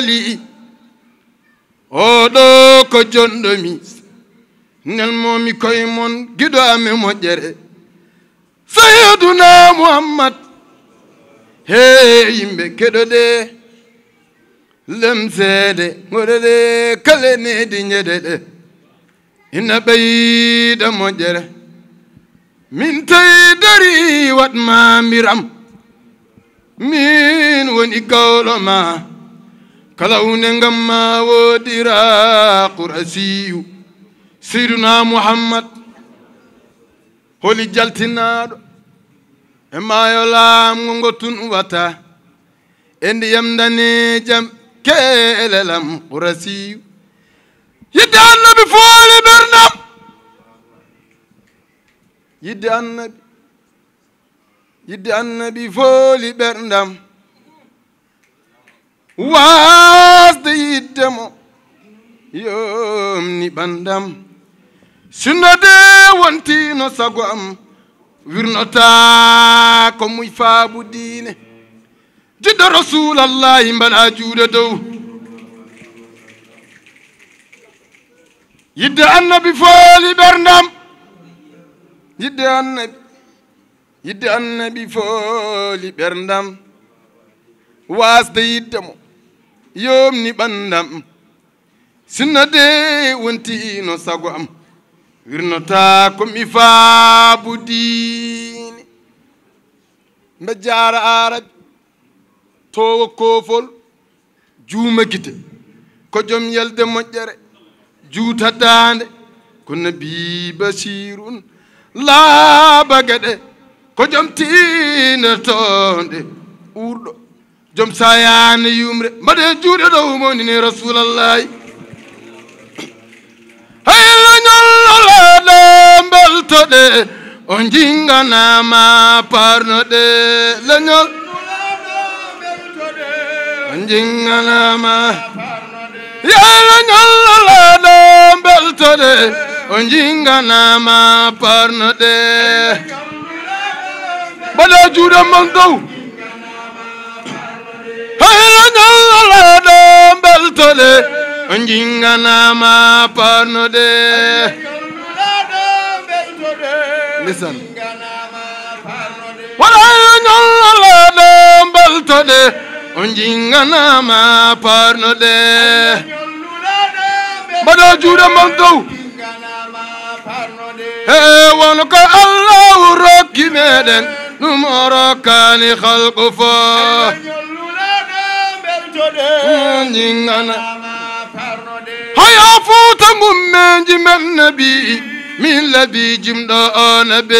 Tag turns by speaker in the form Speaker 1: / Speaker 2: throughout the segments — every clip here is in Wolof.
Speaker 1: haali oɗo ko jonɗomi nelmomi koye mon giɗo ame moƴƴere sayiduna muhammad he yimɓe keɗoɗe lemseede goɗoɗe kala ɗe ina ɓeyda moƴƴere min tawi dari watma mbiram min woni gawɗo ma kala hunde ngam ma wodira qurasiyu siduna muhammad holi jaltinaɗo e maayo laamgo ngo tun uwata e ndiyam danejam keelelam qurasiyu yidde annabi fooli ɓernam yidde annabi yidde annabi fooli ɓerndam waasde yidde mo yomni ɓandam sunnode wontino sago am wirnota muy faabu diine jiɗɗo rasulallahi mbaɗa juuɗe dow yidde annabi fooli ɓerdam yidde annabi fooli ɓerdam wasde yidde mo yomni ɓanndam sinno de wonti no sago am wirnota komi faabudiine mbe jaara arabi towo koofol juuma gite ko joom yalde moƴƴere juuta daande ko nabi basirun laaba geɗe ko joom tiinetonde uurɗo jom sayane yumre mbaɗe juuɗe ɗo umonini rasulallahi hayno ñolloleɗe beltoɗe o jinganama parnoɗe leñol o jinganama yayno ñolloleɗe beltoɗe o jinganama parnoɗe mbaɗe juuɗe mon dow hayranalla o jinganama parnude lisan waɗayoñollala ɗo beltoɗe o jinganama parnude mbaɗo juuɗe mon dow e won allahu rokki meɗen ɗum o rokkani هيا فوت من جم النبي من الذي جمدا نبي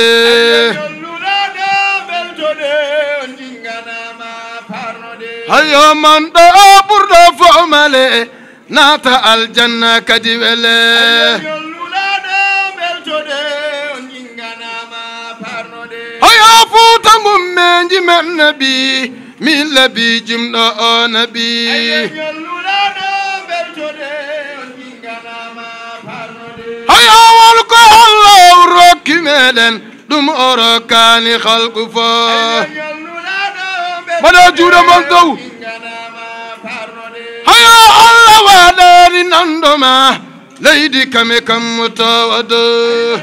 Speaker 1: هيا من دا برد فعمله ناتا الجنة كدبله هيا فوت من جم النبي min labi jumɗo o nabi hayawol ko allah rokki meɗen ɗum o rokkani halku fo mbaɗa juuɗe mon dow hayo allah waɗani nandoma leydi kame kammo tawa dow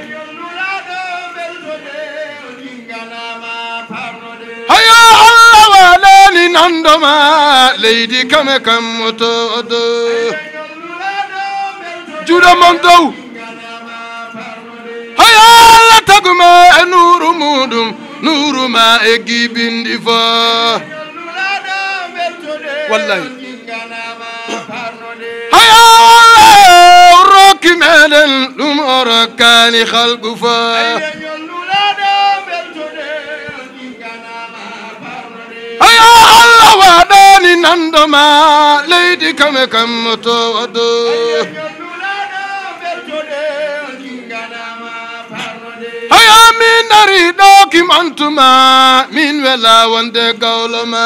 Speaker 2: hayo allah ni nandoma
Speaker 1: leydi kame kam toɗo juuɗo mon dow hay allah taguma e nuru muɗum nuru ma e fo
Speaker 2: wallahi hay allah
Speaker 1: rokki meɗen ɗum
Speaker 2: aya allah
Speaker 1: waɗani nandoma leydi kame kam to waɗo haya min dariɗo kim antuma min wela wonde gawloma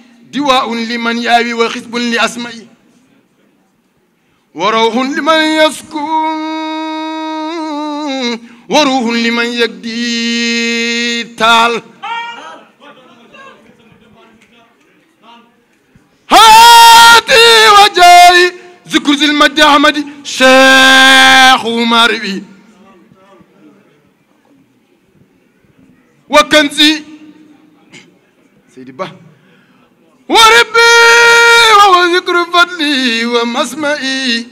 Speaker 1: دواء لمن ياوي وخصب لأسمعي وروح لمن يسكن وروح لمن يقدي تال هاتي وجاي ذكر ذي المجد أحمد شيخ ماربي وكنزي سيدي با وربي وهو ذكر فضلي ومسمعي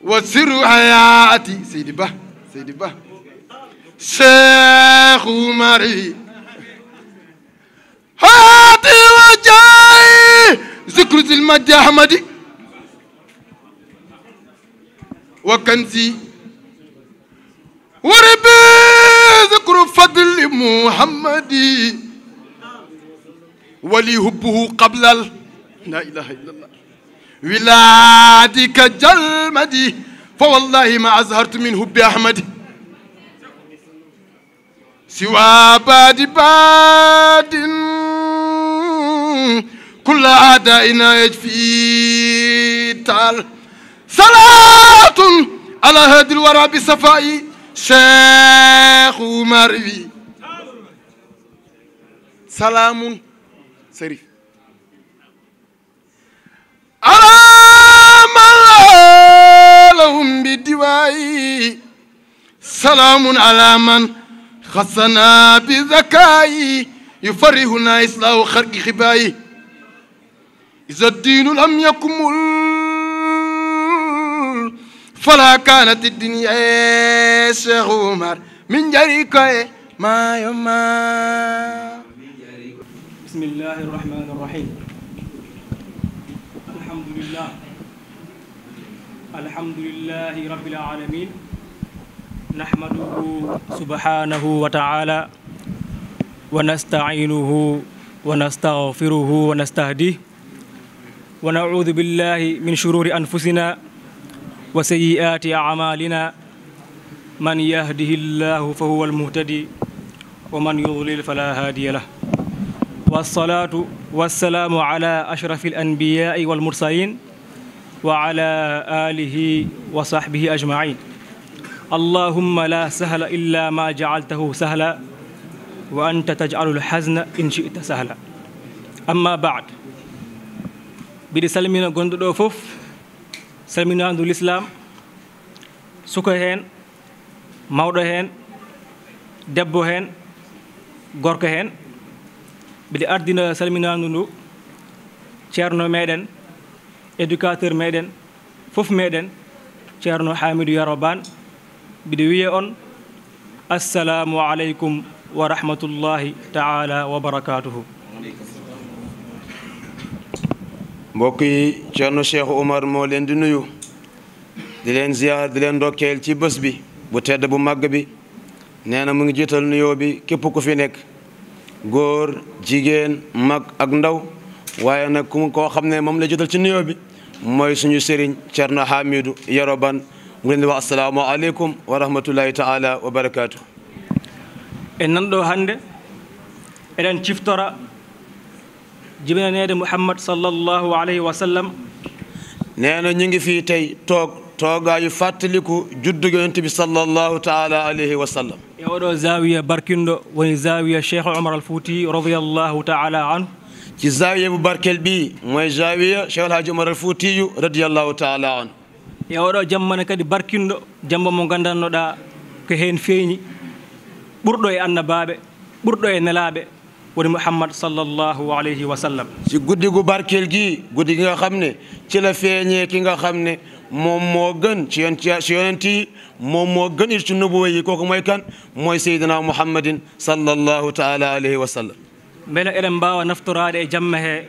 Speaker 1: وسر حياتي سيدي به سيدي به شيخ مري هاتي وجاي ذكر المجد أحمدي وكنزي وربي ذكر فضل محمدي ولي حبه قبل لا
Speaker 3: إله إلا الله
Speaker 1: ولادك جلمدي فوالله ما أزهرت من حب أحمد سوى باد باد كل أعدائنا يجفي تعال صلاة على هدي الورى بصفائي شيخ مروي سلام سري ألام لهم بدوائي سلام على من خصنا بذكائي يفرهنا إصلاح خرق خبائي إذا الدين لم يكمل فلا كانت الدنيا شيخ عمر من جريك ما يما
Speaker 4: بسم الله الرحمن الرحيم الحمد لله الحمد لله رب العالمين نحمده سبحانه وتعالى ونستعينه ونستغفره ونستهديه ونعوذ بالله من شرور أنفسنا وسيئات أعمالنا من يهده الله فهو المهتدي ومن يضلل فلا هادي له والصلاة والسلام على أشرف الأنبياء والمرسلين وعلى آله وصحبه أجمعين اللهم لا سهل إلا ما جعلته سهلا وأنت تجعل الحزن إن شئت سهلا أما بعد mbiɗi salmina gonɗo ɗo fof salminandu l'islam suka hen mawɗo mbiɗe ardina salminandu ndu ceerno meɗen éducateur meɗen fof meɗen ceerno hamidou yaro ban mbiɗe wiye on assalamu aleykum wa taala wa barakatuhu yi ceerno cheikh oumar moo leen di nuyu di leen ziyaar di leen ndokkeel ci bés bi bu tedd bu màgg bi nee na mu ngi jiital nuyoo bi képp ku fi nekk góor jigéen mag ak ndaw waaye nag ku koo xam ne moom la jotal ci nuyoo bi mooy suñu sëriñ Cerno Hamidou Yoroban mu leen di wax asalaamaaleykum wa rahmatullahi taala wa barakaatu en nanɗo hannde eɗen ciftora jibinaneede mouhammad sallllahu alayhi wa sallam nee na ñu ngi fii tey toog toga yu fàttaliku juddu yonent bi sallallahu taala alayhi wa sallam e oɗo zawiya barkindo woni zawiya cheikh omar al fouti radiallahu taala an ci zawiya mo barkel ɓi moye zawiya cheikh alhaji omar al foutiyu radiallahu taala an e oɗo jammane kadi barkinɗo jamma mo gandannoɗa ko heen feeñi ɓurɗo e annabaɓe ɓurɗo e nelaɓe woni mouhammad sallllahu alayhi wa sallam si guddigu barkel gi guddi gi nga xam ne ci la feeñee ki nga xam moom moo gën ci yon ci yonent yi moom moo gën it ci mooy kan mooy seydina muhammadin sallallahu taala alayhi wa sallam beele eɗen mbawa naftorade e jamma he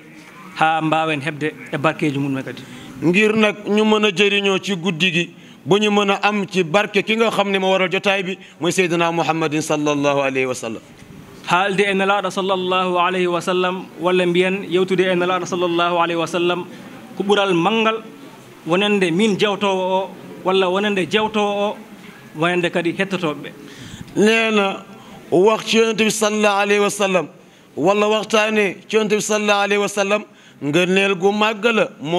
Speaker 4: ha mbawen hebde e barkeji mum kadi ngir nag ñu mën a jëriñoo ci guddi gi bu ñu mën a am ci barke ki nga xam ne moo waral jotaay bi mooy seydina muhammadin sallallahu alayhi wa sallam haalde e nelaɗo sallllahu alayhi wa sallam walla mbiyen yewtude e nelaɗo sallllahu alayhi wa sallam ko ɓural manngal wonande min jewtowo o walla wonande jewtowo o wonande kadi hettotoɓe ɓe nee na wax ci yonente bi salallahu alayhi wa sallam walla waxtaane ci yonente bi salallahu alayhi wa sallam ngëneel gu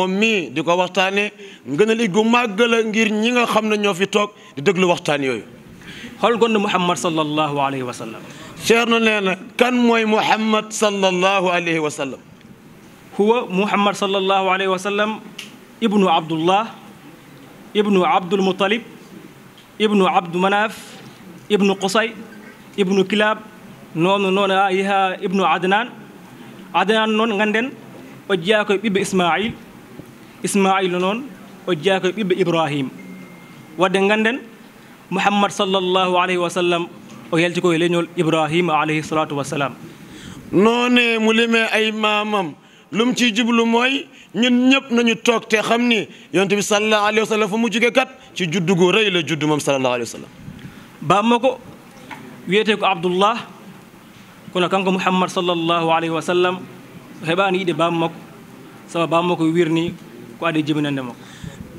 Speaker 4: mii di ko waxtaane ngëneel gu màgg la ngir ñi nga xam ne ñoo fi toog di déglu waxtaan yooyu hol gonɗo mouhammad sallallahu alayhi wa sallam ceerno nee kan mooy mouhammad sallallahu alayhi wa huwa mouhammad sallallahu alayhi wa ابن عبد الله ابن عبد المطلب ابن عبد مناف ابن قصي ابن كلاب نون نون ايها ابن عدنان عدنان نون غندن o jeeya koye ɓiɓɓe ismail ismailu noon o jeeya koye ɓiɓɓe ibrahima wadde ganden mouhammad sallllahu alayhi wa sallam o yalti koye leñol ibrahima alayhi salatu wassalam noone mulime ay mamam lu mu ciy jublu mooy ñun ñëpp nañu toog te xam ni yonent bi sallallahu alayhi wa sallam fu mu jóge kat ci juddu gu rëy la judd moom sallallahu alayhi wa sallam baa ko wiyetee ko abdullah kono kanko muhammad sallallahu wa sallam heɓaani yiɗe baa makko sabu baa ko ade jibinande makko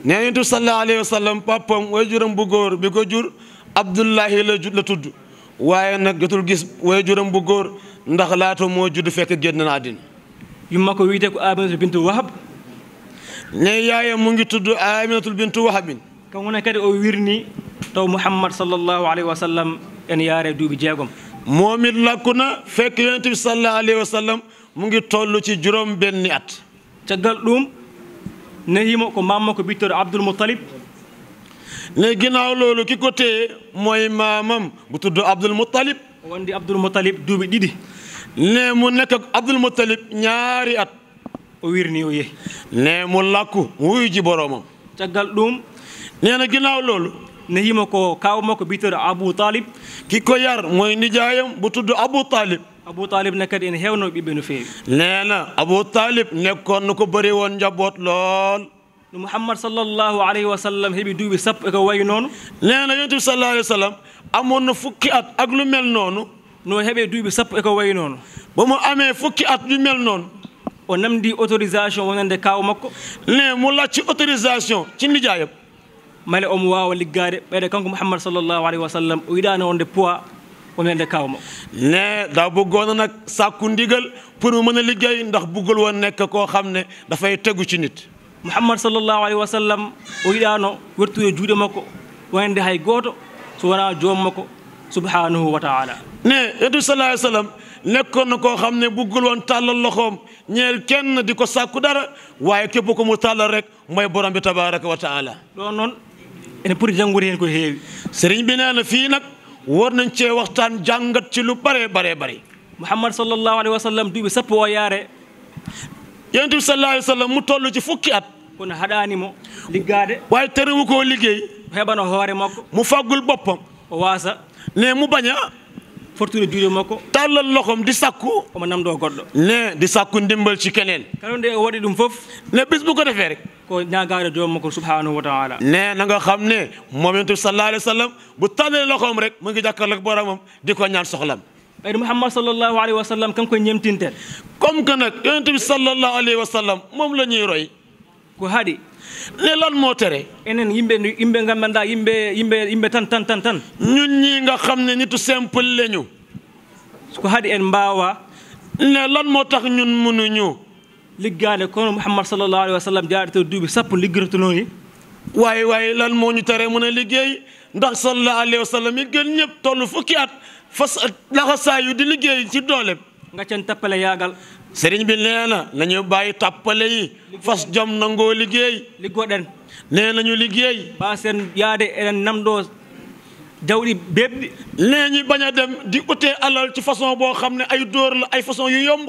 Speaker 4: nee yonent bi sallallahu alayhi wa sallam pappam waajuram bu góor bi ko jur abdullahi la la tudd waaye nag jotul gis waajuram bu góor ndax laata moo juddu fekk génn na àddina يمكو ويدك آمنة بنت وهب نيا يا مونغي تدو آمنة بنت وهب كم هناك أو ويرني تو محمد صلى الله عليه وسلم أن ياري دوبي جاكم مؤمن لكنا فكر ينتبه صلى الله عليه وسلم مونغي تولو تي جروم بنيات تقال لوم نهيمو كو مامو كو بيتر عبد المطلب لكن لو كي كوتي مو امامم بتدو عبد المطلب وندي عبد المطلب دوبي ديدي ne mu nekk ak Abdul Muttalib ñaari at o wirni o yehi ne mu làkku wuyu ji boroomam caggal ɗum nee na ginnaaw loolu ne yima ko kaaw makko biteɗo abou talib ki ko yar mooy nijaayam bu tudd abou talib abou talib ne kadi ene heewno ɓiɓɓe no feewi nee na abou talib nekkoon na ko bëri woon njaboot lool no mouhammad sallallahu alayhi wa sallam heɓi duuɓi sappo e ko wayi noonu nee na yonent sallallahu alayhi wa sallam amoon na fukki at ak lu mel noonu no heɓe duuɓi sappo eko wayi boo bomo amee fukki at yu mel noon o namdi autorisation wonande kaw makko ne mo lacci autorisation cinnijayam male omo wawa liggade ɓeyde kanko mouhammad sallllahu alayhi wa sallam o yiɗano wonde poids wonande kaw makko ne da buggono nag sakku ndigal pour mën a liggéey ndax buggul woon nekk koo xam ne dafay tegu ci nit mouhammad sallllahu alayhi wa sallam o yiɗano wertude juuɗe makko wonande hay goto so wona joom makko subhanahu wa ne yonent bi wa sallam nekkoon na koo xam ne buggul woon tàllal loxoom ñeel kenn di ko sàkku dara waaye képp ko mu tàllal rek mooy borom bi tabaraka wa taala ɗon noon ene pour janngude heen ko heewi sëriñ bi fii nag war nañ cee waxtaan jàngat ci lu bare bare bare muhammad sallallahu alayhi wa sallam duuɓi sappo o yaare yonent wa sallam mu toll ci fukki at kono haɗanimo liggaade waaye terewu koo liggéey heɓano hoore makko mu faggul boppam o fortune juuɗe makko tallal loxom di sakku omo namdoo goɗɗo ne di sakku ndimbal ci keneen kala nde o waɗi ɗum fof ne bis bu ko defee rek ko ñaagaare joom makko subhanahu wa taala ne na nga xam ne momentu sallallahu alayhi wa sallam bu tàllalee loxoom alayhi wa sallam kanko ñemtinten comme que nag bi sallallahu alayhi wa sallam moom la ñuy ko haɗi ne lan moo tere enen yimɓe yimɓe gandanɗa yimɓe yimɓe tan tan tan ñun ñi nga xam ne nitu simple lañu ko haadi en mbawa ne lan moo tax ñun mënuñu liggaade kono mouhammad sallallahu alayhi wa sallam jaaɗi to duuɓi sappo liggirotonooyi waaye waaye lan moo ñu tere mën a liggéey ndax sallallahu alayhi wa sallam yi gën ñëpp toll fukki at fas laxasaayu di liggéey ci doolem nga ceen tappale yaagal sëriñ bi nee na nañu bàyyi tàppale fas jom nangoo liggéey liggoɗen nee nañu liggéey basen yaade eɗen namɗo jawɗi beebɗi nee ñi bañ a dem di utee alal ci façon boo xam ne ay door la ay façon yu yomb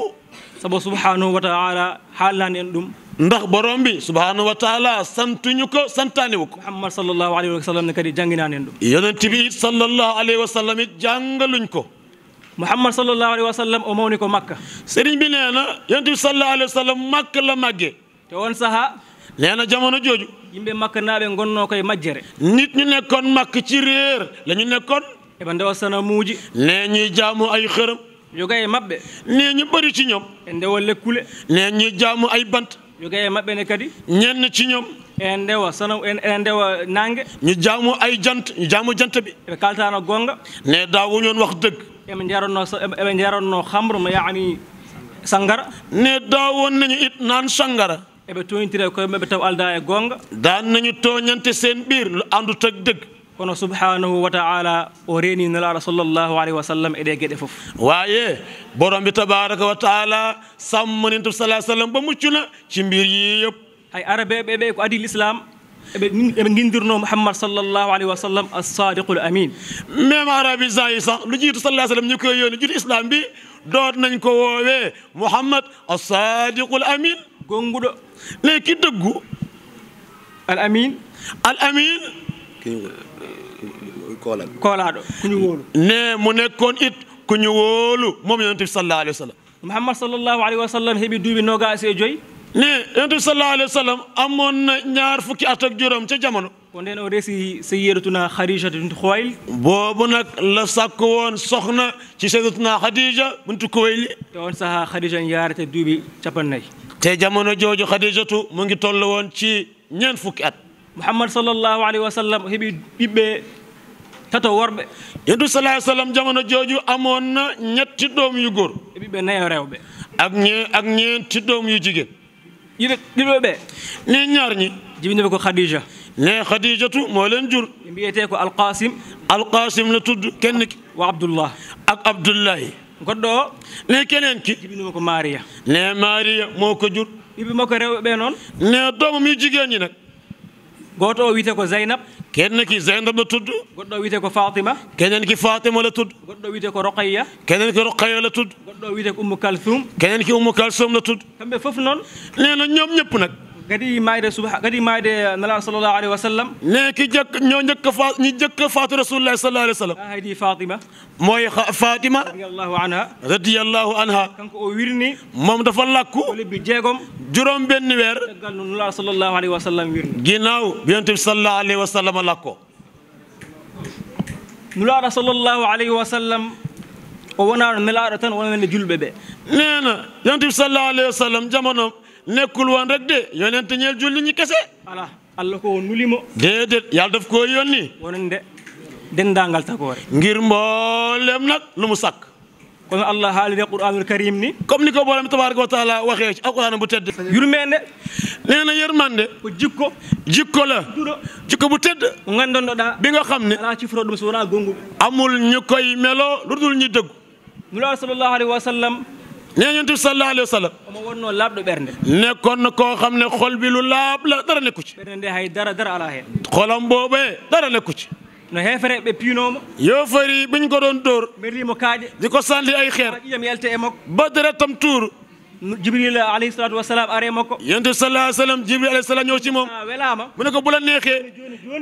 Speaker 4: sabu subhanahu wa taala haalnaani en ɗum ndax borom bi subhanahu wa taala santuñu ko santaanewu ko muhammad sallallahu alayhi wa sallam ne kadi janginaani en ɗum yonent bi sallallahu alayhi wa sallam it jàngaluñ ko muhammad sallallahu alayhi wa sallam o mawni ko makka sëriñ bi nee na yonent bi sallallahu alayhi wa makka la màggee te woon saha nee na jamono jooju yimɓe makka naaɓe gonnoo koye majjere nit ñu nekkoon makka ci réer la ñu nekkoon eɓe ndewa sanamuuji nee ñuy jaamu ay xërëm yoga e maɓɓe nee ñu bëri ci ñoom e ndewa lekkule nee ñuy jaamu ay bant yoga e maɓɓe ne kadi ñenn ci ñoom e ndewa sana e, e ndewa ñu jaamu ay jant ñu jaamu jant bi eɓe kaltano gonga ne daawuñoon wax dëgg eɓe jaranno eɓe jaranno hamre mo yani sangara ne da won nañu it naan sangara eɓe toñitire koye maɓe taw alda e gonga dan nañu toñante seen ɓiir lu andut ak dëgg kono subhanahu wa taala o reeni nelaɗo sallllahu alayhi wa sallam eɗe gueɗe foof waye borom bi wa taala sammanintum sa sallam ba muccuna ci mbir yi yeb hay arabeɓe ɓe ko adi l'islam من محمد صلى الله عليه وسلم الصادق الأمين ما عربي زاي صح لجيت صلى الله عليه وسلم نيكو يوني جيت إسلام بي دوت نانكو ووي محمد الصادق الأمين غونغودو لي كي دغو الأمين الأمين كولاد كولاد ني مو نيكون ايت كوني وولو موم صلى الله عليه وسلم محمد صلى الله عليه وسلم هبي دوبي نوغاسي جوي ne yonent bi sallallahu alayhi wa sallam amoon na ñaar fukki at ak juróom ca jamono ko nden o resi sayyidatuna Khadija bintu Khuwaylid boobu nag la sàkku woon soxna ci sayyidatuna Khadija bintu Khuwaylid te on sahaa Khadija yaarete duuɓi capannayi te jamono jooju Khadijatu mu ngi toll woon ci ñeent fukki at Muhammad sallallahu alayhi wa sallam heɓi bi sallallahu alayhi wa sallam jamono jooju amoon na ñetti doom yu góor e ak ñe ak doom yu jigéen yile yile be ne ñaar ñi jibine ko khadija ne khadijatu mo len jur mbiyete ko alqasim alqasim la tudd kenn ki wa abdullah ak abdullah goddo ne kenen ki jibine ko maria ne maria moko jur bibi mako rewbe non ne doom mi jigeen ñi nak goto wite ko zainab كنك زينب لتود غدو ويته كو فاطمه كنك فاطمه لتود غدو ويته كو رقيه كنك رقيه لتود غدو ويته ام كلثوم كنك ام كلثوم لتود كم فوف نون نانا نيوم نك غادي مايد صبح غادي مايد نلا صلى الله عليه وسلم نيك جك ني جك فا ني جك فاطمه رسول الله صلى الله عليه وسلم هذه فاطمه موي فاطمه رضي الله عنها رضي الله عنها كانكو ويرني موم دا فلاكو ولي بي جيغوم جوروم بن وير دغال نلا صلى الله عليه وسلم ويرني غيناو بينتو صلى الله عليه وسلم لاكو نلا صلى الله عليه وسلم وونار نلا رتن ونن جول بيبي نانا ينتو صلى الله عليه وسلم جامونو nekkul woon rek de yonent ñeel julli ñi kese. ala allah ko nulima. déedéet yàlla daf koo yónni. wonen de dendaangal tagoore. ngir mboolem nag lu mu sàkk. kono allah haalide qur'anul karim ni comme ni ko borom tabaraka wa taala waxee ci alquran bu tedd yurmeende nee na yërmande ko jikko jikko la jikko bu tedd ngandonɗoɗa bi nga xam ne ana cifro ɗum so wona amul ñu koy melo lu dul ñu dëggu nulaa sallallahu nee yonent bi sallallahu alayhi wa sallam omo wonno laaɓɗo ɓernde nekkoon na koo xam ne xol bi lu laaɓ la dara nekku ci ɓernde nde hay dara dara ala heen xolam boobee dara nekku ci no heefere ɓe piinomo yofori ɓiñ ko ɗon dóor merimo kaaƴe di ko sandi ay xeer ƴiyam yelte e makko badere tam tuuru jibril alayhi salatu wasalam are makko yonent bi sallallahu alayhi wa sallam jibril alayhi salam ñëw ci moom welama mu ne ko bu la neexee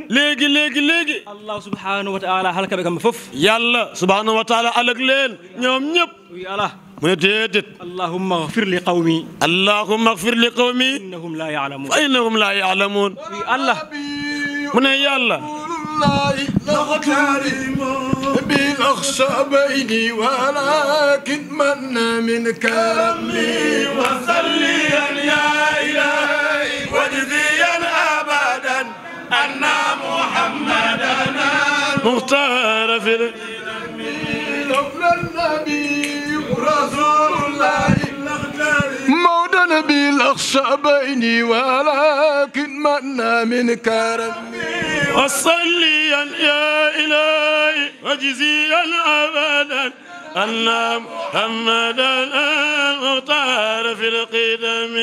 Speaker 4: léegi léegi léegi allah subhanahu wa taala halkaɓe kamɓe foof yàlla subhanahu wa taala alag leen ñoom ñëpp ala اللهم اغفر لقومي اللهم اغفر لقومي انهم لا يعلمون انهم لا يعلمون الله من يا الله
Speaker 1: الله كريم بالاخشى بيني من من
Speaker 2: كرمي يا
Speaker 1: الهي
Speaker 2: وجزيا ابدا ان محمدا
Speaker 4: مختار في
Speaker 2: لولا النبي
Speaker 1: مولى نبي بيني ولكن
Speaker 2: منا من كرمي وصليا يا إلهي
Speaker 5: وجزيا أبدا أن محمدا المختار في القدم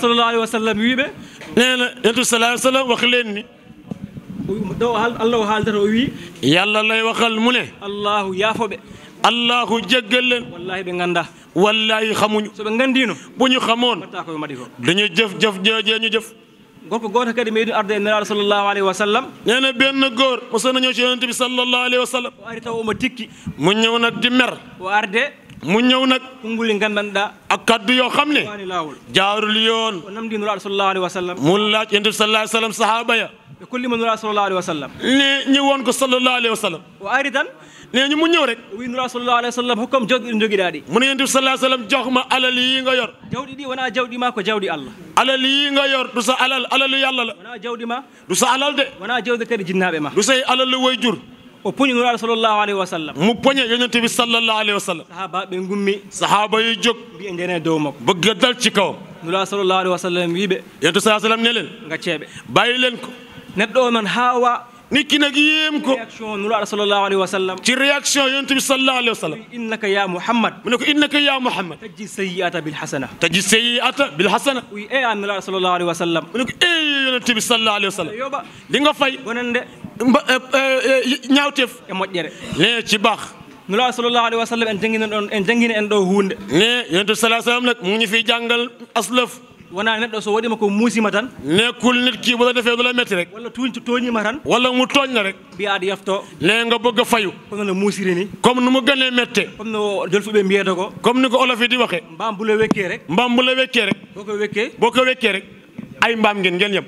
Speaker 4: صلى الله عليه وسلم يبي لا لا انتو صلى الله عليه وسلم وخليني الله الله جعل والله بنعندا والله خمون سبعندينو بني خمون دنيا جف جف جا جا نجف غرب غور هكذا ميدو أرض النار صلى الله عليه وسلم يعني بين غور مثلا نجوا أنت بسال الله عليه وسلم وارثه ومتيكي من يومنا دمر وارده من يومنا كنقولين كان بندا أكاد يو خمني جارليون ونمدين رسول الله عليه وسلم مولات أنت بسال الله عليه وسلم صحابة لكل من رأى صلى الله عليه وسلم ني ني وون كو صلى الله عليه وسلم وايضا ني ني مو نيو رك وي نرا صلى الله عليه وسلم حكم جوغي جوغي دادي من ينتي صلى الله عليه وسلم جوخما علال يي nga yor جودي دي وانا جودي ما كو جودي الله علال يي nga yor du sa alal alal yalla la وانا جودي ما du sa alal de وانا جودي كدي جنابه ما du sa alal way jur o poñi nuraaɗo sallllahu aleyhi wa sallam mo poñe yonente bi sallllahu aleyhi wa sallam sahaba ɓe gummi sahaba yo jog mbiye ndene dow makko bëgga dal ci kawam nuraaɗo sallllahu aleyhi wa sallam wiiɓe yonente sa sallam ne leen gacceeɓe bàyyi leen ko neɗɗo man haawa nikkina gi yeem ko réaction nuraɗo sallllahu alayhi wa sallam ci réaction yontubi sallallahu alayhi wa sallam innaka ya mouhammad mi ne ko innaka ya mouhammad taji seyi'ata bilhasana taji seyi'ata bilhasana uy e an nuraɗo sallllahu alayhi wa sallam mi ne ko eye yontubi sallallahu alayhi wa sallam yoɓa ɗi nga fay bonande ñawtef e moƴƴere ne ci baax nulaa sallallahu alayhi wa sallam en jangina ɗon en jangina en ɗo hunde ne yontubi salah sallam nag mu ngi fi jàngal aslaf wona neɗɗo so waɗima ko muusima tan nekkul nit kii bu la defee du la métti rek walla tuñ ma tan walla mu tooñ la rek mbiya aɗa yeftoo nga bëgg a fayu comme no muusiri ni comme nu mu gënee méttee comme no jolfuɓe mbiyata ko comme ni ko olof yi di waxee mbaam bu la wekkee rek mbaam bu la wekkee rek boo ko wekkee boo ko wekkee rek ay mbaam ngeen ngeen yem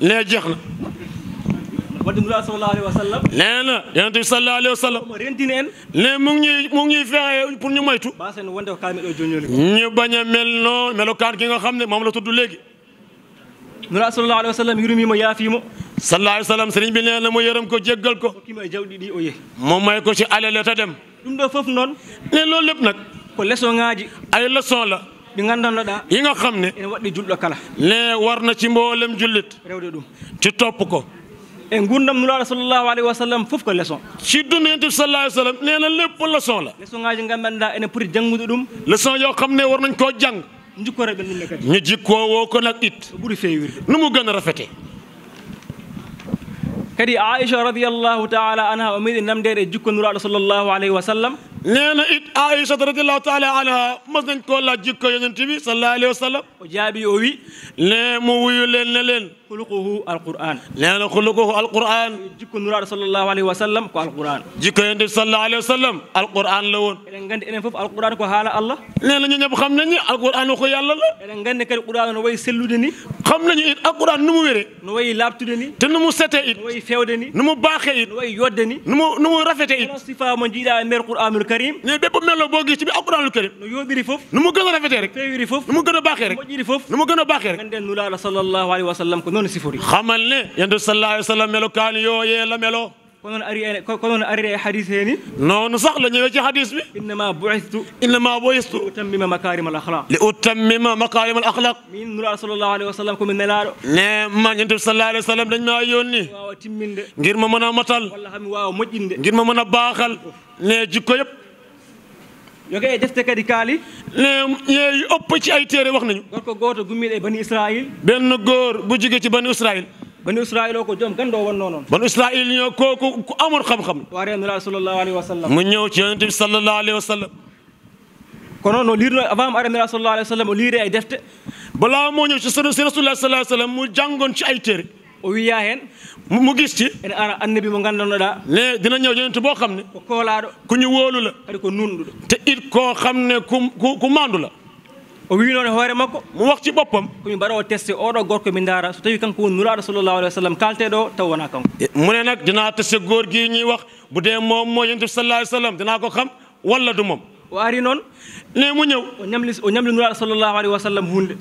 Speaker 4: ne jeex na waɗumla sallallahu alayhi wa sallam nee na yonente bi sallallahu alayhi wa sallam omo pour ñu moytu tu wonde ko kalmi ɗo joni ñu bañ a mel noo melokaan xam ne moom la tudd léegi nura sallallahu alayhi wa sallam yurmimo yaafimo sallallahu alayhi wa sallam sëriñ bi nee na mu yërëm ko jéggal ko hokkima e mo may ko ci alele ta dem ɗum ɗo fof noon loolu lépp nag ko leçon ŋaaji ay leçon la ɗi gandannoɗa yi nga xam ne ene waɗɗi julɗo war na ci mboolem jullit rewde topp ko e gurdam nulaaɗo sallllahu alayhi wa fof ko leçon siddunde yonti sallah alih sallam nee na lépp leçon la leçon ngaji nganndanɗa ene poti janngude ɗum leçon yo xam ne war nañ koo jàng jikkore ɓen ɗumne kadi ñu jikkoowoo ko nag it o ɓuri feewirde gën a rafetee kadi aicha radiallahu taala anha o namdeede e jikkonuraaɗo sallllahu alayhi wa لأن عائشة رضي الله تعالى عنها مثلا كل الجيكة ينتبه صلى الله عليه وسلم وجابي أوي لأن أوي لأن لأن خلقه القرآن لأن خلقه القرآن جيكة نور صلى الله عليه وسلم كو القرآن جيكة ينتبه صلى الله عليه وسلم القرآن لون لأن غند إنفف القرآن كو حالة الله لأن ينجب خمنني القرآن كو يالله لأن غند كو القرآن نوي سلودني خمنني القرآن نموري نوي لابتودني تنمو ستئت نوي فيودني نمو باخئت نوي يودني نمو نمو رفتئت نصفة من جيدة أمير القرآن karim ne bépp melo boo gis ci biir alquranul karim no yóbbiri foof nu mu gën a rafetee rek feewiri foof nu mu gën a baaxee rek mojjiri foof nu mu gën a baaxee rek ganden nulaala sallallahu alayhi wa sallam ko noon sifori xamal ne yendu sallallahu alayhi wa sallam melokaan yooyee la melo konoon ari konoon ari e hadis heeni noonu sax la ñëwee ci hadis bi innama buistu innama buistu li utammima makarima al axlaq li utammima makarima al axlaq min nuraal sallallahu alayhi wa sallam ko min nelaaɗo ne ma ñent bi sallallahu alayhi wa sallam dañ maa yónni waawa timminde ngir ma mën a matal walla xam waawa moƴƴinde ngir ma mën a baaxal ne jikko yëpp yoge e defte kadi kaali ne oppo ci ay téere wax nañu gorko gooto gummiɗo e bani israil benn góor bu jóge ci bani israil banu israil o ko joom gando wonnoo noon banu israil ñoo kooku ku amoon xam-xam waare anulaa sallallahu alayhi wa sallam mu ñëw ci yonente bi sallallahu alayhi wa sallam kono no liirno avant mo aranulaa sallallahu alayhi wa sallam ay defte balaa moo ñëw ci sunu si rasulullah sallallahu alayhi mu jàngoon ci ay o wiya hen mo gisti ene ara annabi mo gandannoɗa ne dina ñëw yonentu boo xam ne ko koolaɗo koñu wóolu la adi ko nunɗuɗo te it koo xam ne ku mandu la o winoon e hoore makko mu wax ci boppam komi mbaɗa o testé oɗo gorko mi daara so tawi kanko woni nuraɗo sallllahu alih wa sallam kalteɗo o taw wona kanko e, mu ne nag dinaa testé góor gi ñuy wax bu dee moom moo yonentu sallah alih w sallam ko xam walla du moom o noon ne mu ñëw o ñamli o ñamli wa sallam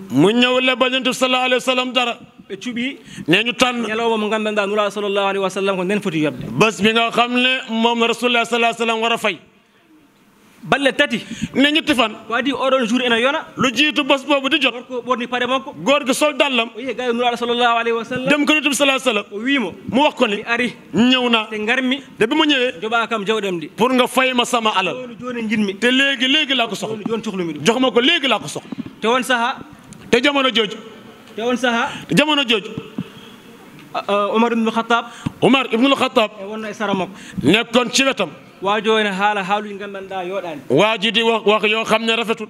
Speaker 4: ɓe cuɓi neñu tan ñalawma mo gandanɗa nura sallllahu alayhi wa sallam ko nden foti yobde bés bi nga xam ne moom no rasulullah salah sallam wara fay balle tati ne ñetti fan ko adi oɗon jour jiitu bos boobu di jot gorko ɓorni pare makko gorko sol dallam o yehi gawi nuraɗo sallllahu alayhi wa sallam dem ko netibi salah sallam o wiimo mo wax ko ni ari ñëw naa te garmi debi mo ñëwee joɓa kam jawɗam ɗi pour nga fayma sama alal joni jinmi te léegi léegi laa ko soxla joni cohlumi ɗum jox ma ko léegi laa ko soxla te won saha te jamono jooju تون سها جمانو جوج أه، عمر بن الخطاب عمر ابن الخطاب إيه، وانا اسرامك نكون شيبتم واجو ان حال حالو ان غاندا يودان واجدي واخ يو خامني رافتو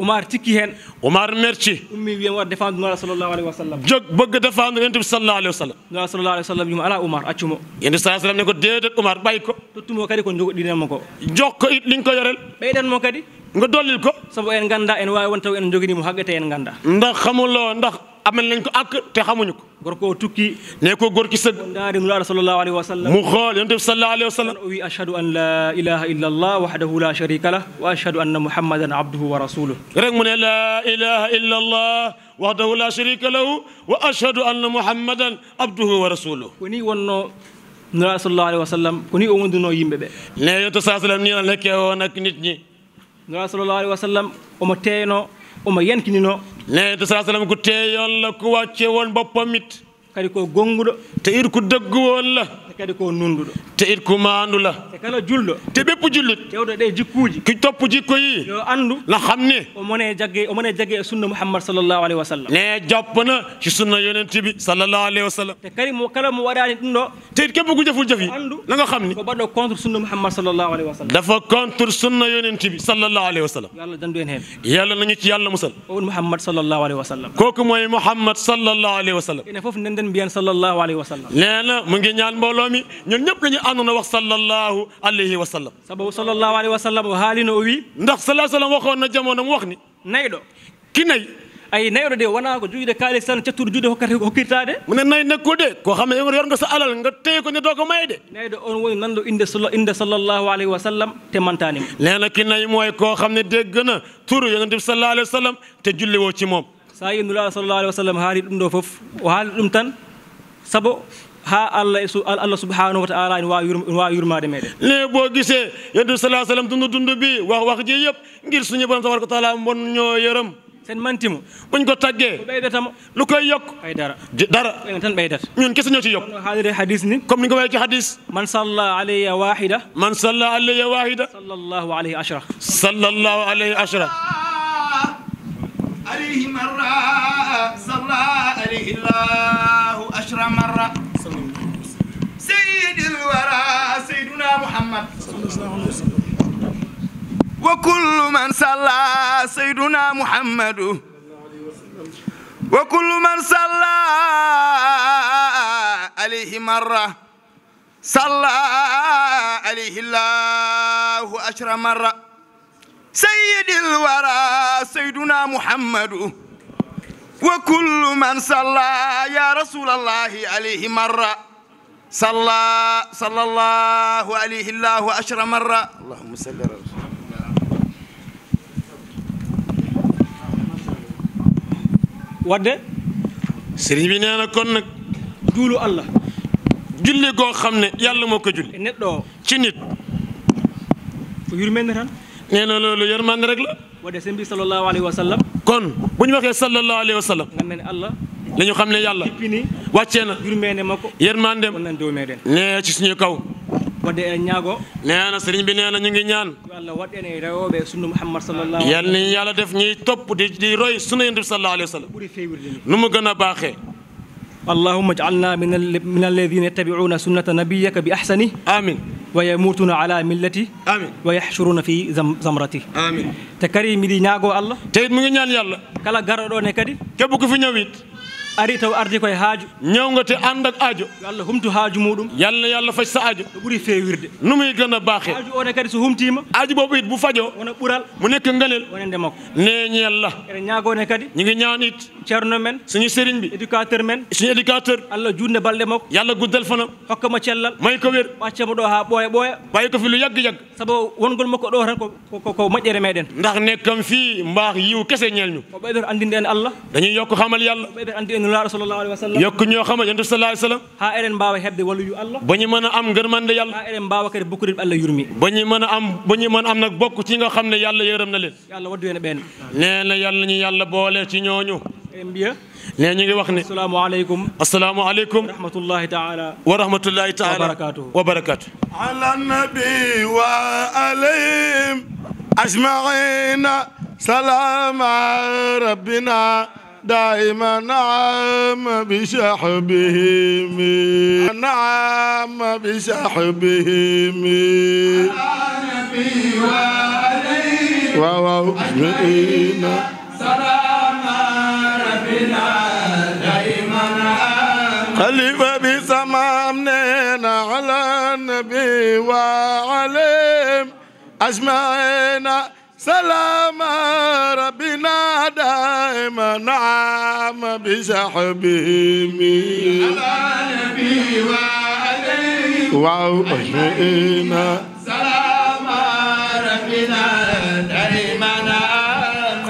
Speaker 4: عمر تيكي هن عمر ميرتي امي ويم وار ديفاند نبي صلى الله عليه وسلم جوج بوغ ديفاند نبي صلى الله عليه وسلم نبي صلى الله عليه وسلم يوم على عمر اتشمو ين يعني صلى الله عليه وسلم نكو ديدت عمر بايكو توتمو كادي كو نجو دينامكو جوكو ايت لينكو يورل بيدن مو كادي nga dollil ko sabu en ganda en wawi won taw en joguinimo haqqe te en ganda ndax xamuloo ndax amal nañ ko ak te xamuñu ko gorko o tukki ne ko gorki sëgg ndaari nulaaɗo sallallahu alayhi wa sallam mu xool yonte bi sallallahu alayhi wa sallam o wi ashhadu an la ilaha illa allah wahdahu la sharika lah wa ashhadu anna muhammadan abduhu wa rasuluh rek mu ne la ilaha illa allah wahdahu la sharika lahu wa ashhadu anna muhammadan abduhu wa rasuluh woni wonno nulaaɗo sallallahu alayhi wa sallam ko ni o wonduno yimɓe ɓe ne yonte sa sallam ni on lekke o nak nit ñi nura sallallahu alayhi wa sallam omo teeyno omo yankinino neneto saa sallam ko teeyoon la ko wàcce woon boppam it kadi ko gonguɗo te ir ko dëgguwoon la kadi ko nunduɗo te it ko maandula e kala julɗo te ɓeppu julluɗ kewɗo ɗe jikkuji ki toppu jikkoyi yo andu no xamne omone jagge omone jagge e sunna mouhammad sallllahu alayhi wa sallam ne joppana si sunna yonentibi sallllahu alayhi wa sallam te kadi mo kala mo waɗani ɗum ɗo te it kebbu ko jaful jafi andu na nga xam ni ko baɗɗo contre sunna mouhammad sallllahu alayhi wa sallam dafa contre sunna yonentibi sallllahu alayhi wa sallam yo allah dandu en hen yalla nañu ci yalla musal on mouhammad sallllahu alayhi wa sallam kooku mooy mouhammad sallllahu alayhi wa sallam ene foof nenden mbiyen sallllahu alayhi wa sallam nee na mu ngi ñaan mbooloo mi ñun ñëpp dañuy àndoon na wax sallallahu alayhi wa sallam sababu sallallahu alayhi wa sallam o haalino o wi ndax sallallahu sallam waxoon na jamono mu wax ni nayɗo kinayi ayi nayɗo de wona ko joguide kaalis tan cattuɗo juuɗe hokkata hokkirtade mune nayi nekkude ko xam ne yorngo sa alal nga tewi ko nedoo ko mayde nayɗo on woni nanɗo inde inde sallallahu alayhi wa te mantanima leena kinayi moy ko xam ne dégg na turu yonente bi sallallahu alayhi wa sallam te wo ci moom sa yi nulaa sallallahu alayhi wa sallam haali ɗum ɗo foof ha allah e allah subhanahu wa taala ene wawi ene wawi yurmade meɗen ne bo guise yeddu salah sallam dundu dundu bi wax wax je yeb ngir suñu borom tabaraka taala bonño yërëm sen mantimo buñ ko tagge ko ɓeydatamo lu koy yokk ay dara dara en tan ɓeydata ñun kese ñoo ci yokk haalire hadis ni comme ni nga waye ci hadis man salla alayya wahida man salla alayya wahida sallallahu alayhi ashra sallallahu alayhi ashra
Speaker 2: عليه مرة صلى عليه الله أشر مرة sayyidil wara sayyiduna muhammad wa kullu man salla sayyiduna muhammadu wa kullu man salla alayhi marra salla alayhi llahu ashra marra sayyidil wara sayyiduna muhammadu wa kullu man salla ya rasulallahi alaihi marra salla sallallahu alaihi عليه ashra marra
Speaker 5: allahumma salli ala
Speaker 4: wadde serigne bi neena kon nak allah julli go xamne yalla moko moo ko e ci nit ko yurmende tan neena na yermane rek la wadde sembi sallallahu alaihi wasallam kon bu ñu waxee sallallahu alayhi wa sallam. nga la ñu xam ne yàlla. wàccee na. yërmandeem nee ci suñu kaw. wadde en ñaago neena sëriñ bi neena ñu ngi ñaan yàlla waɗen e rewooɓe sunna muhammad sallallahu yal ni yàlla def ñuy topp di di roy sunna yonent bi sallallahu alayhi wa sallam nu mu gën a baaxee allahuma ijcalna min alladina yattabicuuna sunnata nabiyaka bi axsanih amin wa yamutuuna ala millati amin wa yaxshuruna fi zamrati amin te kadi miɗi ñaago allah te mu ngi ñaan yàlla kala garoɗo ne kadi kebbu ko fi ñawit ari taw ardi koye haaju ñewgote andak aajo allah humtu haaju muɗum yalla yalla fay sa aajo o ɓuuri fewirde numuy gënna baaxe aaju one kadi so humtima aaju boobu it bu fajo wona ɓural mu nekk ngëlel wone ndemakko neñella ene ñaagone kadi ñu ngi ñaan it ceerno men suñu sérigne bi éducateur men suñu éducateur allah judde balɗe makko yalla guddal fanam hokkama cellal may ko wér waccama ɗo ha ɓooya ɓooya bayi ko fi lu yagg yagg saabu wongol makko ɗo tan koko moƴƴere meɗen ndax nekkam fii mbaax yiw kese ñeelñu o ɓeydoto andinde en allah dañuy yokk xamal yalla ɓeydoto andi en nulaaɗo sallllahu alih wa sallam yokku ñoo xama yontu sallah alih sallam ha eɗen mbawa hebde walluyu allah boñi mën a am ngërmande yàlla ha eɗen mbawa kadi bokkude allah yurmi boñi mën a am boñi mën am nag bokk ci nga xam ne yàlla yërëm na leen yàlla waddu hen e ɓeen nee na yàlla ñu yàlla boole ci ñooñu eɗen mbiya nee ñu ngi wax ne assalamu aleykum assalamu aleykum rahmatullahi taala wa rahmatullahi taala wabarakatuhu wa barakatuh
Speaker 5: ala nabi wa alayhim ajmaina salaama rabbina دائما عام بسحبه نعم بسحبه نبي نعم وعليه وأجمعين سلام ربنا دائما خليفة بسمامنا على النبي وعليم أجمعين سلام ربنا دائما نعم بسحبه على وعليه وأجمعين سلام ربنا دائما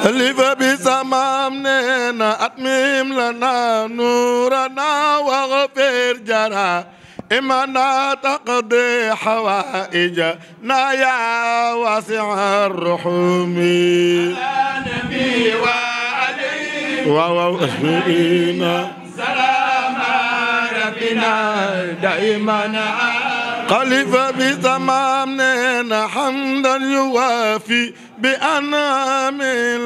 Speaker 5: ألف بسمامنا أتمم لنا نورنا واغفر جرانا أنا تقضي حوائجنا يا واسع الرحوم على نبي وعليه ووأسمئنا سلام ربنا دائما قلف بتمام حمدا يوافي بأنام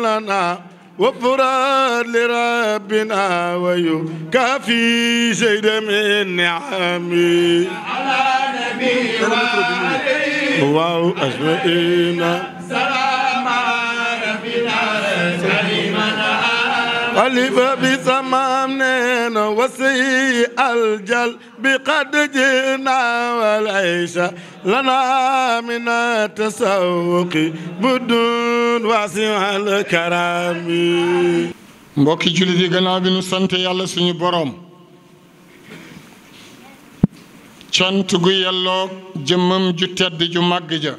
Speaker 5: لنا وبرار لربنا ويكافي جيد من نعمي على نبي وعليه واو أجمعين سلام xalifa bi samaam nee na wasiy aljal bi qad jina wal aysha lana min tasawuqi
Speaker 6: budun wasial karami mbokki jullit yi nu sant yàlla suñu boroom cant gu yelloog jëmmam ju tedd ju màgg ja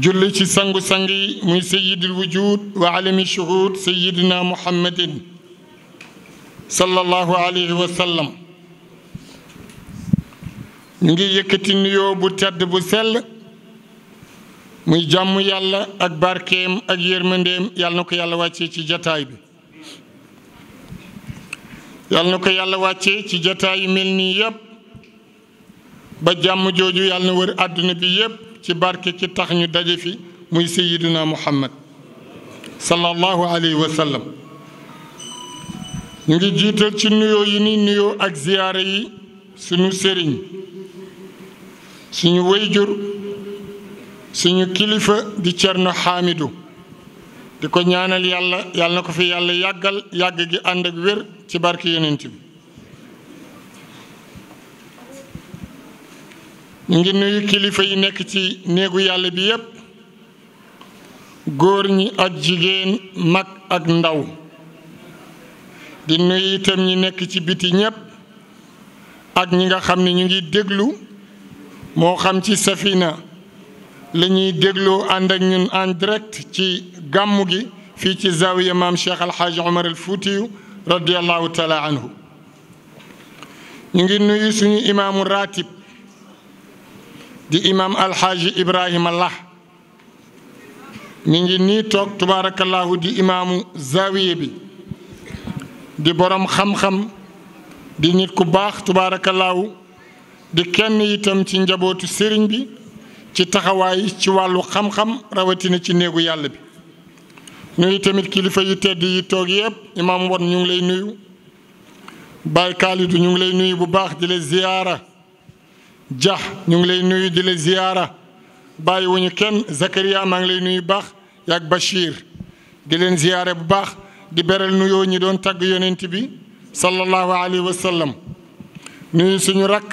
Speaker 6: julli ci sangu-sang yi muy sayidil wujud wa alami shuhud sayidina muhammadin sallallahu alayhi wa sallam ngi yëkkati nuyoo bu tedd bu sell muy jàmm yàlla ak barkeem ak yërmandeem yàlla na ko yàlla wàccee ci jataay bi yàlla na ko yàlla wàccee ci jataay yi mel nii yépp ba jàmm jooju yàlla na wër àdduna bi yépp ci barke ki tax ñu daje fi muy sayiduna muhammad sallallahu alayhi wa sallam ñu ngi jiital ci nuyoo yi ni nuyoo ak ziyaara yi suñu sëriñ suñu wayjur suñu kilifa di cerno xaamidu di ko ñaanal yàlla yàlla na ko fi yàlla yàggal yàgg gi ànd ak wér ci barke yonent bi ñu ngi nuyu kilifa yi nekk ci néegu yàlla bi yépp góor ñi ak jigéen mag ak ndaw di nuyu itam ñi nekk ci biti ñépp ak ñi nga xam ne ñu ngi déglu moo xam ci safina lañuy ñuy dégloo ànd ak ñun en direct ci gàmmu gi fii ci zawiya maam cheikh alxaaji omar al fuutiyu ñu ngi nuyu suñu imaamu ratib di imam alxaaji ibrahima la mi ngi nii toog tubaarakallaahu di imaamu zawiye bi di boroom xam-xam di nit ku baax tubaarakallaahu di kenn itam ci njabootu sëriñ bi ci taxawaay ci wàllu xam-xam rawatina ci néegu yàlla bi nuyu tamit kilifa yu tedd yi toog yëpp imaam won ñu lay nuyu Baay Kaalidu ñu lay nuyu bu baax di la ziyaara Dia ñu ngi lay nuyu di la ziyaara bàyyi wuñu kenn Zakaria maa ngi lay nuyu baax yaag Bachir di leen ziyaare bu baax di beral nuyoo ñi doon tàgg yonent bi sallallahu alayhi wa sallam nuyu suñu rakk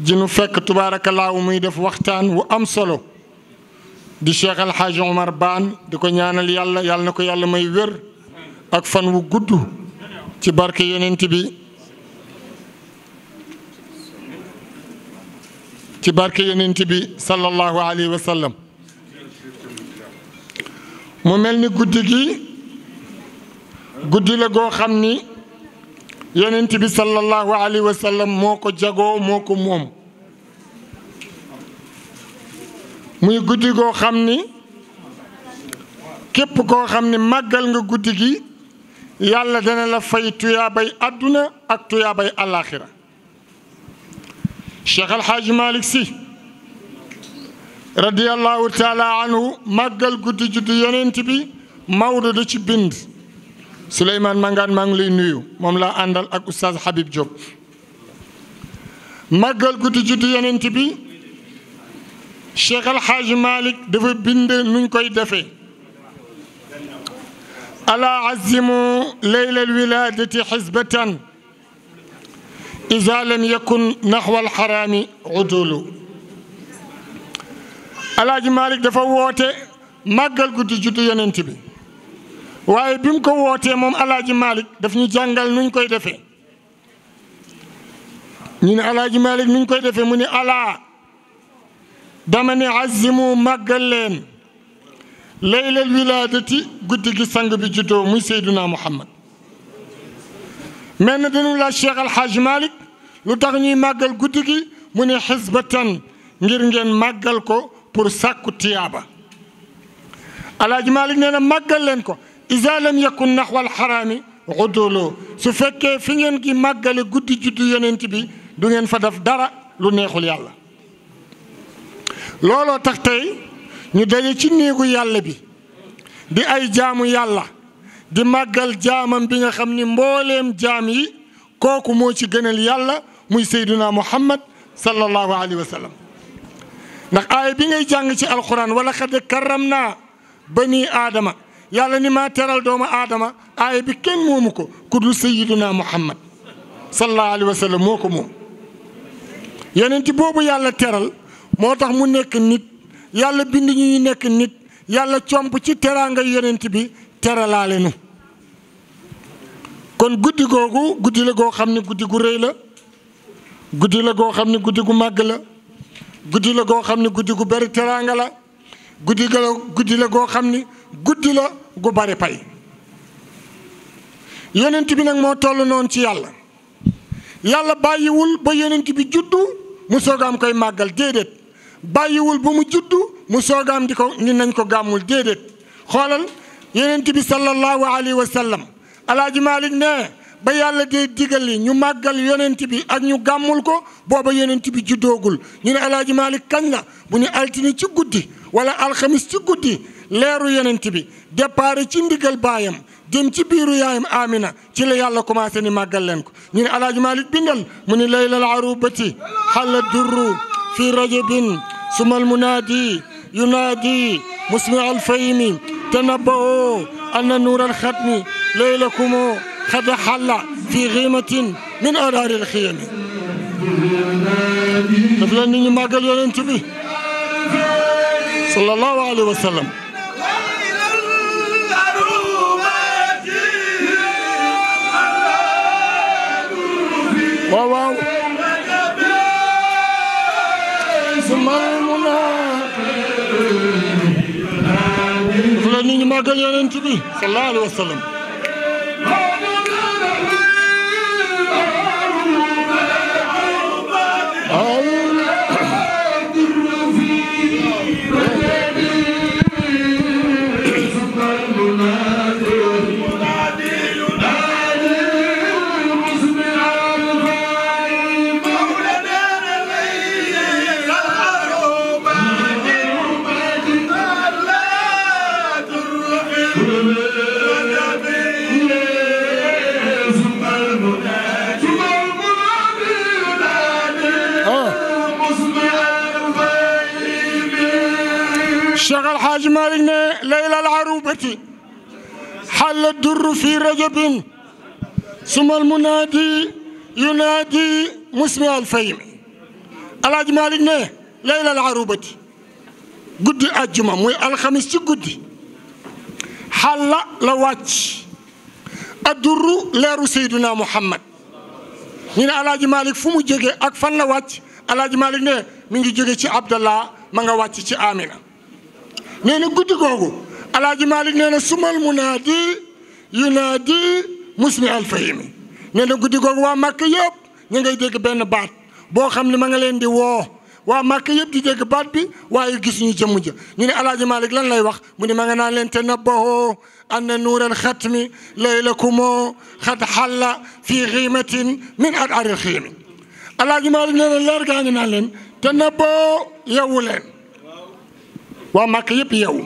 Speaker 6: ji nu fekk tubaarakallaahu muy def waxtaan wu am solo di cheikh alxaaji Omar Baan di ko ñaanal yàlla yàlla na ko yàlla may wér ak fan wu gudd ci barke yonent bi ci barke yonent bi sallallahu alayhi wa mu mel ni guddi gi guddi la goo xam ni yonent bi sallallahu alayhi wa moo ko jagoo moo ko moom muy guddi goo xam ni képp koo xam ni màggal nga guddi gi yàlla dana la fay tuyaabay àdduna ak tuyaabay àllaaxira cheikh alhaaji malik si radiallahu taala anhu màggal guddi juddu yonent bi Maodo da ci bind Souleymane Mangane maa ngi lay nuyu moom laa àndal ak oustaz Habib Diop màggal guddi juddu yonent bi cheikh alhaaji malik dafa bind nuñ koy defee ala azimu leylal wiladati xisbatan إذا لم يكن نحو الحرام عدول الله مالك دفا ووتي ماغال غودي جودو يوننتي بي واي بيم كو ووتي موم الله مالك داف ني جانغال نون كوي دافي ني ن الله مالك نون كوي دافي موني الا دامني عزمو ماغال لين ليل الولادتي غودي جي سانغ بي جودو مو سيدنا محمد من دون الله الشيخ الحاج مالك lu tax ñuy màggal guddi gi mu ne xisbatan ngir ngeen màggal ko pour sàkku tiyaaba alaaji Maalik nee na màggal leen ko isa lam yakun naxwal xaraami xuddooloo su fekkee fi ngeen gi màggale guddi juddu yonent bi du ngeen fa def dara lu neexul yàlla looloo tax tey ñu daje ci néegu yàlla bi di ay jaamu yàlla di màggal jaamam bi nga xam ni mbooleem jaam yi kooku moo ci gënal yàlla muy sayduna muhammad sallallahu alayhi wa sallam ndax aaya bi ngay jàng ci alxuraan wala xad karam naa bani aadama yàlla ni maa teral doomu aadama aaya bi kenn moomu ko ku dul sayiduna muhammad sallallahu alayhi wa moo ko moom yeneen boobu yàlla teral moo tax mu nekk nit yàlla bind ñu nekk nit yàlla comp ci teraanga yonent bi teralaale nu kon guddi googu guddi la goo xam ne guddi gu rëy la guddi la goo xam ni guddi gu màgg la guddi la goo xam ni guddi gu bari teraanga la guddi la guddi la goo xam ni guddi la gu bari pay yonent bi nag moo toll noonu ci yàlla yàlla bàyyiwul ba yonent bi juddu mu soogaam koy màggal déedéet bàyyiwul ba mu juddu mu soogaam di ko ni nañ ko gàmmul déedéet xoolal yonent bi sallallahu alayhi wa sallam alaaji Malik nee ba yàlla dee digal li ñu magal yonent bi ak ñu gamul ko boba yonent bi juddoogul ñu ne alaaji malik kañ la bu ñu altini ci guddii wala alxamis ci guddii leeru yonent bi départ ci ndigal bayam dem ci biiru yaayam Amina ci la yàlla commencé ni magal len ko ñu ne alaaji malik bindal mu ni laylal arubati xalla durru fi rajabin sumal munaadi yunaadi al alfaymi tanabbaoo anna nuural xatmi laylakumoo قد حل في غيمة من أرار الخيام تفلن ما قال ينتبه صلى الله عليه وسلم واو قال صلى الله عليه وسلم ضل الدر fi رجب ثم المنادي ينادي مسمع الفيم alaaj Malick ne laylal arubati guddi àjjuma muy alxamis ci guddi xàlla la wàcc addurru leeru Seydina Muhammad ñu ne alaaj Malick fu mu jóge ak fan la wàcc alaaj Malick ne mi ngi jóge ci Abdallah ma nga wàcc ci Amina nee na guddi googu alaaj Malick nee na sumal munaadi yunaadi musmi alfahimi nee na guddi googu waa màkk yëpp ñu ngay dégg benn baat boo xam ne ma nga leen di woo waa màkk yëpp di dégg baat bi waaye gisuñu ñu jëmm ja ñu ne alaaji Malik lan lay wax mu ne ma nga naan leen te nabbahoo anna nuural xatmi laylakumoo xad xalla fii xiimatin min ad aril xiimi alaaji Malik nee na leer gaa ngi naan leen te nabboo yewu leen waa màkk yëpp yewu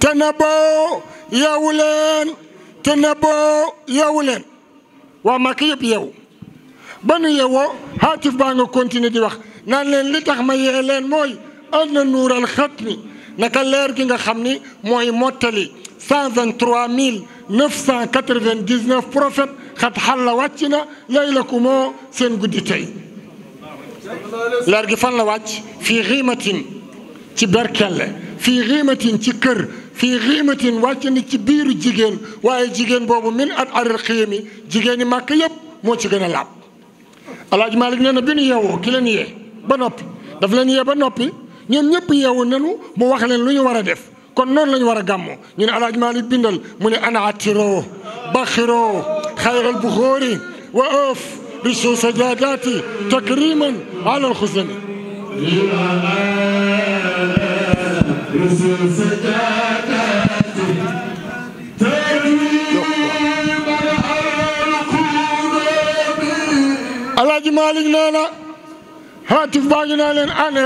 Speaker 6: te nabboo يا ولين تنبو يا ولين ومكيب يو بني يو هاتف بانو كونتيني دي واخ نان لين موي أنا نور الختمي نكالير كينغا خمني موي موتلي 103999 بروفيت خط حل واتشنا ليلكم سن غديتي لارغي فان لا واتش في غيمه تي بركل في غيمه تي كر في غيمة واتن كبير جيجين واي جيجين بابو من أد أرخيمي جيجيني ما كيب مو جيجين لاب الله مالك نانا بني يو كيلاني بنوبي دفلاني يا بنوبي نيم نيب يو نانو مو وخلن لن يوارا ديف كون نون لن يوارا غامو نين الله مالك بندل من أنا عطيرو بخيرو خير البخوري وأوف بشو سجاداتي تكريما على الخزني
Speaker 2: Yeah, yeah, yeah.
Speaker 6: alaaji Malick nee na haatif baa ngi naa leen an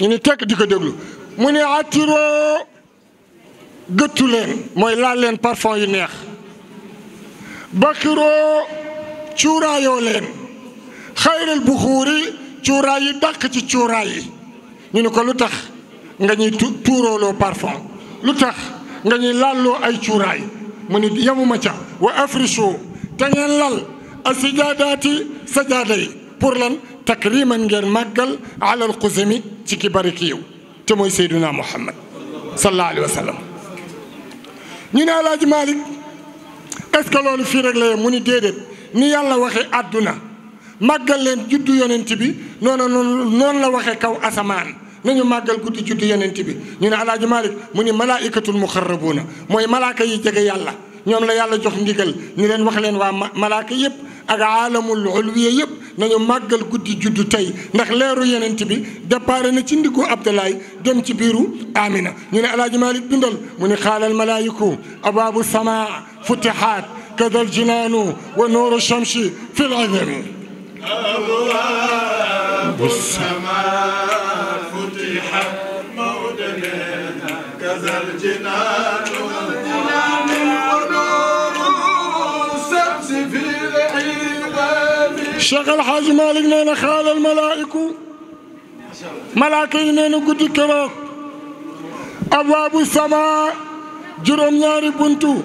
Speaker 6: ñu ni tekk di ko déglu mu ne attiroo gëttu leen mooy laal leen parfum yu neex bakiroo cuuraayoo leen xayral buxuuri cuuraay yi dàq ci cuuraay yi ñu ne ko lu tax ngañi ñuy tu parfum lutax ngañi nga ñuy ay ciuray mu yamuma ca wa africho tanen lal asijadati sijaadaati pour lan takriman ngir magal alal xusami ci ki bari te moy seyduna muhammad sallallahu alaihi wasallam sallam ñu ne alaaji malik est ce lolu fi rek lay yem dedet ni yàlla waxe aduna magal len juddu yonent bi non non la waxe kaw asaman نيو ماغال كوتي تيوتي يننتي بي ني نالا جمالك موني ملائكه المخربون موي ملائكه يجي يالا نيوم لا يالا جوخ نديغال ني لين واخ لين وا ملائكه ييب اك عالم العلوي ييب نيو ماغال كوتي جودو تاي ناخ ليرو يننتي بي ديبار ني تي نديكو عبد الله ديم تي بيرو امينه ني نالا جمالك بندل موني خال الملائكه ابواب السماء فتحات كذا الجنان ونور الشمس في العذاب أبواب
Speaker 5: السماء
Speaker 7: محمود كذا الجنان والجنان
Speaker 6: شغل حاج مالك نانا خال الملائكة ملائكة نانا قد كروك أبواب السماء جرم ياري بنتو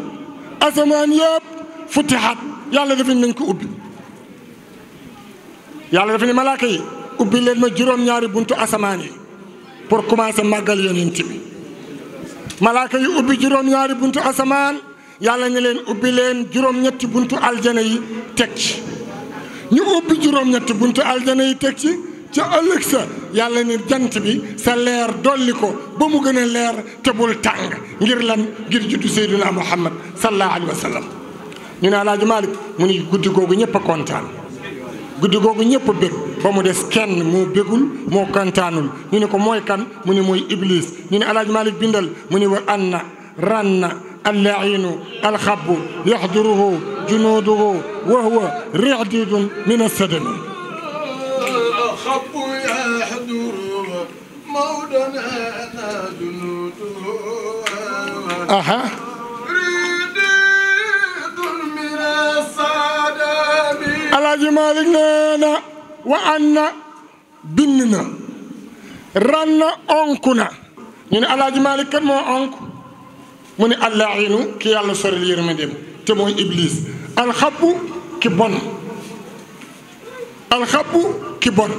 Speaker 6: أسمان ياب فتحت يالا دفن ننك أبي يالا دفن ملائكة أبي لما ياري بنتو أسماني pour commencer màggal yonent bi malaaka yi ubbi juróom-ñaari buntu asamaan yàlla ñu leen ubbi leen juróom-ñetti buntu aljana yi teg ci ñu ubbi juróom-ñetti buntu aljana yi teg ci ca ëllëg sa yàlla ni jant bi sa leer dolli ko ba mu gën a leer te bul tàng ngir lan ngir juddu seyduna muhammad sallallahu alayhi wa sallam ñu ne alaaji malik mu ni guddi googu ñëpp a kontaan guddi gogu ñëpp bëgg ba mu dess kenn moo bëggul mo kantanul ñu ne ko moy kan mu ne moy iblis ñu ne alaaj malik bindal mu ne wa anna ranna اللعين الخب يحضره allainu alxabbu yaxduruhu junuuduhu wa huwa rihdidun min
Speaker 1: جنوده
Speaker 6: أها alaaji Malick nee na wa an na bind na ran na onk na ñu ne alaaji Malick kat moo onk mu ne allahiinu ki yàlla soril yërmandeem te mooy iblis alxabu ki bon alxabu ki bon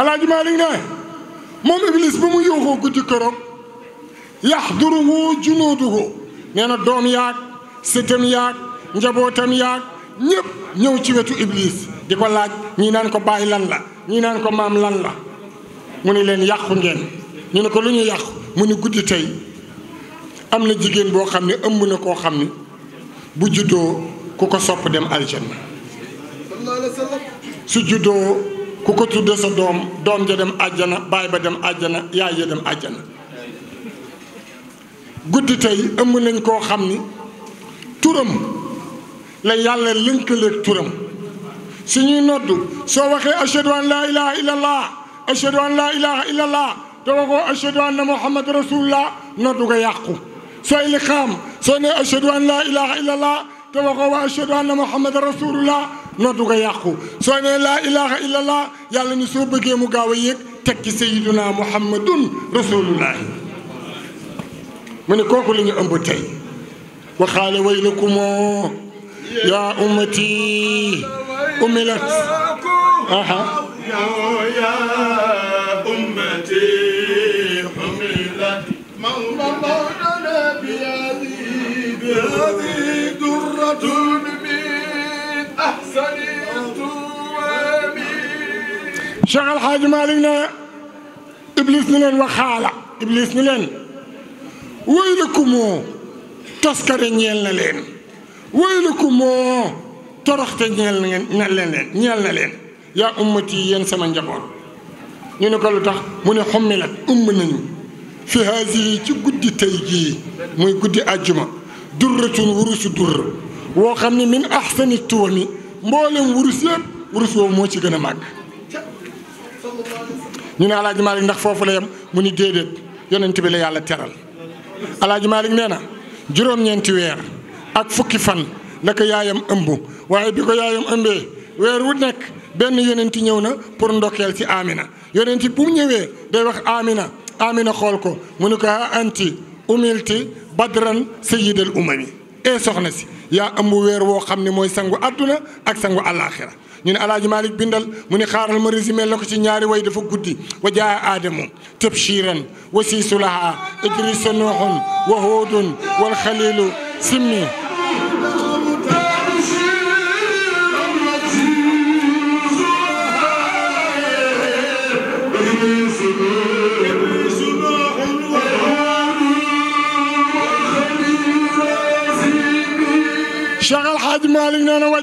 Speaker 6: alaaji Malick ne moom iblis ba mu yuuxoo guddi këram yaxduruhu junuuduhu nee na doom yaag sëtam yaag njabootam yaag ñëpp ñëw ci wetu iblis di ko laaj ñii naan ko bàyyi lan la ñuy naan ko maam lan la mu ne leen yàqu ngeen ñu ne ko lu ñu yàqu mu ne guddi tey am na jigéen boo xam ne ëmb na koo xam ne bu juddoo ku ko sopp dem aljanna su juddoo ku ko tudde sa doom doom ja dem àjjana baay ba dem àjjana yaay ja dem àjjana guddi tey ëmb nañ koo xam ni turam la yàlla lënkaleeg turam suñuy noddu soo waxee ashadu an laa ilaha illa allah ashadu an laa ilaha illa allah te waxoo ashadu anna muhammad rasulullah noddu nga yàqu sooy liqaam soo ne ashadu an laa ilaha illa allah te waxoo wa ashadu anna muhammad rasulullah noddu nga yàqu soo ne laa ilaha illa allah yàlla ni soo bëggee mu gaaw a yëg teg ci sayiduna muhammadun rasulullahi mu ne kooku la ñu ëmb tey waxaale way la kumoo يا أمتي أملت
Speaker 2: أها يا
Speaker 6: أمتي حملت
Speaker 5: مولانا بهذه بهذه درة من
Speaker 2: أحسن الثواب
Speaker 6: شغل حاج مالنا إبليس نلن وخالة إبليس نلن ويلكم تسكرين نيلنا لين waylakum moo toroxte ñeel na leen ñeel na leen yaa ummati yéen sama njaboot ñu ne ko lu tax mu ne xommilat ëmb umm nañu fi haasihi ci guddi tey jii muy guddi àjjuma durratun wurusu durr woo xam ne min ahsani tuwami mboolem wurus yëpp moo ci gën a màgg ñu ne alaaji ndax foofu la yem mu ni déedéet yonent bi la yàlla teral alaaji Maalik nee na juróom-ñeenti weer ak fukki fan la ko yaayam ëmb waaye bi ko yaayam ëmbee weer wu nekk benn yonent ñëw na pour ndokkeel ci Amina yonent bu ñëwee day wax Amina Amina xool ko mu ne ko a anti umilti badran sayyidal umami ee eh, soxna si yaa ëmb weer woo xam ni mooy sangu àdduna ak sangu àllaaxira ñu ne alaaji Malick bindal mu ne xaaral ma résumé lako ci ñaari way dafa guddii wa jaa aadamu tabshiran wa siisu lahaa nuhun wa hudun wal xalilu simmi Cheikh Alhaji Malick nee na wa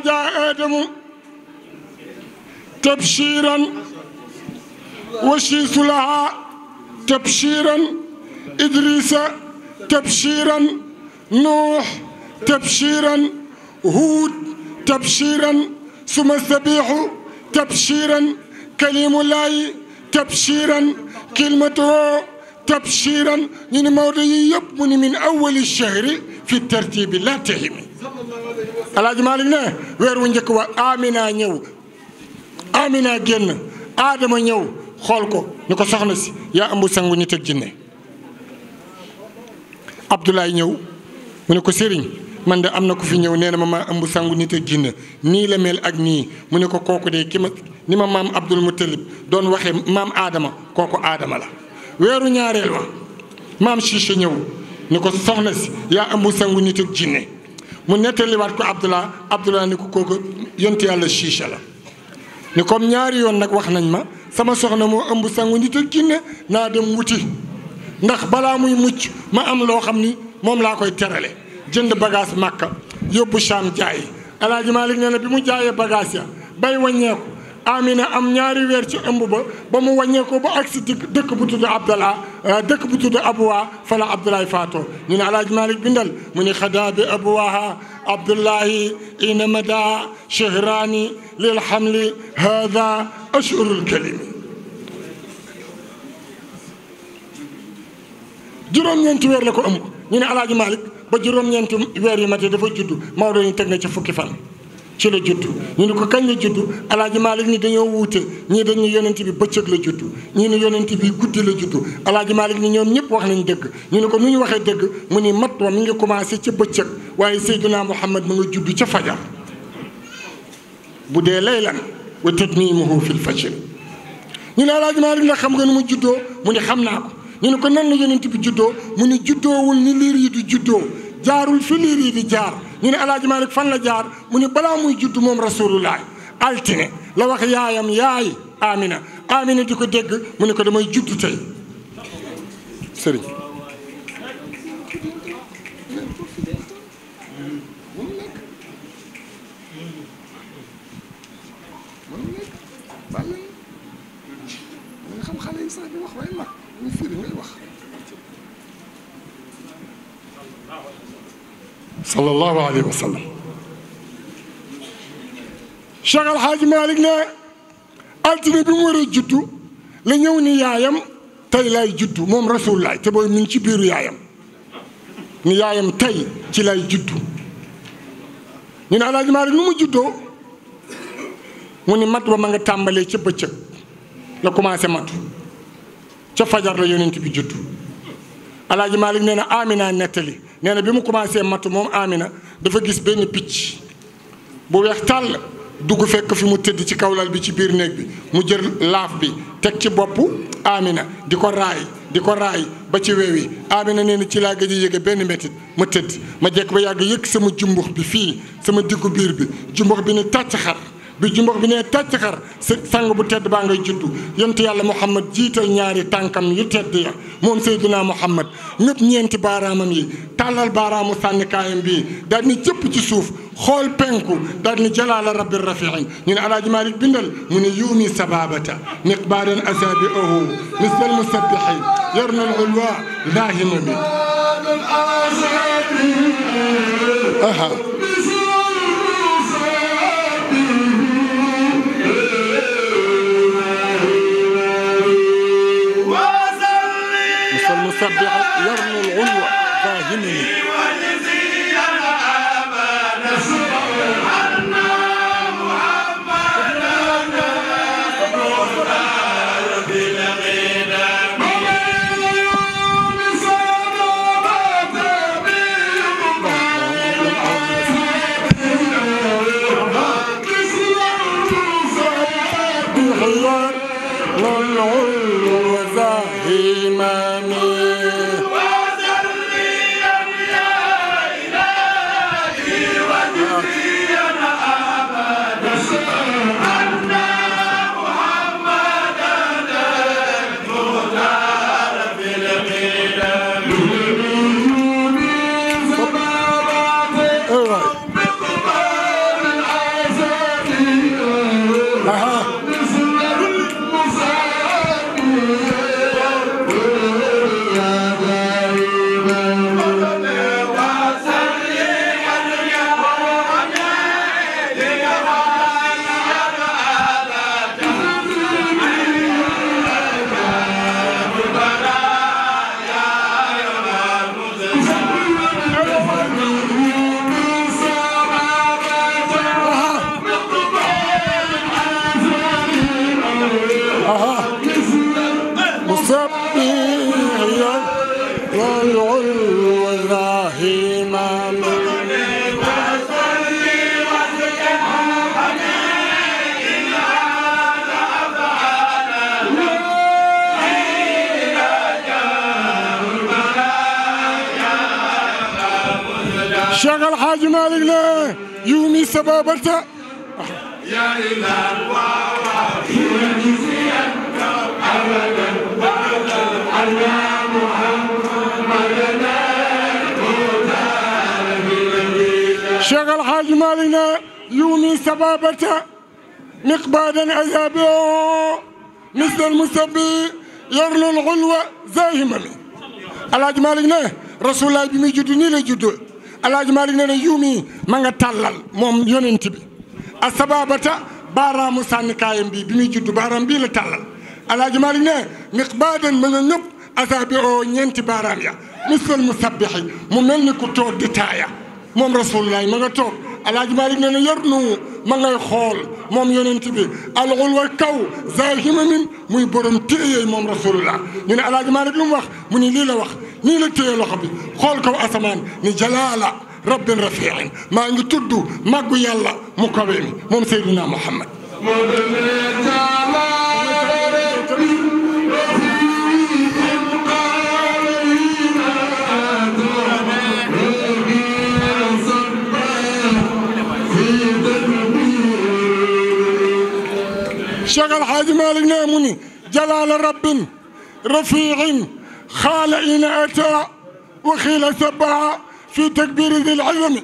Speaker 6: تبشيرا وشيث لها تبشيرا إدريس تبشيرا نوح تبشيرا هود تبشيرا ثم الذبيح تبشيرا كلم الله تبشيرا كلمته تبشيرا من مودي يبني من أول الشهر في الترتيب لا تهمي الله جمالنا ويرونجك آمنا نيو Amina génn Adama ñëw xool ko ni ko soxna si yaa ëmb sangu nit ak jinne Abdoulaye ñëw mu ne ko sëriñ man de am na ko fi ñëw nee na ma maa ëmb sangu nit ak jinne nii la mel ak nii mu ne ko kooku de ki ma ni ma maam Abdul Muttalib doon waxee maam Adama kooku Adama la. weeru ñaareel wa maam Chiche ñëw ni ko soxna si yaa ëmb sangu nit ak jinne mu nettaliwaat ko Abdoulaye Abdoulaye ni ko kooku yontu yàlla Chiche la. ni comme ñaari yoon nag wax nañ ma sama soxna moo ëmb sangu nit ak jinne naa dem wuti ndax balaa muy mucc ma am loo xam ni moom laa koy terale jënd bagage màkka yóbbu Cham jaay Alaaji Maalik nee na bi mu jaayee bagage ya bay wàññeeku Amina am ñaari wër ci ëmb ba ba mu ko ba aksi dëkk bu tuddu Abdallah dëkk bu tuddu abwa fala abdallah fato ñu ne alaaj malik bindal mu ni xadaa bi Abouwaha Abdullahi ina mada shahrani lil xamli hada al kalim juroom ñent wër la ko ëmb ñu ne alaaj malik ba juroom ñent wër yu maté dafa judd Maodo ñu tek na ci fukki fan ci la judd ñu ne ko kañ la judd alaaji Malick ni dañoo wuute ñii dañu ne yonent bi bëccëg la judd ñu ne yonent bi guddi la judd alaaji Malick ni ñoom ñëpp wax nañ dëgg ñu ne ko nu ñu waxee dëgg mu ni mat wa mi ngi commencé ca bëccëg waaye Seydina Muhammad mu nga judd ca fajar dee laylan wa tatmimuhu fil fajr ñu ne alaaji Malick nag xam nga nu mu mu ni xam naa ñu ne ko nan la yonent juddoo mu ni ni liir yi di juddoo jaarul fi liir yi di jaar ñu ne alaaji malik fan la jaar mu ne bala muy judd mom rasulullah altine la wax yaayam yaay amina amina diko deg mu ne ko damay judd tay serigne
Speaker 1: xam xale yi sax di wax waaye
Speaker 6: sallallahu alayhi wa bi mu war a juddu la ñëw ni yaayam tey lay juddu moom rasulullah te booy mi ci biiru yaayam ni yaayam tey ci lay juddu ñu ne Al Hadj Malick mu juddoo mu ni mat ba ma nga tàmbalee ca bëccëg la commencé matu ca fajar la yonent bi juddu Al Hadj nee na Amina nettali. nee na bi mu commencé matu moom Amina dafa gis benn picc bu weex tàll dugg fekk fi mu tëdd ci kawlal bi ci biir néeg bi mu jël laaf bi teg ci boppu Amina di ko raay di ko raay ba ci weew yi Amina nee na ci laa gëj a yëge benn métit ma tëdd ma jekk ba yàgg yëg sama jumbux bi fii sama diggu biir bi jumbux bi ni tàcc xar bi jumbox bi ne tàcc xar sang bu tedd baa ngay juddu yonent yàlla muhammad jiital ñaari tànkam yu tedd ya moom seydina muhammad ñëpp ñeenti baaraamam yi tàllal baaraamu sànnikaayam bii daal ni cëpp ci suuf xool penku daal ni jalaala rabbi rafiin ñu ne alaaji maalik bindal mu ne yuumi sababata miqbaadan asaabi ahu misal musabbihin yarna al ulwa laahima bi يسبح يرنو العلو فاهمني تغني سبابتها يا إله أبدا وأبدا مالنا يوني سبابته نقبادا عذابه مثل المسبي يغلو الغلوة زاهما الحاج مالنا رسول الله بمجدني لجدو alaji malik nee yumi manga talal mom tàllal bi a sababata baaraamu sànnikaayam bi bi juddu baram bi la talal alaji malik ne miqbadan ma nga ñëpp asaabi oo ya musul mu mu melni ku toog di taaya moom rasulullahi alaaji Maalik nee na yar nu ma ngay xool moom yonent bi alxul wa kaw zahima min muy borom téye moom rasulullah ñu ne alaaji Maalik lu mu wax mu ni lii la wax nii la téye loxo bi xool kaw asamaan ni jalaala rabbin rafiin maa ngi tudd màggu yàlla mu kawe mi moom Seydina Muhammad شغل حاج مالك نيموني جلال رب رفيع خال ان أتى وخيل سبع في تكبير ذي العظم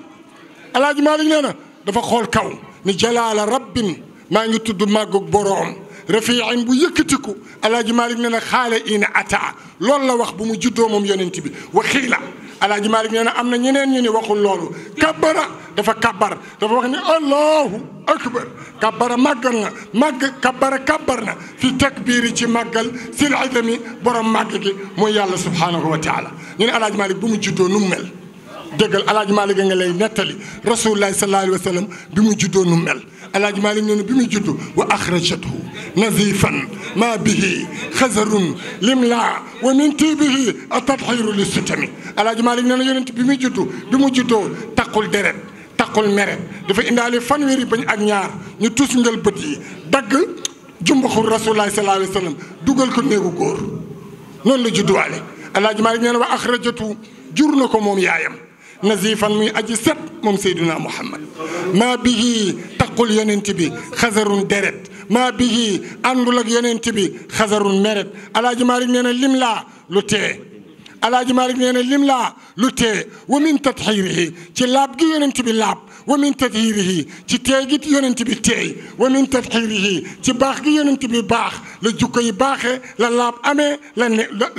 Speaker 6: الحاج مالك نينا دفا خول كاو جلال رب ما نتد ماغوك بروم رفيع بو يكتكو الحاج مالك نينا خالئنا أتى لول لا واخ بومو جيتو موم يونتبي وخيلا alaaji Malick nee na am na ñeneen ñu ni waxul loolu kabbara dafa kabbar dafa wax ni allahu akbar kabbara màggal na màgg kabbara kabbar na fi takbiiri ci màggal sil idami borom màgg gi mooy yàlla subhanahu wa taala ñu ne alaaji Malick bu mu juddoo mu mel déggal alaaji Malick a nga lay nettali rasulullahi sallallahu alayhi wa sallam bi mu juddoo nu mu mel alaaj Maalik nee na bi muy juddu wa axrajathu nazifan ma bihi xasarun limlaa wa min tiibihi a tatxiru li sutami alaaj Maalik nee na yonent bi muy juddu bi mu juddoo taqul deret taqul mere dafa indaale fanweeri bañ ak ñaar ñu tus ngel bët yi dagg jumbaxul rasulullahi sallallahu alayhi wa sallam dugal ko néegu góor noonu la judduwaale alaaj Maalik nee na wa axrajatu jur na ko moom yaayam nazifan muy aji set moom Seydina Muhammad ma bihi قل ينتبي خزر درت ما به أنقول ينتبي خزر مرت على جمارك من اللملا لتي على جمارك من اللملا لتي ومن تطهيره تلاب ينتبي لاب ومن تطهيره تتيجت ينتبي تي ومن تطهيره تباخ ينتبي باخ لجوكي باخ للاب أمي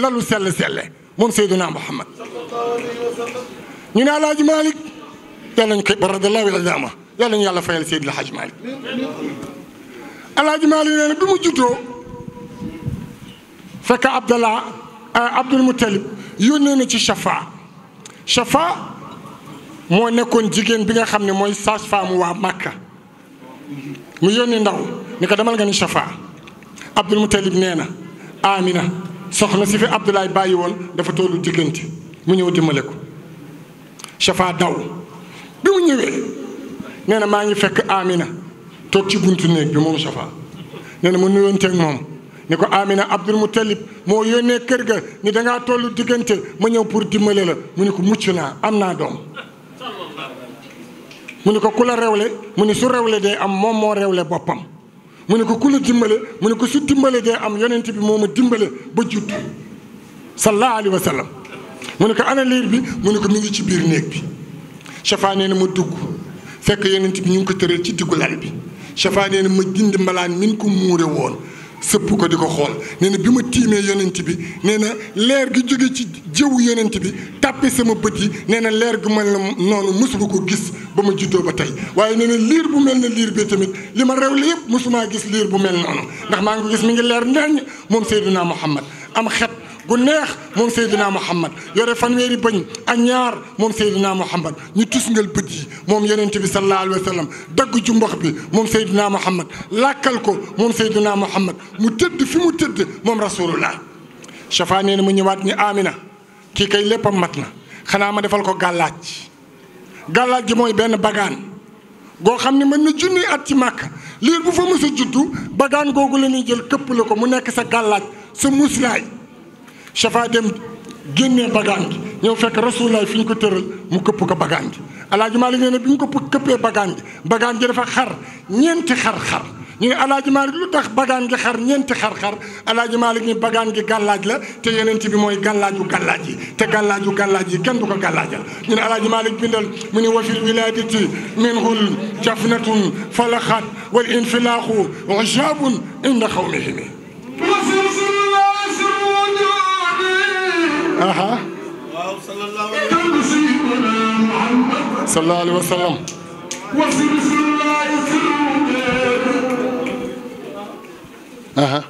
Speaker 6: للسل سل من سيدنا محمد نينا على جمارك يلا نكبر رضي الله وعلى yàlla ñu yàlla fayal Seydil Hadj Malick El Hadj Malick nee na bi mu juddoo fekk Abdallah euh, Abdul Muttalib yónnee na ci Chafa Chafa moo nekkoon jigéen bi nga xam ne mooy sage-femme waa Makka mu yónnee ndaw ni ko demal nga ni Chafa Abdul Muttalib nee na Amina soxna si fi Abdoulaye bàyyi woon dafa tollu diggante mu ñëw dimbale ko Chafa daw bi mu ñëwee. nee maa ngi fekk Amina toog ci buntu néeg bi moom Safa nee na mu nuyoonteeg moom ni ko Amina Abdul Muttalib moo yónnee kër ga ni dangaa tollu diggante ma ñëw pour dimbale la mu ni ko mucc naa am naa doom mu ni ko ku rewle mu ne su rewle dee am moom moo rewle boppam mu ne ko ku la dimbale mu ne ko su dimbale dee am yonent bi moo ma dimbale ba judd sallallahu alayhi wa mu ne ko ana liir bi mu ni ko mi ngi ci biir néeg bi Safa nee na mu dugg fekk yonent bi ñu ngi ko tëree ci diggu lal bi Chafa nee ma dindi mbalaan min ko muure woon sëpp ko di ko xool nee na bi ma tiimee yonent bi nee na leer gi jóge ci jëwu yonent bi tàppe sama bët yi nee na leer gu mel ne noonu mosuma ko gis ba ma juddoo ba tey waaye nee na liir bu mel ne liir bi tamit li ma rew la yëpp mosumaa gis liir bu mel noonu ndax maa ngi ko gis mi ngi leer ndaañ moom Seydina Muhammad am xet gu neex moom Seydina Muhammad yore fanweeri bañ ak ñaar moom Seydina Muhammad ñu tusngal bët yi moom yonent bi sallallahu alayhi wa sallam dagg jumbox bi moom Seydina Muhammad làkkal ko moom Seydina Muhammad mu tëdd fi mu tëdd moom rasulullah Chafa nee na mu ñëwaat ni Amina kii kay léppam mat na xanaa ma defal ko gàllaaj gàllaaj ji mooy benn bagaan. goo xam ne mën na junni at ci màkk liir bu fa mës juddu bagaan googu la ñuy jël këpp la ko mu nekk sa gàllaaj sa muslaay Chafa dem génnee bagand ñëw fekk rasulullaay fi ñu ko tëral mu këpp ko bagand alaaji Maalik nee na bi ñu ko këppee bagand bagand ji dafa xar ñeenti xar-xar ñu ne alaaji Maalik lu tax bagaan gi xar ñeenti xar-xar alaaji Maalik ni bagaan gi gàllaaj la te yeneen bi mooy gàllaaju gàllaaj yi te gàllaaju gàllaaj yi kenn du ko gàllaajal ñu ne alaaji Maalik bindal mu ni wa fil wilaadati minhul jafnatun falaxat wal infilaaxu ujaabun inda xawmihimi
Speaker 2: اها صلى الله
Speaker 6: عليه وسلم اها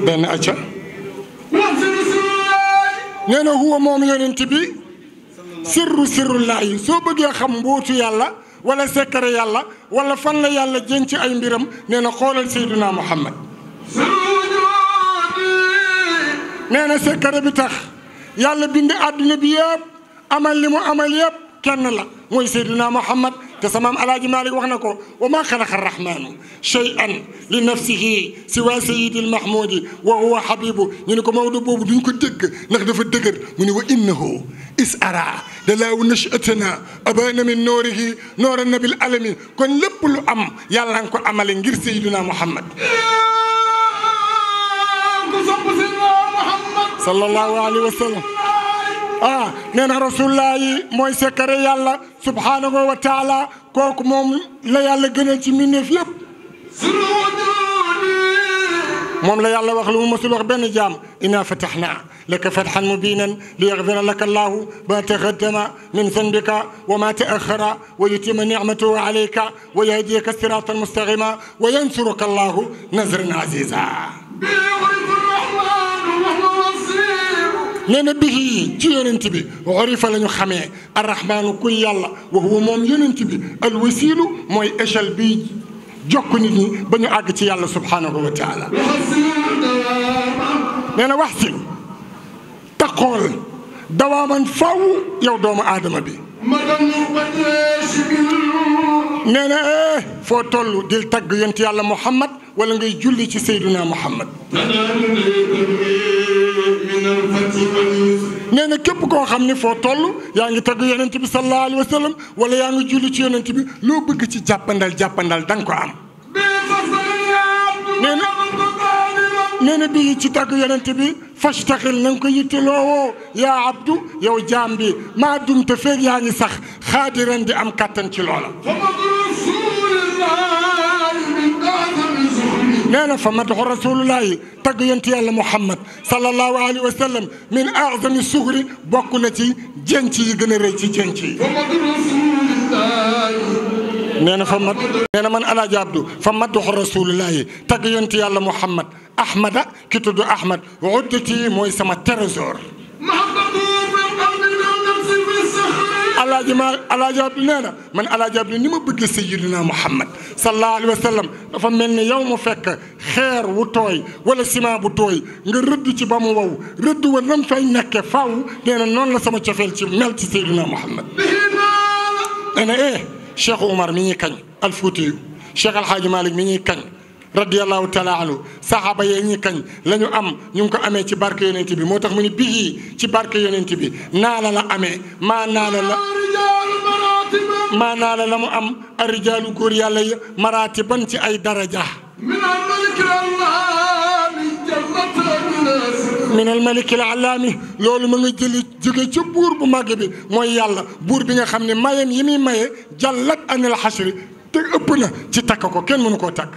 Speaker 6: بن اجا نانا هو مومي ينتبي سر سر الله سو بغي خم بوتو يالا ولا سكر يالا ولا فن يالا جنتي اي مبرم نانا خولال سيدنا محمد nee na secret bi tax yàlla bind àdduna bi yëpp amal li mu amal yëpp kenn la mooy Seydina Muhammad te samaam alaaji Malik wax na ko wa maa xalaqa arrahmanu shay'an li nafsihi siwa sayidil mahmudi wa huwa habibu ñu ne ko Maodo boobu duñ ko dégg ndax dafa dëgër mu ne wa innahu is ara da laaw nachatana abana min noorihi noora nabil alami kon lépp lu am yàlla nga ko amale ngir Seydina Muhammad صلى الله عليه وسلم اه نينا رسول الله موسى سكر سبحانه وتعالى كوك موم لا يالا غنا من مينيف ييب موم لا يالا واخ لو مسول واخ بن جام انا فتحنا لك فتحا مبينا ليغفر لك الله ما تقدم من ذنبك وما تاخر ويتم نعمته عليك ويهديك الصراط المستقيم وينصرك الله نزرا عزيزا
Speaker 2: بيعرف الرحمن وهو
Speaker 6: بصير nee na bii yi ci yonent bi xorifa la ñu xamee arrahmaanu kuy yàlla wax wa moom yonent bi al wasiilu mooy échelle bi jokk nit ñi ba ñu àgg ci yàlla subhaanahu wa taala nee na wax si taxool dawaaman faw yow doomu aadama bi nee na eh, foo toll dil tagg yonent yàlla Muhammad wala ngay julli ci Seydina Muhammad nee na képp koo xam ne foo toll yaa ngi tagg yonent bi sallallahu alayhi wa sallam yaa ngi julli ci yonent bi loo bëgg ci jàppandal jàppandal da ko am nee nee na bii ci tàgg yonent bi fastaxil na nga ko yitteloowoo yaa abdu yow jaam bi maa dumte feeg yaa ngi sax xaadiran di am kàttan ci loola nee na fa madaxu rasulullahi tagg yonent yàlla muhammad sallallahu alayhi wa sallam min azami suxri bokk na ci jenc yi gën a rëy ci jenc yi نانا فمات نانا من انا جابدو فمات رسول الله يا الله محمد احمد كتب احمد وعدتي موي سما ترزور على جاب نانا من على جاب نمو بغ سيدنا محمد صلى الله عليه وسلم فمن يوم فك خير و ولا سما بو نردو nga redd ci bamu waw redd wa nam fay nekke faw سيدنا محمد la انا ايه cheikh Umar mi ñuy kañ alfuutiyu cheikh Alhaaji Malick mi ñuy kañ radiyallahu taala anhu saxaaba yee ñi kañ lañu am ñu ngi ko amee ci barke yonent bi moo tax mu ñu bii ci barke yonent bi naala la amee maa naala la maa la mu am arijaalu góor yàlla yi maraati ban ci ay daraja من الملك العلامي لول ما جيلي جيغي سي بور بو ماغي بي موي يالا بور بيغا خامني مايام يمي ماي جالات ان الحشر تي اوبنا سي تاكو كين مونو كو تاك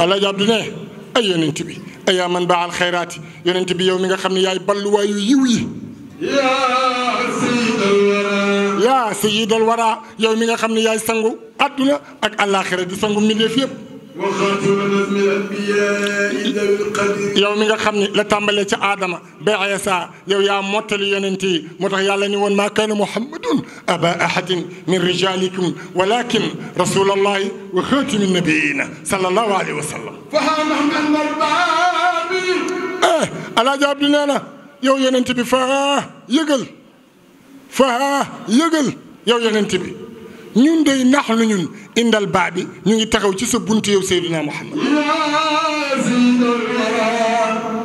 Speaker 6: الله يابني اي يونتي بي اي من باع الخيرات يونتي بي يوم ميغا خامني ياي بالو وايو يوي يا سيد الورى يا سيد الورى يوم ميغا خامني ياي سانغو ادنا اك الاخره دي سانغو ميليف يي yow mi nga xam ni la tàmbalee ci aadama ba Iisaa yow yaa mottali yonent yi moo tax yàlla ni woon maa kaana muhammadun aba ahadin min rijalikum walakin rasulallahi wa xaatimi nabiina sallallahu alayhi wa sallam eh alaaji abdu nee na yow yonent bi faa yëgal faa yëgal yow yonent bi ñun day nax lu ñun indal baa bi ñu ngi taxaw ci sa bunt yow Seydina Muhammad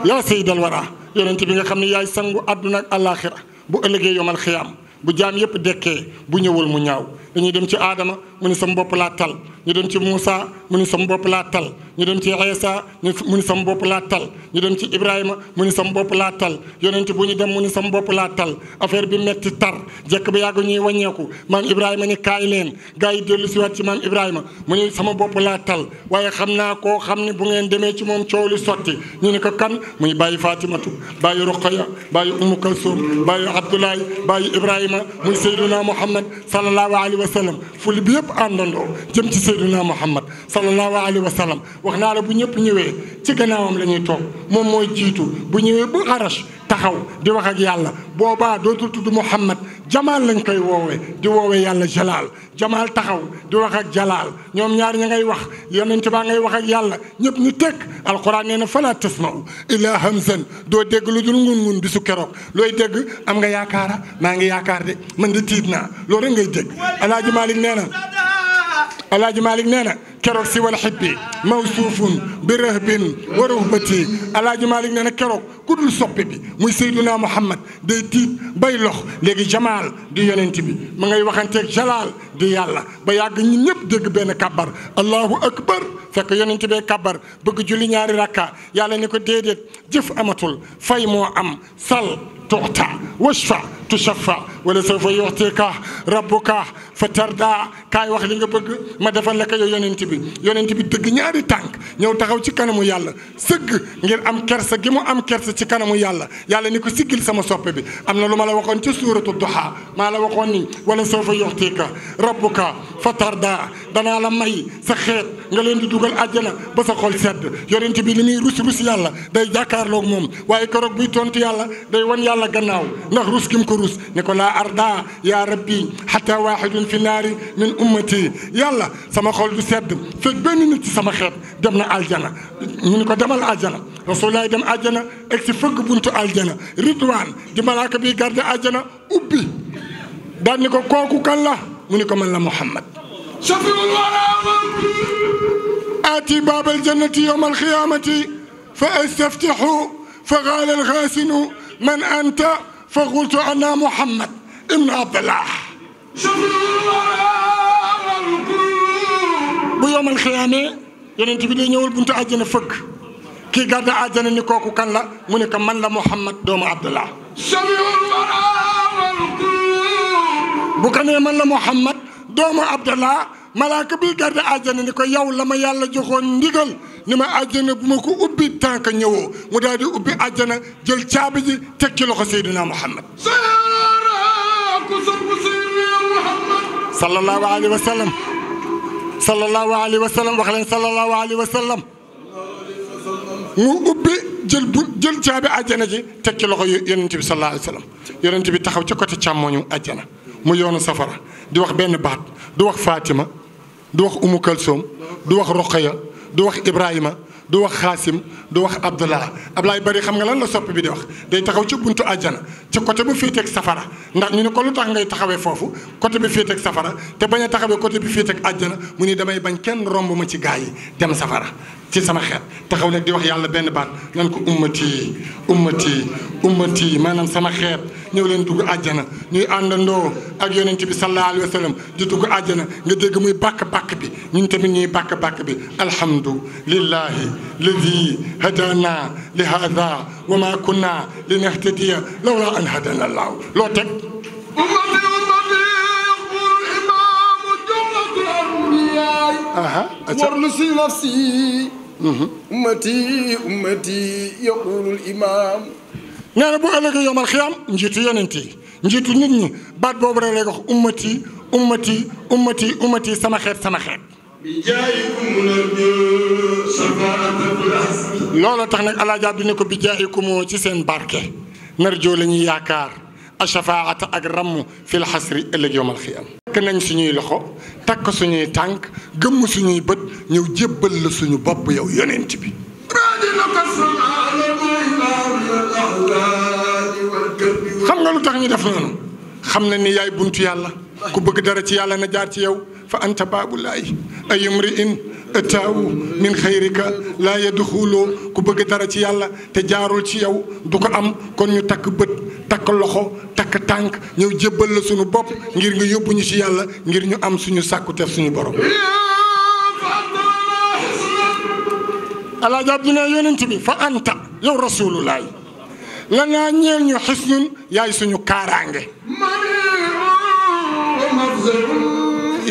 Speaker 6: yaa Seydal Wara yonent bi nga xam ne yaay sangu àdduna ak àllaaxira bu ëllëgee yomal xiyaam bu jaam yépp dekkee bu ñëwul mu ñaaw dañuy dem ci adama mu ni sam bop la tal ñu dem ci musa mu ni sam bop la tal ñu dem ci isa mu ni sam bop la tal ñu dem ci Ibrahima mu ni sam bop la tal yonent bu ñu dem mu ni sam bop la tal affaire bi metti tar jek ba yag ñuy wàññeeku man Ibrahima ni kay leen gay delu ci wat ci man Ibrahima mu ni sama bop la tal waye xamna ko xamni bu ngeen deme ci mom soti ñu ni ko kan muy Fatimatu bàyyi Ruqaya bàyyi Umu Kalsum bàyyi abdullah bàyyi Ibrahima muy sayyiduna Muhammad sallallahu alaihi wa sallam ful bi yëpp àndandoo jëm ci Seydina Muhammad sallallahu alayhi wa sallam wax naa la bu ñëpp ñëwee ci gannaawam la ñuy toog moom mooy jiitu bu ñëwee bu arash taxaw di wax yàlla boobaa dootul tudd Muhammad jamaal lañ koy woowee di woowee yàlla jalaal jamaal taxaw di wax ak jalaal ñoom ñaar ña ngay wax yonent baa ngay wax ak yàlla ñëpp ñu tekk alquran nee na fala tasmau illa hamzan doo dégg lu dul ngun ngun bi su keroog looy dégg am nga yaakaara maa ngi yaakaar de man di tiit naa loolu rek ngay dégg alaaji Malik nee na alaaji Malick nee na keroog si wal xibbi mawsuufun bi rahbin wa ruhbati alaaji Malick nee na keroog ku dul soppe bi muy Seyduna Muhammad day tiit bay lox léegi jamaal di yonent bi ma ngay waxanteeg jalaal di yàlla ba yàgg ñun ñëpp dégg benn kàbbar allahu akbar fekk yonent bee kàbbar bëgg julli ñaari rakka yàlla ni ko déedéet jëf amatul fay moo am sal tuxta washfa tushaffa wala sawfa yu'tika rabbuka fatarda kaay wax li nga bëgg ma defal la ko yow yonent bi yonent bi dëgg ñaari tànk ñëw taxaw ci kanamu yàlla sëgg ngir am kersa gi mu am kersa ci kanamu yàlla yàlla ni ko siggil sama soppe bi am na lu ma la waxoon ci suuratu duha maa la waxoon ni wala sawfa yu'tika rabbuka fatarda danaa la may sa xeet nga leen di dugal àjjana ba sa xol sedd yonent bi li muy rus rus yàlla day jàkkaarloog moom waaye keroog buy tontu yàlla day yàlla gannaaw كروس نقول لا يا ربي حتى واحد في النار من أمتي يلا سما خول دو سد فك بن نيت سما خيت دمنا الجنة نيكو دمال الجنة رسول الله دم الجنة اكسي فك بنت الجنة رضوان دي ملاك بي غارد الجنة أبي دان نيكو كوكو كان لا منيكو من لا محمد شفيع الله آتي باب الجنة يوم القيامة فاستفتحوا فقال الغاسن من أنت فقلت أنا محمد ابن عبد الله bu yomal xiyaamee yonent bi day ñëwal buntu àjjana fëgg kii gàdda àjjana ni kooku kan la mu ne ko man la Muhammad doomu Abdullah bu ko nee man la Muhammad doomu Abdullah malaaka bii gàdda àjjana ni ko yow la ma yàlla joxoon ndigal ni ma àjjana bu ma ko ubbi tànk ñëwoo mu daal di ubbi àjjana jël caabi ji teg ci loxo Seydina Muhammad sallallahu alayhi wa sallam sallallahu alayhi wa sallam wax leen sallallahu alayhi wa sallam mu ubbi jël bu jël caabi àjjana ji teg ci loxo yonent bi sallallahu alayhi wa sallam yonent bi taxaw ci côté càmmooñu àjjana mu yoonu safara di wax benn baat di wax Fatima du wax Umu Kalsoom du wax Roqaya du wax Ibrahima du wax Xaasim du wax Abdullah Ablaay bari xam nga lan la soppi bi di wax day taxaw ci buntu àjjana ci côté bu féeteeg safara ndax ñu ne ko lu tax ngay taxawee foofu côté bi féeteeg safara te bañ a taxawee côté bi féeteeg àjjana mu ni damay bañ kenn romb ma ci gaa yi dem safara ci sama xeet taxaw nag di wax yàlla benn baat nan ko ummati ummati ummati maanaam sama xeet ñëw leen dugg àjjana ñuy àndandoo ak yonent bi sallallahu alayhi wa sallam di dugg àjjana nga dégg muy bàkk bàkk bi ñun tamit ñuy bàkk bàkk bi alhamdulillahi ladi hadana li hada wa ma kunna li nahtadiya lawla an hadana allah loo teg ورنسي نفسي أمتي أمتي يقول الإمام نانا بو الله يوم الخيام نجيت يا ننتي نجيت نيت ني بات بوب رالي وخ امتي امتي امتي امتي سما خير سما خير بجايكم نرجو شفاعة الناس لولا تخ نك الله جاب نيكو بجايكم سي سين باركه نرجو لي ني ياكار الشفاعة اك في الحصر الى يوم الخيام كنن سيني لخو تاك سيني تانك گم سيني بت نيو جيبل سيني بوب يو يوننتي بي رادي نكو xam nga lu tax ñu def noonu xam na ni yaay buntu yàlla ku bëgg dara ci yàlla na jaar ci yow fa anta baabulaayi ayum ri in ëttaawu min xayrika laa yadxulu ku bëgg dara ci yàlla te jaarul ci yow du ko am kon ñu takk bët takk loxo takk tànk ñëw jébbal la sunu bopp ngir nga yóbbu ñu ci yàlla ngir ñu am suñu sàkku teef suñu borom alaaji Abdu ne yonent bi fa anta yow rasulullahi la naa ñu xis ñun yaay suñu kaaraange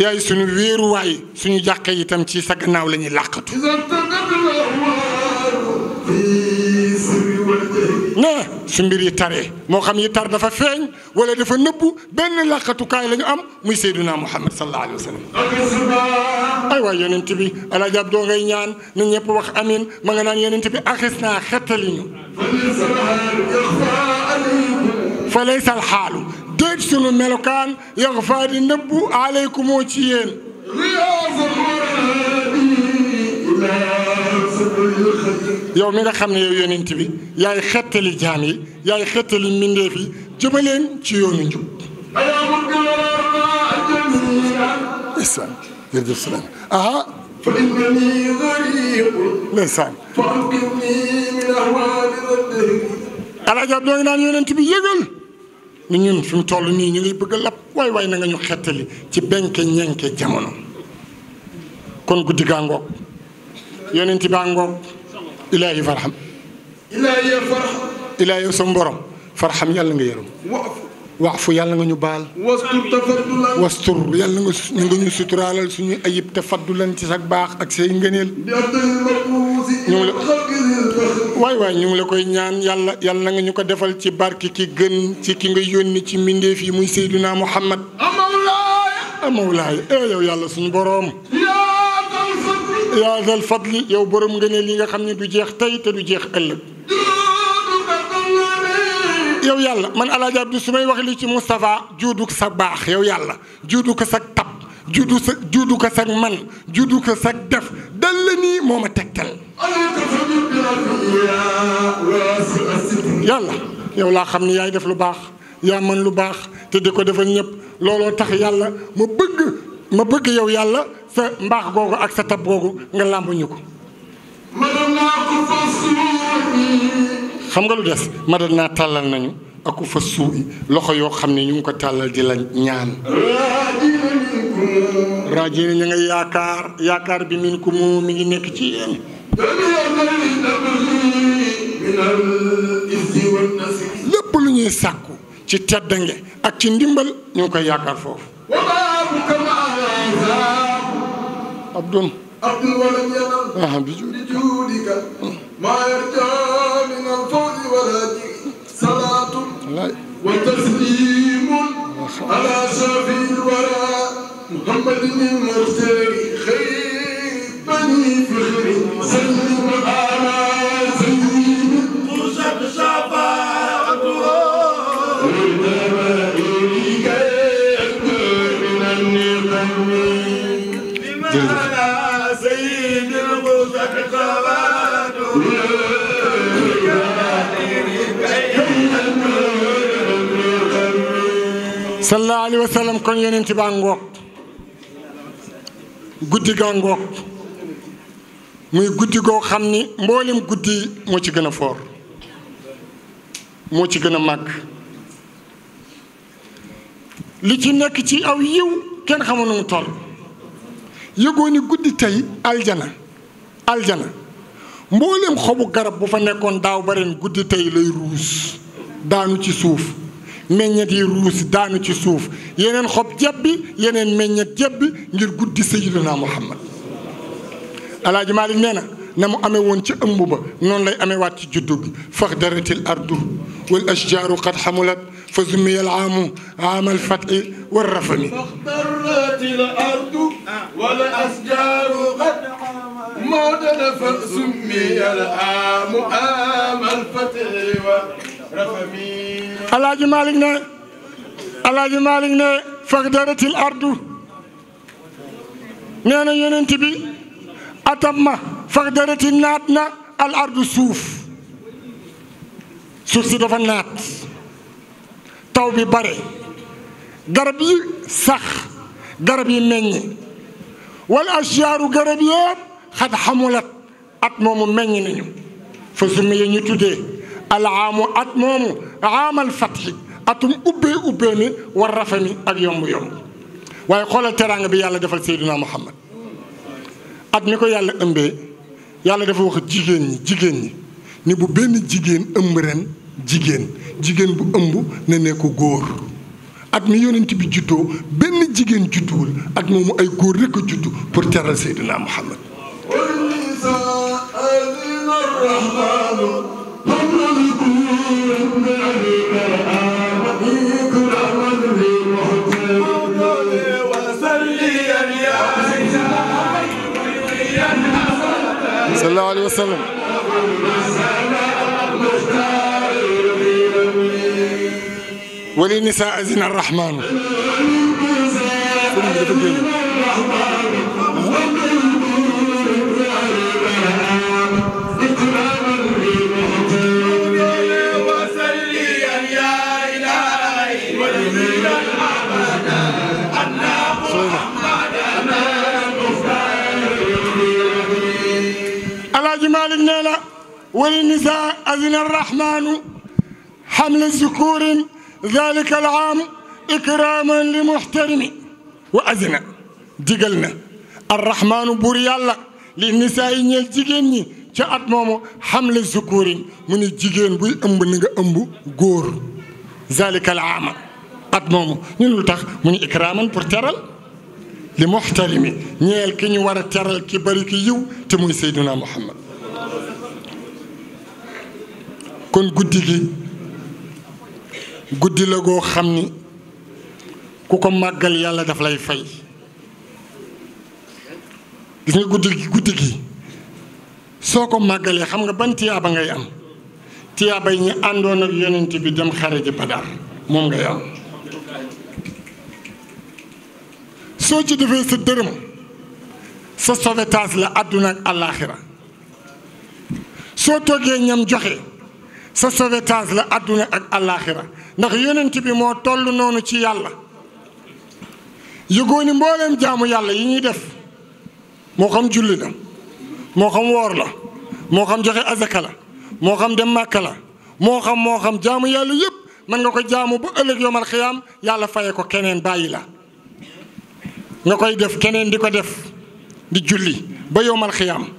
Speaker 6: yaay suñu wéeruwaay suñu jàqe itam ci sa gannaaw la ñuy làqatu na su mbir yi taree moo xam yi tar dafa feeñ wala dafa nëbbu benn làqatukaay la ñu am muy Seydina Muhammad sallallahu alayhi wa sallam ay waay yonent bi alaaji ab doo ngay ñaan na ñëpp wax amin ma nga naan yonent bi axis naa xettali ñu fa laysa alxaalu déet sunu melokaan yaxfaa di nëbbu aleykumoo ci yéen رياض القرآن إمام سبيل yow mi nga xam ne yow yonent bi yaay xettali jaan yi yaay xettali mbindeef yi jëmaleen ci yoonu njub ndeysaan jërëjëf salaam aha ndeysaan alaaja doo ngi naan yonent bi yëgal ni ñun fi mu toll nii ñu ngi bëgg a lab waay waay na nga ñu xettali ci benke ñenke jamono kon guddi gaa ngoog yonent baa ngoog ilaahi farxam ilaahi farxam ilaahi sama borom farxam yàlla nga yërëm wax fu yàlla nga ñu baal wastur te faddulal wastur yàlla nga nga ñu suturaalal suñu ayib te faddulan ci sa baax ak say ngëneel ñu ngi la waay waay ñu ngi la koy ñaan yàlla yàlla nga ñu ko defal ci barke ki gën ci ki nga yónni ci mbindeef yi muy Seydina Muhammad amawlaay amawlaay eh yow yàlla suñu boroom yaa zal fadli yow borom ngëneel yi nga xam ne du jeex tey te du jeex ëllëg yow yàlla man alaaji Abdou su may wax li ci Moustapha juudu sa baax yow yàlla juudu ko sa tab juudu sa juudu ko sa man juudu ko sa def dal la nii moo ma tegtal yàlla yow laa xam ne yaay def lu baax yaa mën lu baax te di ko defal ñëpp looloo tax yàlla ma bëgg ma bëgg yow yàlla sa mbax gogo ak sa tab gogo nga lambu ñuko xam nga lu dess ma dal nañu aku fa suuy loxo yo xamni ñu ko talal di la ñaan raajina ñu nga yaakar yaakaar bi min ku mu mi ngi nekk ci yeen lepp lu ñuy sakku ci teddange ak ci ndimbal ñu ko yaakar fofu عبد
Speaker 1: عبد ولم ينل بجودك ما يرجى من الفوز ولا صلاة وتسليم على
Speaker 2: شفيع الورى محمد المرسل خير بني فخر سلم على
Speaker 6: sallallahu alayhi kon yeneen ci baa ngoog guddi gaa ngoog muy guddi goo xam ni mboolem guddi moo ci gën a foor moo ci gën a màgg li ci nekk ci aw yiw kenn xamul nu mu toll yëgoo ni guddi tey aljana aljana mboolem xobu garab bu fa nekkoon daaw ba guddi tey lay ruus daanu ci suuf meññet yi ruus daanu ci suuf yeneen xob jebbi yeneen meññet jebbi ngir guddi sayyidina Muhammad alaaji malik nee na na mu amee woon ci ëmb ba noonu lay amee waat ci juddu gi fax daratil ardu wal ashjaaru qad xamulat fa summiya al aamu aam al fati war rafami
Speaker 1: موتنا العام عام الفتح
Speaker 6: alaaji malik ne alaaji malik ne fagdaratil ardu nee na yonent bi atam ma fagdarati naat na al ardu suuf suuf si dafa naat taw bi bare garab yi sax garab yi meññ wal asiyaaru garab yëpp xat xamulat at moomu meññ nañu fa summi yi ñu tuddee alaamu at moomu aamal fatxi atum ubbee ubbee mi war rafe mi ak yomb yomb waaye xoolal teraanga bi yàlla defal Seydina Muhammad at mi ko yàlla ëmbee yàlla dafa wax jigéen ñi jigéen ñi ni bu benn jigéen ëmb ren jigéen jigéen bu ëmb na ne ko góor at mi yonent bi juddoo benn jigéen judduwul at moomu ay góor rekk a juddu pour teral Seydina Muhammad صلى الله عليه وسلم وللنساء أذن الرحمن والنساء أذن الرحمن حمل الذكور ذلك العام إكراما لمحترم وأذن دقلنا الرحمن بوري الله للنساء يلجيني جاءت ماما حمل الذكور من الجيجين بي أمب نغا أمب غور ذلك العام at moomu ñun lu tax mu ni ikraman pour teral li muxtarimi ñeel ki kon guddi gi guddi la goo xam ni ku ko màggal yàlla daf lay fay gis nga guddi gi guddi gi soo ko màggalee xam nga ban tiyaaba ngay am tiyaaba yi ñu àndoon ak yonent bi dem xare ji Badar moom ngay am soo ci defee sa dërëm sa sauvetage la àdduna ak àllaaxira soo toggee ñam joxe sa sauvetage la aduna ak alakhira ndax yonent bi mo tollu nonu ci yàlla yu goni mbolam jaamu yàlla yi ñi def mo xam julli la moo xam wor la mo xam joxe azaka la mo xam dem màkka la mo xam mo xam jaamu yàlla yeb man nga ko jaamu bu ëllëg yomal khiyam yàlla faye ko keneen bayila nga koy def keneen diko def di julli ba yomal khiyam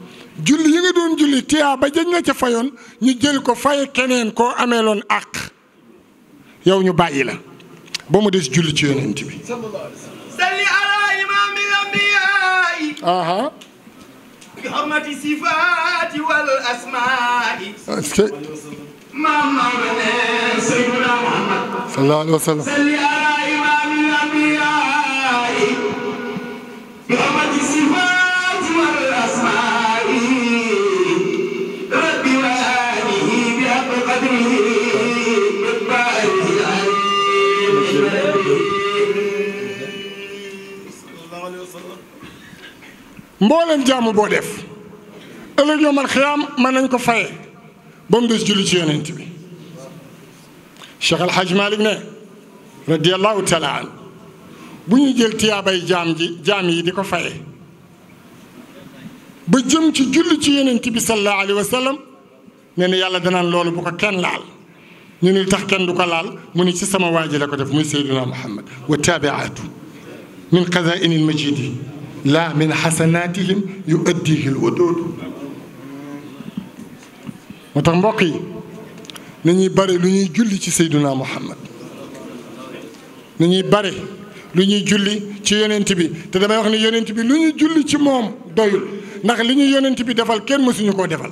Speaker 6: julli yi nga doon julli tiyaa ba jëñ la ca fayoon ñu jël ko fay keneen koo ameeloon àq yow ñu bàyyi la ba mu des julli ci yonent bi
Speaker 2: salli bi
Speaker 6: mbolen jamu bo def ñu yomal xiyam man nañ ko faye bam dess julli ci yonent bi Cheikh al hajj malik ne allah taala an bu ñu jël tiyabay jam ji jam yi diko faye ba jëm ci julli ci yonent bi sallallahu alaihi wasallam ne ne yàlla danaan lolu bu ko ken laal ñu ni tax ken du ko laal mu ni ci sama waji la ko def muy Seydina Muhammad wa tabi'atu min qazaini l majidi لا من حسناتهم يؤديه الودود moo tax mbokk yi nañuy bare lu ñuy julli ci Seydina Muhammad nañuy bare lu ñuy julli ci yonent bi te damay wax ne yonent bi lu ñu julli ci moom doyul ndax li ñu yonent bi defal kenn mësuñu koo defal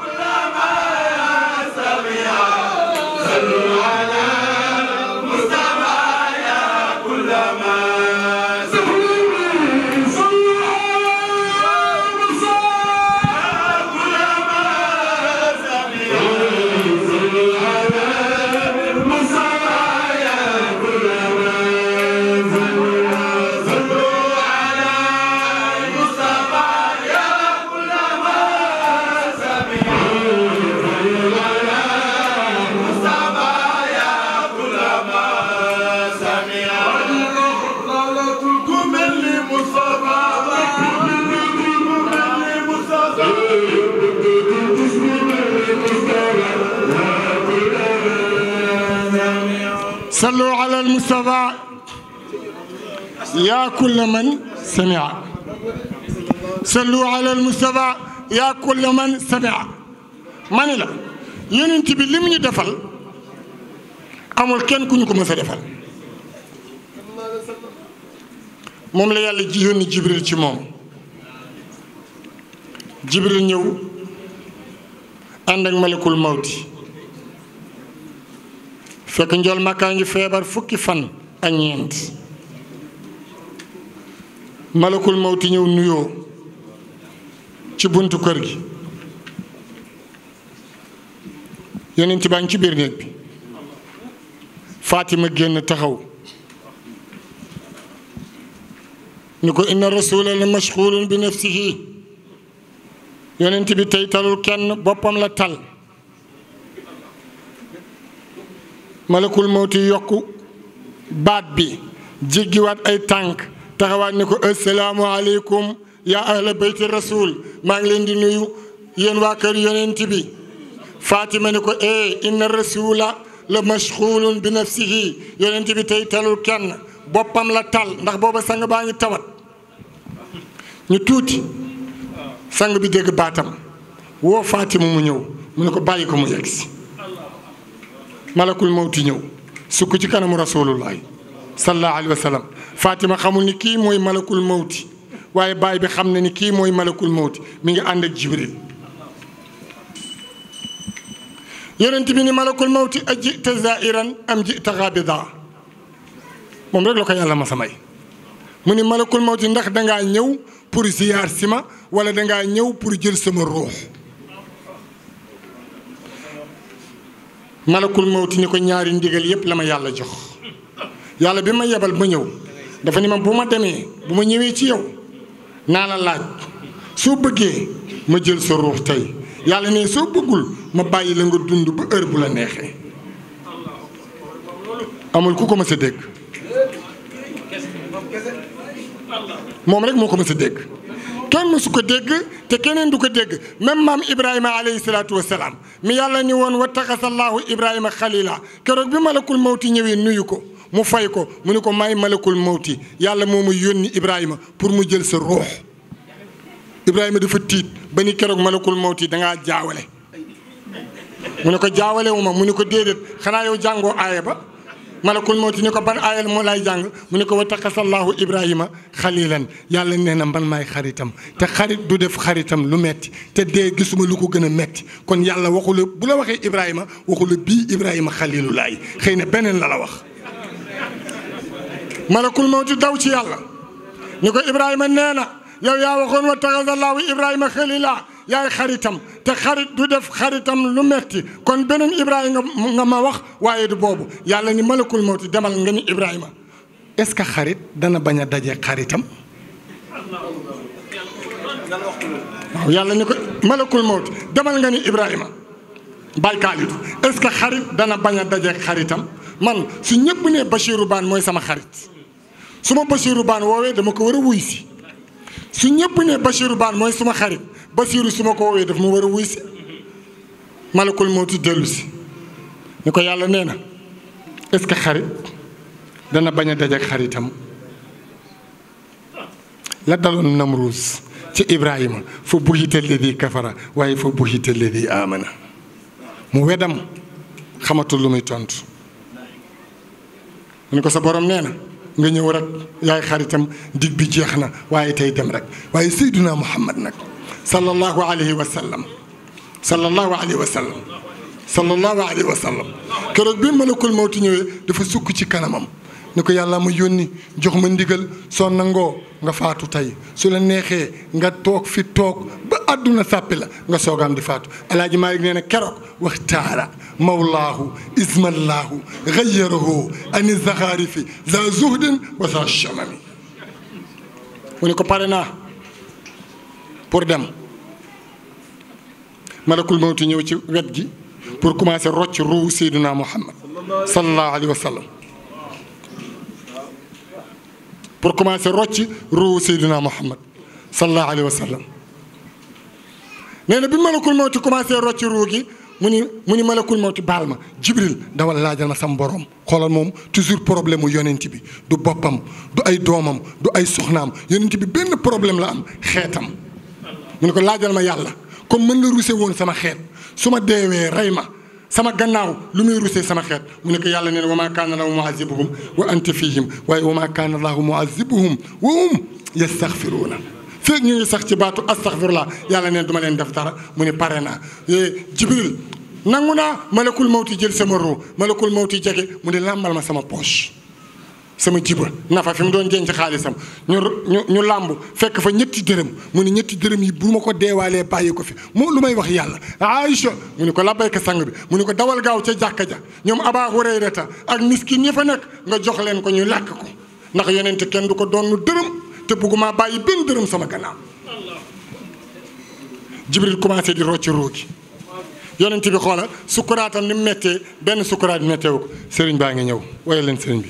Speaker 6: يا كل من سمع صلوا على المصطفى يا كل من سمع ما ne la yonent bi li mu ñu defal amul kenn ku ñu ko mës a defal moom la yàlla yónni Jibril ci moom Jibril ñëw ànd ak malakul mawti fekk njool makkaa ngi feebar fukki fan ak ñeent malakul mawti ñëw nuyoo ci buntu kër gi yonent baa ngi ci biir néeg bi Fatima génn taxaw ñu ko inna rasula bi mashxulun bi nafsihi yonent bi tey talul kenn boppam la tal malakul mawti yokku baat bi jéggiwaat ay tànk taxawaat ni ko asalaamualeykum yaa ahla bayti rasul maa ngi leen di nuyu yéen waa kër yonent bi fatima ne ko e inna rasula la mashghulun bi nafsihi yonent bi tey talul kenn boppam la tal ndax booba sang baa ngi tawat ñu tuuti sang bi dégg baatam woo fatima mu ñëw mu ne ko bàyyi ko mu yegg si malakul mawti ñëw sukk ci kanamu rasulullahi sallallahu alayhi wa sallam Fatima xamul ni kii mooy malakul mawti waaye baay bi xam na ni kii mooy malakul mawti mi ngi ànd ak jibril yonent bi ni malakul mawti a jita zairan am jita xaabida moom rek la ko yàlla ma sa may mu ni malakul mawti ndax dangaa ñëw pour ziyaar si ma wala dangaa ñëw pour jël sama ruux malakul mawti ni ko ñaari ndigal yépp la ma yàlla jox yàlla bi ma yebal ma ñëw dafa ni ma bu ma demee bu ma ñëwee ci yow naa la laaj soo bëggee ma jël sa ruux tey yàlla ne soo bëggul ma bàyyi la nga dund ba heure bu la neexee amul ku ko ma a dégg moom rek moo ko mës a dégg kenn mësu ko dégg te keneen du ko dégg même maam Ibrahima alayhi salaatu wa salaam mi yàlla ni woon wa taxasallaahu Ibrahima xalila keroog bi malakul mawti ñëwee nuyu ko. mu fay ko mu ne ko may malakul mawti yàlla moo yoni Ibrahima pour mu jël sa ruux Ibrahima dafa tit ba ni keroog malakul mawti nga jaawale. mu ne ko jaawale wuma mu ne ko dedet xana yow jango aya ba malakul mawti ne ko ban aaya mo lay jàng mu ne ko wa takhasallahu Ibrahima khalilan yàlla neena ban may kharitam te kharit du def kharitam lu metti te de gisuma lu ko gëna metti kon yàlla waxu la bu la waxe Ibrahima waxu la bii Ibrahima khalilullah xeyna benen la la wax. malakul mawti daw ci yàlla ñu ko Ibrahima nee na yow yaa waxoon wa taxadallaahu Ibrahima xalila yaay xaritam te xarit du def xaritam lu metti kon beneen Ibrahima nga ma wax waaye du boobu yàlla ni malakul mawti demal nga ni Ibrahima. est-ce que xarit dana bañ a daje xaritam. yàlla ni ko malakul mawti demal nga ni Ibrahima baykaalitu est-ce que xarit dana bañ a daje xaritam man su ñëpp ne Bachirou Bane mooy sama xarit. su ma Bachirou Bane woowee dama ko war a wuy si su ñëpp ne Bachirou Bane mooy suma xarit Bachirou su ma ko woowee daf ma war a wuy si malakul moo dellu si ñu ko yàlla nee na est-ce que xarit dana bañ a dajeek xaritam la daloon Namruus ci Ibrahima fa buhita ledi kafara waaye fa buhita ledi amana mu weddam xamatul lu muy tontu mu ne ko sa borom nee na nga ñëw rek yaay xaritam dig bi jeexna waye tay dem rek waye sayyiduna muhammad nak sallallahu alayhi wa sallam sallallahu alayhi wa sallam sallallahu alayhi wa sallam keroog bi malakul mawti ñewé dafa sukk ci kanamam نكو يالا مو يوني جوخ ما ندغال سون نانغو غا فاتو تاي سولا نيهي غا توك في توك با ادونا سابي غا سوغام دي فاتو الاجي مالك نينا كيروك وختارا مولاه اسم الله غيره ان الزخارف ذا زهد وذا شمم ونكو بارنا بور دم ملك الموت نيو سي ويت جي pour commencer roch rou sayyidina muhammad sallallahu alaihi wasallam pour commencer rocci ruuhu sayidina mohammed sallallahu alayhi wa sallam nee bi malakul mawt commencé rocci ruu gi muni muni malakul mawt balma ma jibril dawal lajal ma sam borom xolal mom toujours problème yonenti bi du bopam du ay domam du ay soxnam yonenti bi ben problème la am xetam muniko lajal ma yàlla comme man la rousé won sama xet suma dewe rayma sama gannaaw lu muy rusé sama xeet mu ne ko yàlla nee wama kana maa muazibuhum wa anta fihim waaye wa maa kaana lahu muazibuhum wa hum yastaghfiruna fek ñu ngi sax ci baatu astaghfirullah yàlla neen duma leen def dara mu ne parena naa jibril nanguna malakul mawti jël sama ruu malakul mawti jege mu ne làmbal ma sama poche sama jiba nafa fi mu doon denc xaalisam ñu ñu ñu làmb fekk fa ñetti dërëm mu ne ñetti dërëm yi bu ma ko deewaalee bàyyi ko fi moo lu may wax yàlla Aïcha mu ne ko labbayka sang bi mu ne ko dawal gaaw ca jàkka ja ñoom Abaa Hurayrata ak miskin ñi fa nag nga jox leen ko ñu làkk ko ndax yonente kenn du ko doon dërëm te buggumaa bàyyi benn dërëm sama gannaaw jibril commencé di rocci ruugi yonent bi xoola sukkuraatam ni mu méttee benn sukkuraat métteewu sëriñ baa ngi ñëw leen sëriñ bi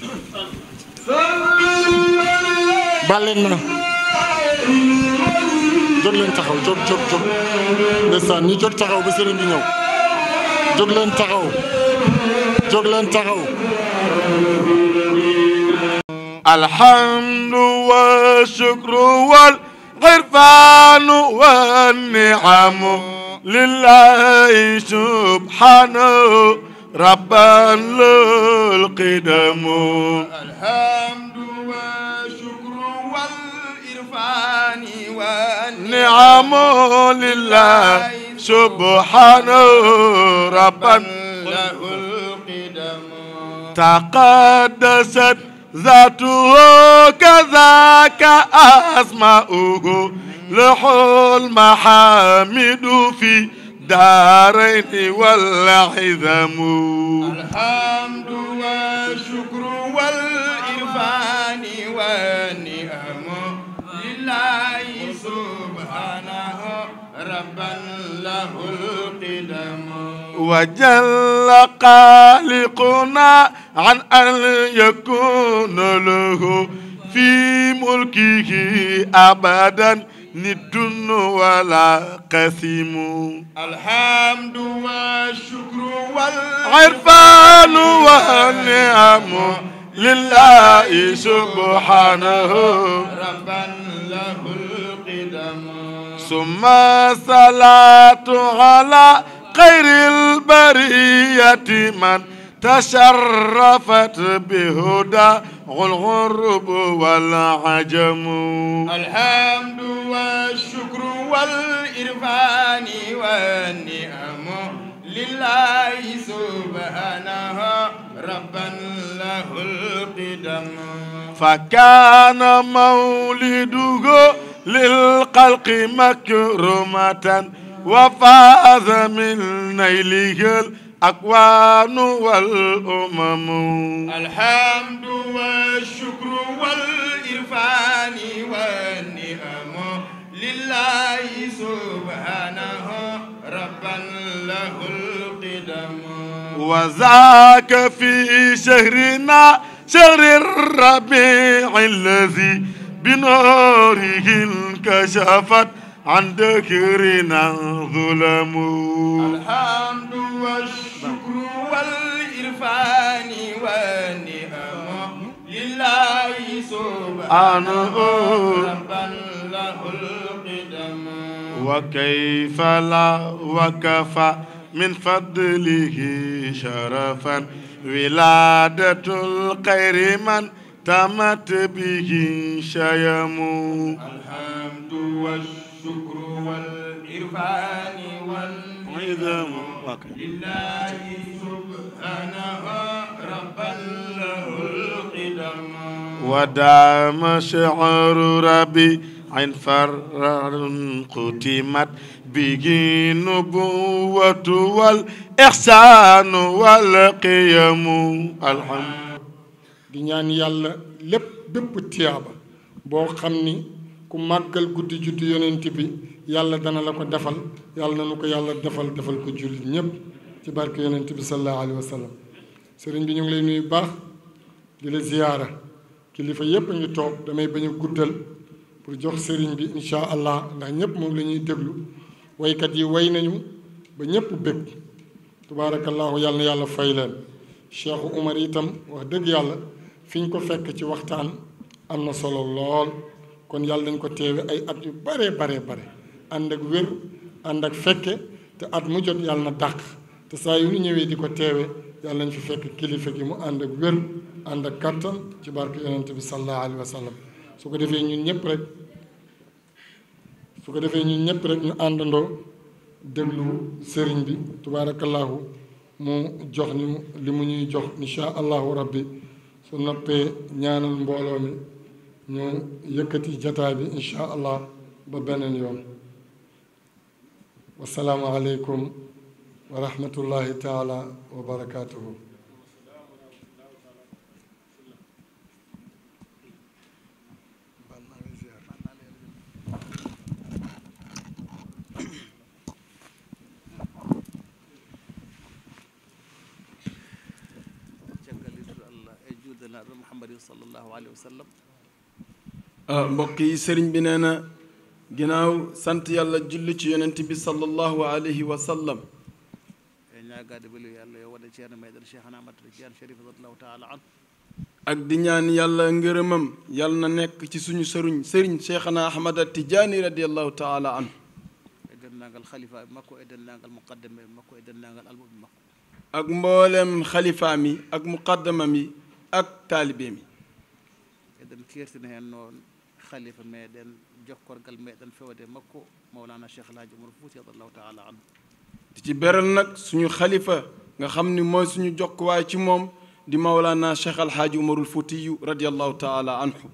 Speaker 6: baal leen ma jóg leen taxaw jóg jóg jóg ndeysaan ñu jóg taxaw ba sëriñ bi ñëw jóg leen taxaw jóg leen taxaw
Speaker 5: الحمد والشكر والغرفان والنعم لله سبحانه ربا القدم الحمد والشكر والإرفان والنعم نعم لله سبحانه ربا
Speaker 2: له القدم
Speaker 5: تقدست ذاته كذاك أسماؤه لحو المحامد في الدارين والعظم الحمد
Speaker 2: والشكر والإرفان والنعم لله سبحانه ربا له القدم
Speaker 5: وجل خالقنا عن أن يكون له في ملكه أبداً ندن ولا قسيم الحمد والشكر والعرفان والنعم لله سبحانه ربا
Speaker 2: له القدم
Speaker 5: ثم صلاة على خير البرية من تشرفت بهدى والغرب والعجم
Speaker 2: الحمد والشكر والإرفان والنعم لله سبحانه ربا له القدم
Speaker 5: فكان مولده للقلق مكرمة وفاز من نيله الأكوان والأمم الحمد
Speaker 2: والشكر والإرفان والنعم لله سبحانه ربا له
Speaker 5: القدم وذاك في شهرنا شهر الربيع الذي بنوره انكشفت عن ذكرنا ظلم
Speaker 2: الحمد والشكر والإرفان والنعم لله سبحانه ربا له القدم
Speaker 5: وكيف لا وكفى من فضله شرفا ولادة الخير من تمت به شيم الحمد والشكر والشكر والإرفان
Speaker 2: والعظم لله سبحانه رب له القدم
Speaker 5: ودام شعر ربي عن فرر قتمت به نبوة والإحسان والقيم الحمد
Speaker 6: دنيان ñaan لب بب تيابا بو خمني ku màggal guddi juddu yonent bi yàlla dana la ko defal yàlla na nu ko yàlla defal defal ko jullit ñépp ci barke yonent bi sallallahu alayhi wa sallam sëriñ bi ñu ngi lay nuyu baax di la ziyaara kilifa yépp a ngi toog damay bañ a guddal pour jox sëriñ bi incha allah ndax ñépp moom la ñuy déglu woykat yi way nañu ba ñépp bég tabaarakallaahu yàlla na yàlla fay leen cheikhu Umar itam wax dëgg yàlla fi ñu ko fekk ci waxtaan am na solo lool kon yàlla dañ ko teewe ay at yu bare bare bare ànd ak wér ànd ak fekke te at mu jot yàlla na dàq te saa yu ñu ñëwee di ko teewe yàlla nañ fi fekk kilifa gi mu ànd ak wér ànd ak kàttan ci barke yonent bi sallallahu alayhi wa sallam su ko defee ñun ñëpp rek su ko defee ñun ñëpp rek ñu àndandoo déglu sëriñ bi tubaarakallaahu mu jox ñu li mu ñuy jox incha allahu rabbi su noppee ñaanal mbooloo mi ñu yëkkati jataay bi incha allah ba beneen yoon wasalaamualeykum wa rahmatullahi taala wa barakaatuhu
Speaker 8: محمد صلى الله عليه وسلم
Speaker 3: mbokk yi sëriñ bi nee na ginnaaw sant yàlla julli ci yonent bi sallallahu alayhi wa sallam ak di ñaan yàlla ngërëmam yàlla na nekk ci suñu sëriñ sëriñ cheikhana ahmad tijaani radiallahu taala an ak mboolem xalifaam yi ak muqaddamam yi ak taalibeem
Speaker 8: yi khalifa meɗen jokkorgal meɗen fewde makko mawlana cheikh alhaji umar fouti radiallahu taala anhu di
Speaker 3: ci beral nag suñu xalifa nga xam ni mooy suñu jokkuwaay ci moom di mawlana cheikh alhaji umarul foutiyu radiallahu taala anhu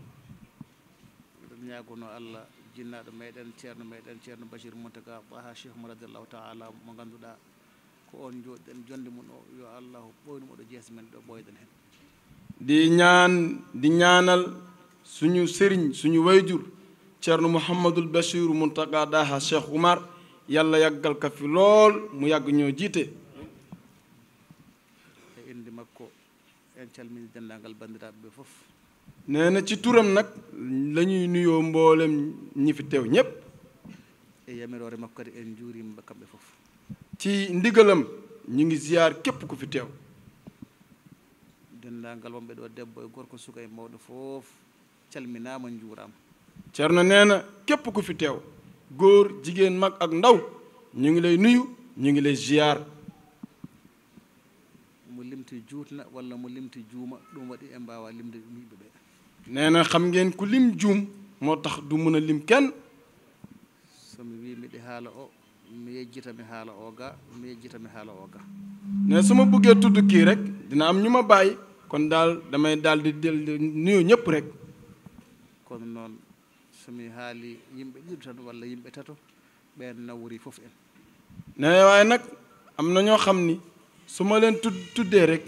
Speaker 8: ñaagono allah jinnaɗo meɗen ceerno meɗen ceerno bachir moutaga baha cheikh mo radiallahu taala mo ganduɗa ko on joɗiɗen jonde mum o yo allah ɓoynumo ɗo jeese men ɗo ɓoyɗen hen
Speaker 3: di ñaan di ñaanal suñu sëriñ suñu wayjur Ceerno Mouhamadul mu Muntaga Daha Cheikh Oumar yàlla yàggal ka lool mu yàgg ñoo jiite nee na ci turam nag lañuy nuyoo mboolem ñi fi teew ñépp e ci ndigalam ñu ngi ziyaar képp ku fi teew
Speaker 8: dendaangal wonɓe ɗo debbo e gorko suka e mawɗo fof calminaama njuuraam
Speaker 3: Cerno nee na képp ku fi teew góor jigéen mag ak ndaw ñu ngi lay nuyu ñu ngi lay ziyaar
Speaker 8: mo limti juutna walla mo limti juuma ɗum waɗi e mbaawa limde miiɓe ɓee
Speaker 3: nee na xam ngeen ku lim juum moo tax du mën a lim
Speaker 8: kenn so mi wi miɗi haala o mi yejjita haala o mi yejjita mi haala o ga ne su
Speaker 3: ma bëggee rek dina am ñu ma bàyyi kon daal damay daal di del nuyu ñëpp rek
Speaker 8: kon noon somi haali yimɓe ɗiɗi tan walla yimɓe tato ɓen nawori fof en
Speaker 3: nee nag am na ñoo xam ni su ma leen tud tuddee rek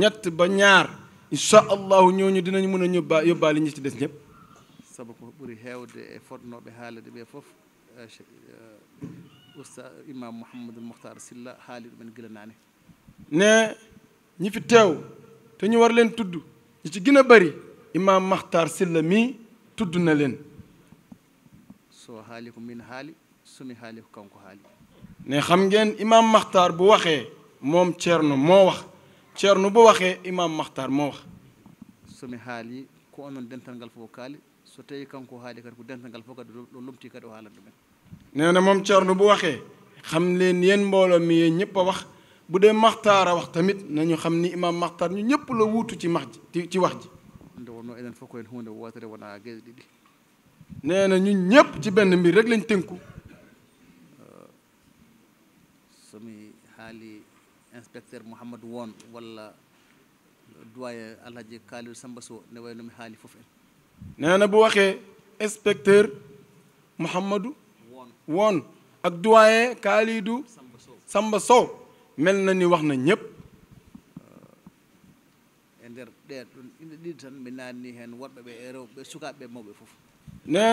Speaker 3: ñett ba ñaar incha allahu ñooñu dinañ mën a ñëbbaa yóbbaali ñi ci des ñëpp
Speaker 8: sabu ko ɓuri heewde e fotnooɓe haalade ɓe fof eh, eh, usta imam mouhamadul silla haali ɗumen gila naane
Speaker 3: ne ñi fi teew te ñu war leen tudd ñi ci gën a bari imam mahtar silla mii tudd na leen
Speaker 8: soo haali ko min haali sumi haali ko kanko haali
Speaker 3: ne xam ngeen imaam maxtaar bu waxee moom ceerno moo wax ceerno bu waxee imaam maxtaar moo wax
Speaker 8: somi haali ko onon dental ngal kaali so tawi kanko haali kadi ko dental ngal fof kadi ɗo lomti kadi o haalan ɗumen
Speaker 3: nee na moom ceerno bu waxee xam leen yéen mbooloo mi yéen ñëpp a wax bu dee maxtaar a wax tamit nañu xam ni imaam maxtaar ñu ñëpp la wuutu ci max
Speaker 8: ci wax ji nde wonno enen fof ko
Speaker 3: ñëpp ci benn mbir rek lañ tënku
Speaker 8: somi haali inspecteur mouhamadou won walla doyen alhaji kaalil samba so ne way nomi haali
Speaker 3: bu waxee inspecteur mouhamadou won ak doyen kaalidou samba sow mel na ni wax na ñëpp
Speaker 8: nder ɗen ɗon inde ɗiɗi tan mi naanni heen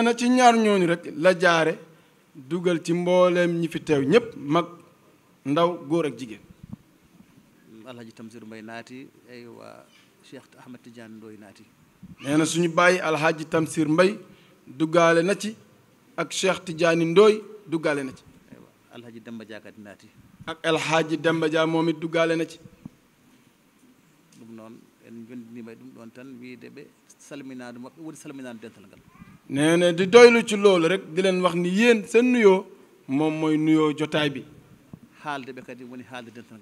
Speaker 3: na ci ñaar ñooñu rek la jaare dugal ci mbooleem ñi fi ñëpp mag ndaw góor ak jigéen
Speaker 8: mm, alhaji tamsir mbay naati ay waa cheikh ahmad tidiane ndoy naati
Speaker 3: nee na suñu bàyyi alhaji tamsir mbay duggaale na ci ak cheikh tidiane ndoy duggaale na ci ak alhaji demba moom it duggaale na ci
Speaker 8: en jonndiniima e ɗum ɗon tan wiide ɓe salminaade maɓɓe woni
Speaker 3: na di doylu ci loolu rek di leen wax ni yéen seen nuyoo moom mooy nuyoo jotaay bi
Speaker 8: haalde ɓe kadi woni haalde dental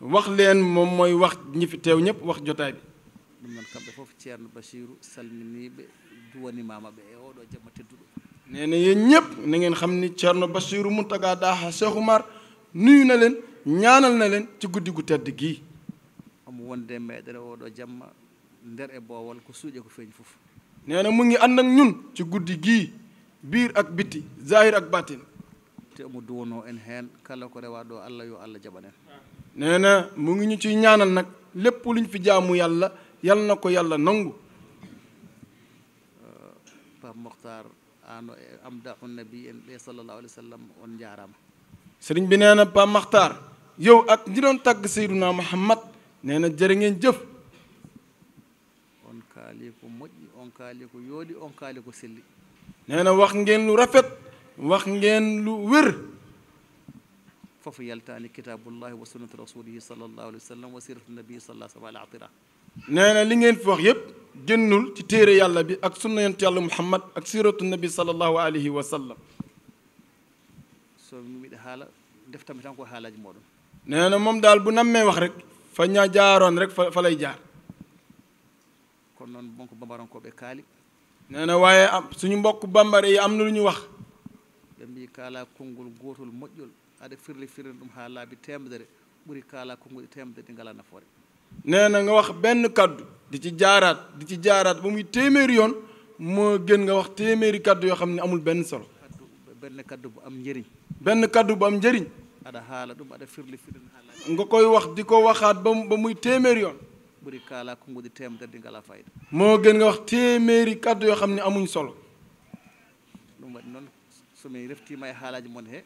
Speaker 8: wax leen moom mooy wax ñi fi teew ñëpp wax jotaay bi ɗum noon kamɓe fof ceerno bachiru salminiiɓe duwanimama e
Speaker 3: nee na yéen ñëpp na ngeen xam ni ceerno bachiru muntaga daaha cheikh oumar nuyu na leen ñaanal na leen ci guddi gu tedd gii
Speaker 8: omo wonde meɗen oɗo jamma nder e boowal ko suuƴe ko feeñi fof nee na mu ngi ànd ak ñun ci guddi biir ak zahir ak batin te omo duwono en hen kala ko rewa ɗo allah yo allah jaɓan en nee na mu
Speaker 3: ngi ñu ciy ñaanal yalla lépp luñ fi jaamu yàlla yal na ko nangu
Speaker 8: euh, mokhtar ano e amda nabi en ɓe sallallahu Alaihi Wasallam on jaarama
Speaker 3: sëriñ bi nee pa pape mokhtar yow ak ñi doon tàgg seyduna muhammad nee na jërë ngeen jëf
Speaker 8: on kaali ko moƴƴi on kaali ko yooɗi on kaali ko selli
Speaker 3: nee na wax ngeen lu rafet wax ngeen lu wér
Speaker 8: fofu yaltaani kitaabullahi wa sunnati rasulihi sallallahu alayhi wa sallam wa siratu nabii sallallahu alayhi wa sallam atira
Speaker 3: nee na li ngeen fi wax yépp génnul ci téere yàlla bi ak sunna yonent yàlla muhammad ak siratu nabi sallallahu alayhi wa sallam
Speaker 8: so miɗa haala deftambi tan ko haalaaji mooɗon
Speaker 3: nee na moom daal bu nammee wax rek fa ña jaaroon rek fa fa lay jaar
Speaker 8: kon noon bonko bambarankoɓe kaali
Speaker 3: nee na waaye am suñu mbokk yi am na lu ñu wax
Speaker 8: ɓe mbi kaala konngol gootol moƴƴol aɗa firli firin ɗum haa laabi temedere ɓuri kaala konngol temedere ɗi ngala nafoore
Speaker 3: nee na nga wax benn kaddu di ci jaaraat di ci jaaraat ba muy téeméeri yoon moo gën nga wax téeméeri kaddu yoo xam ne amul benn solo
Speaker 8: benn kaddu bu am njëriñ
Speaker 3: benn kaddu bu am njëriñ
Speaker 8: aɗa haala ɗum aɗa firli firin
Speaker 3: nga koy wax di ko waxaat ba ba muy téeméer yoon
Speaker 8: ɓuri kala kongude temedde ngala fayida
Speaker 3: moo gën nga wax téeméeri kàddu yoo xam ne amuñ solo
Speaker 8: ɗum waɗi noon somi reftima e haalaji mon he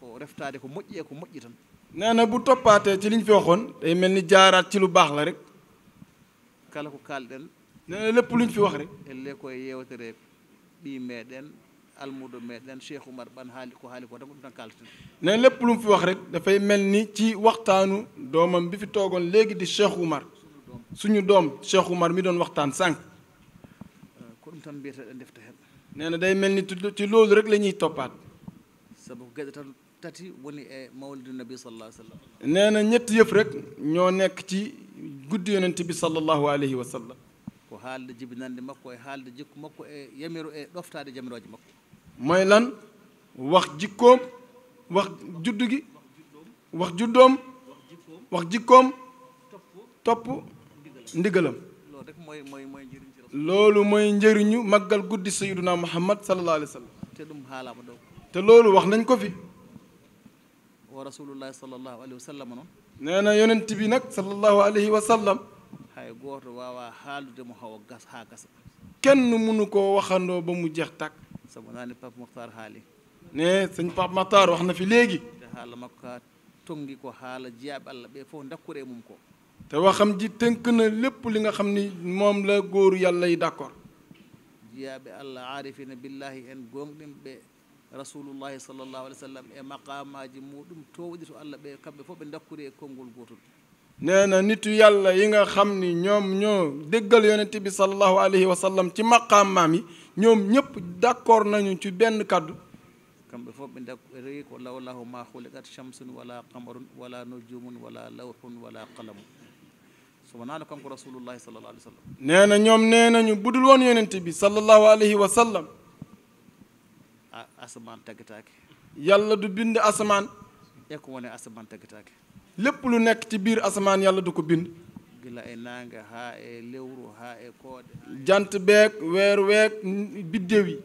Speaker 8: ko reftade ko moƴƴi e ko moƴƴi tan
Speaker 3: nee na bu toppaatee ci liñ fi waxoon day mel ni jaaraat ci lu baax la rek
Speaker 8: kala ko kaalɗen nee na lépp luñ fi wax rek elle koye yewtere almudo me nen Cheikh Oumar ban haali ko haali ko tan ko ɗum tan kalten
Speaker 3: ne lépp lu mu fi wax rek dafay mel ni ci waxtaanu doomam bi fi toogoon léegi di Cheikh Oumar suñu doom Cheikh Oumar mi doon waxtaan sànq
Speaker 8: euh, ko ɗum tan mbiyeteɗen defta heen
Speaker 3: nee na day mel ni ci loolu rek la ñuy toppaat
Speaker 8: sabu geɗe tan tati woni e mawlidu nabi sallallahu alayhi wa
Speaker 3: nee na ñetti yëf rek ñoo nekk ci guddi yonent bi sallallahu alayhi wa sallam
Speaker 8: ko haalde jibinande makko e haalde jikku makko e yamiru e ɗoftaade jamiroje makko
Speaker 3: mooy lan wax jikkoom wax judd gi wax juddoom wax jikkoom topp ndigalam loolu mooy njëriñu màggal guddi sayyiduna muhammad sallallahu alayhi wa
Speaker 8: sallam
Speaker 3: te loolu wax nañ ko fi
Speaker 8: wa rasulullahi sallallahu alayhi wa sallam noon
Speaker 3: nee na yonent bi nag sallallahu alayhi wa sallam
Speaker 8: hay gooto waawa haaldude mo hawa gas haa
Speaker 3: kenn mënu koo waxandoo ba mu jeex tàkk
Speaker 8: sabu naa ne Pape Mokhtar haali
Speaker 3: ne sëñ Pape Mokhtar wax na fi léegi
Speaker 8: te haala makko kaa tongi ko haala jiyaaɓe allah ɓe fof dakkure mum ko
Speaker 3: te waxam ji tënk na lépp li nga xam ni moom la góoru yàlla yi d'accord
Speaker 8: jiyaaɓe allah arifina billahi en gonɗinɓe rasulullahi sallllahu alih w sallam e maqamaji muɗum towɗi to allah ɓe kamɓe fof ɓe dakkuri e konngol gotol
Speaker 3: nee na nitu yàlla yi nga xam ni ñoom ñoo déggal yonente bi salallahu alayhi wa sallam ci maqamaam yi ñoom ñëpp d'accord nañu ci benn kàddu
Speaker 8: kamɓe fof ɓe dakkori ko lawlahu ma hulikat chamsun wala qamarun wala nujumun wala lawhun wala qalamun so wonaano kanko rasulullahi sallallahu alih w
Speaker 3: sallam nee na ñoom nee nañu bu dul woon yonente bi sallallahu alayhi wa sallam
Speaker 8: a asaman taggataake
Speaker 3: yàlla du bind asamaan
Speaker 8: e ko woni taggataake
Speaker 3: lépp lu nekk ci biir asamaan yàlla du ko bind
Speaker 8: E e e
Speaker 3: jant beeg weer weeg biddew yi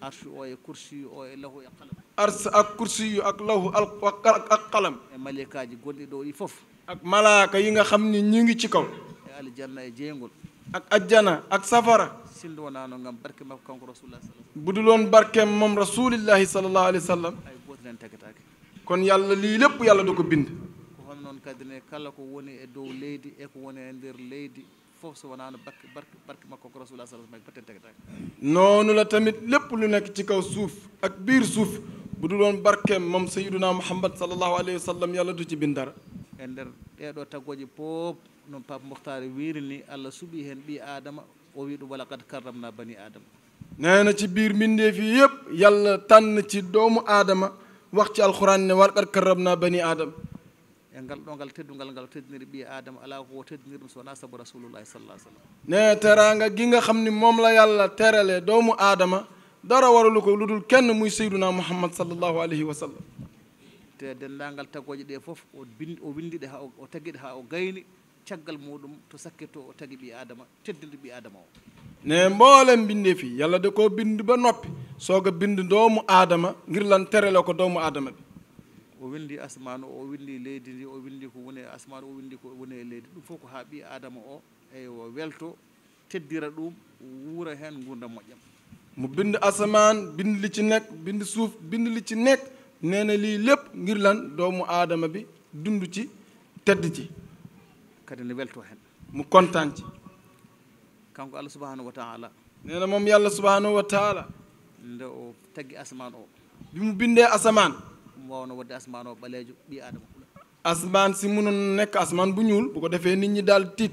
Speaker 3: ars ak kursi yu ak lahu ak qalam ak malaaka yi nga xam ni ñu ngi ci kaw ak ajjana ak safara bu dul woon barkeem moom rasulillahi sallallahu alayhi wa sallam kon yàlla lii lépp yàlla du ko
Speaker 8: bind on kadine kala ko woni e dow leydi eko woni e nder leydi fof so wonaano barke barke barke makko ko rasulullah sallallahu alayhi wasallam batten
Speaker 3: tege tege la tamit lépp lu nekk ci kaw suuf ak biir suuf bu dul woon barkeem moom sayyiduna muhammad sallallahu alayhi wa sallam du ci bindara
Speaker 8: e nder ɗeɗo taggoji pop noon pape mouhtari wiiri ni allah suɓi hen ɓi adama o wi ɗum wala kad karramna bani adama
Speaker 3: nee na ci biir mbindeef yi yëpp yàlla tànn ci doomu aadama wax ci alxuraan
Speaker 8: e ngal ɗo ngal teddungal ngal teddiniri ɓiye adama ala ko teddiniri ɗum so wona saabu rasulullahi sallah sallam
Speaker 3: ne teranga gi nga xam ni moom la yàlla terale doomu aadama dara waralu ko lu dul kenn muy seyduna muhammad sallallahu alayhi wa sallam
Speaker 8: te denndangal tagoje ɗe fof o bindi o windiɗe ha o tagiɗe ha o gayni caggal muɗum to sakketto o tagi ɓi adama teddinde ɓi adama o
Speaker 3: ne mboolem binde fi yalla de ko bindi ba noppi sooga bindi doomu aadama ngir lan terale ko doomu aadama ɓe
Speaker 8: o winndi asmane o o winndi leydi ndi o winndi ko woni e asmane o winndi ko woni e leydi ɗum fof ko haa ɓii adama o eyo welto teddira ɗum wuura heen ngunda moƴƴam mo binndi asamane
Speaker 3: binndi licci nek binndi suuf binndi licci nek neene li lépp ngirlan doomu adama bi dundu ci tedd ci
Speaker 8: kadi ne welto heen
Speaker 3: mo contan ci
Speaker 8: kanko allah subahanahu wa taala neene moom yallah subahanahu wa taala nde o taggi asamane o
Speaker 3: bi mo bindee asamane
Speaker 8: mu wadde asmaan o ɓaleejo ɓi adam kula
Speaker 3: asmaan si munoon nekk asmaan bu ñuul bu ko defee nit ñi daal tiit